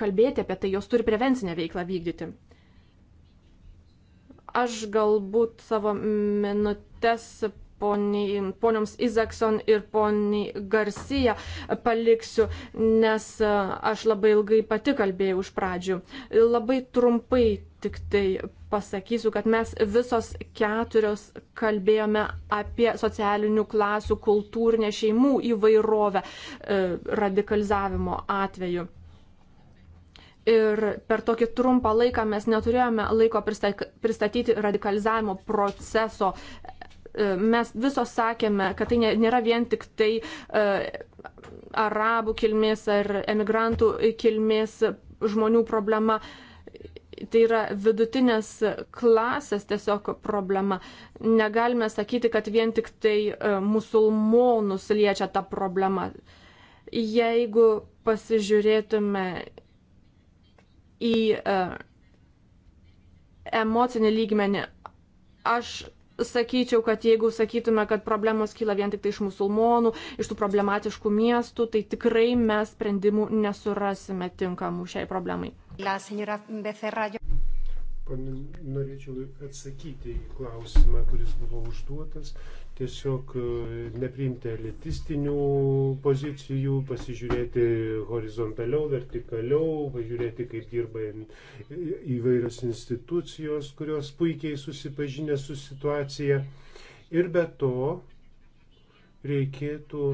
kalbėti apie tai, jos turi prevencinę veiklą vykdyti. Aš galbūt savo minutės ponioms Izakson ir poniai Garcia paliksiu, nes e, aš labai ilgai pati kalbėjau iš pradžių. Labai trumpai tik tai pasakysiu, kad mes visos keturios kalbėjome apie socialinių klasių, kultūrinę šeimų įvairovę e, radikalizavimo atveju. Ir per tokį trumpą laiką mes neturėjome laiko pristatyti radikalizavimo proceso E, mes visos sakėme, kad tai nėra vien tik tai e, arabų kilmės ar emigrantų kilmės žmonių problema. Tai yra vidutinės klasės tiesiog problema. Negalime sakyti, kad vien tik tai e, musulmonus liečia ta problema. Jeigu pasižiūrėtume į emocinį lygmenį, aš sakyčiau, kad jeigu sakytume, kad problemos kyla vien tik tai iš musulmonų, iš tų problematiškų miestų, tai tikrai mes sprendimų nesurasime tinkamų šiai problemai. La senora Becerra. Norėčiau atsakyti į klausimą, kuris buvo užduotas tiesiog e, nepriimti elitistinių pozicijų, pasižiūrėti horizontaliau, vertikaliau, pažiūrėti, kaip dirba įvairios institucijos, kurios puikiai susipažinę su situacija. Ir be to reikėtų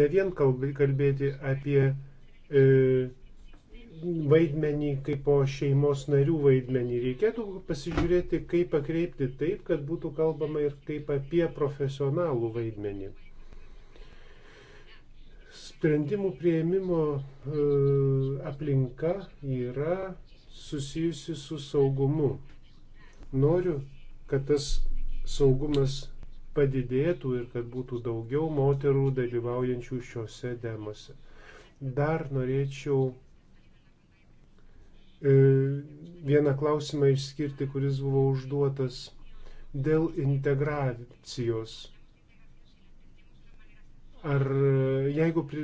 ne vien kalbėti apie e, vaidmenį, kaip po šeimos narių vaidmenį. Reikėtų pasižiūrėti, kaip pakreipti taip, kad būtų kalbama ir kaip apie profesionalų vaidmenį. Sprendimų prieimimo e, aplinka yra susijusi su saugumu. Noriu, kad tas saugumas padidėtų ir kad būtų daugiau moterų dalyvaujančių šiuose demose. Dar norėčiau E, vieną klausimą išskirti, kuris buvo užduotas dėl integracijos. Ar e, jeigu pri...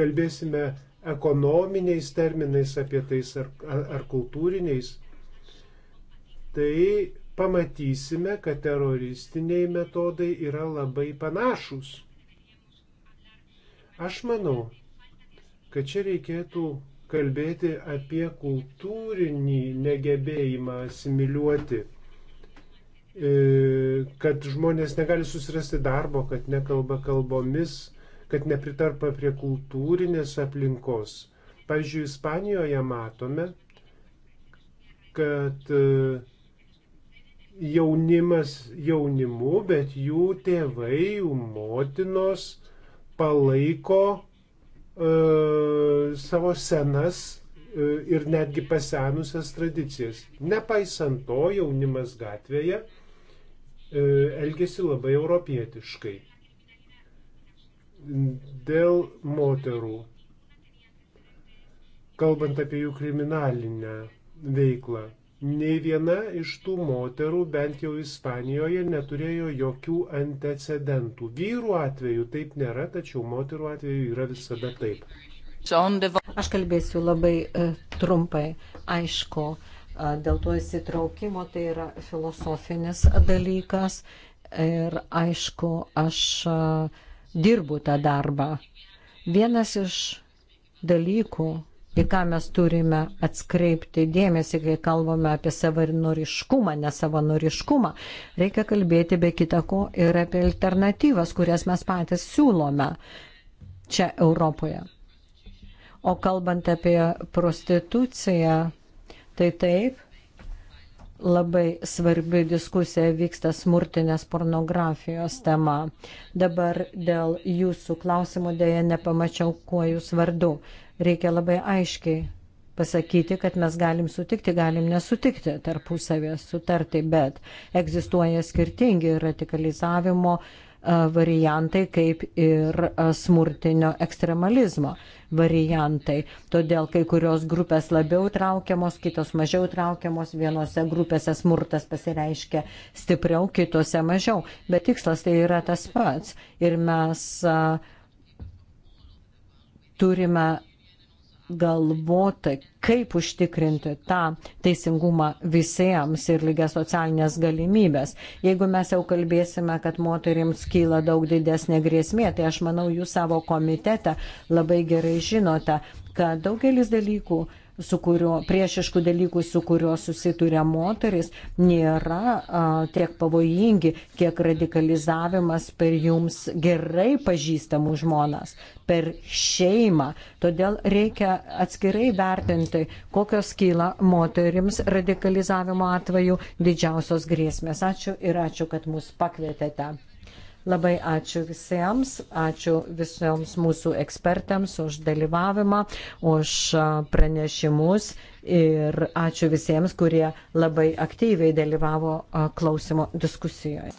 kalbėsime ekonominiais terminais apie tais ar, ar, ar kultūriniais, tai pamatysime, kad teroristiniai metodai yra labai panašus. Aš manau, kad čia reikėtų kalbėti apie kultūrinį negebėjimą asimiliuoti, e, kad žmonės negali susirasti darbo, kad nekalba kalbomis, kad nepritarpa prie kultūrinės aplinkos. Pavyzdžiui, Ispanijoje matome, kad e, jaunimas jaunimu, bet jų tėvai, jų motinos palaiko E, savo senas e, ir netgi pasenusias tradicijas. Nepaisant to, jaunimas gatvėje e, elgesi labai europietiškai. Dėl moterų, kalbant apie jų kriminalinę veiklą, Nei viena iš tų moterų, bent jau Ispanijoje, neturėjo jokių antecedentų. Vyrų atveju taip nėra, tačiau moterų atveju yra visada taip. Aš kalbėsiu labai e, trumpai, aišku, e, dėl to įsitraukimo tai yra filosofinis dalykas ir aišku, aš e, dirbu tą darbą. Vienas iš dalykų, į ką mes turime atskreipti dėmesį, kai kalbame apie savanoriškumą, nesavanoriškumą. Reikia kalbėti be kitako ir apie alternatyvas, kurias mes patys siūlome čia Europoje. O kalbant apie prostituciją, tai taip, labai svarbi diskusija vyksta smurtinės pornografijos tema. Dabar dėl jūsų klausimų dėja nepamačiau, kuo jūs vardu reikia labai aiškiai pasakyti, kad mes galim sutikti, galim nesutikti tarpusavėje sutarti, bet egzistuoja skirtingi radikalizavimo variantai, kaip ir smurtinio ekstremalizmo variantai. Todėl kai kurios grupės labiau traukiamos, kitos mažiau traukiamos, vienose grupėse smurtas pasireiškia stipriau, kitose mažiau. Bet tikslas tai yra tas pats. Ir mes turime galvoti, kaip užtikrinti tą teisingumą visiems ir lygias socialinės galimybės. Jeigu mes jau kalbėsime, kad moterims kyla daug didesnė grėsmė, tai aš manau, jūs savo komitete labai gerai žinote, kad daugelis dalykų su kurio, priešiškų dalykų, su kurio susituria moteris, nėra a, tiek pavojingi, kiek radikalizavimas per jums gerai pažįstamų žmonas per šeimą. Todėl reikia atskirai vertinti, kokios kyla moterims radikalizavimo atveju didžiausios grėsmės. Ačiū ir ačiū, kad mus pakvietėte. Labai ačiū visiems, ačiū visoms mūsų ekspertams už dalyvavimą, už pranešimus ir ačiū visiems, kurie labai aktyviai dalyvavo klausimo diskusijoje.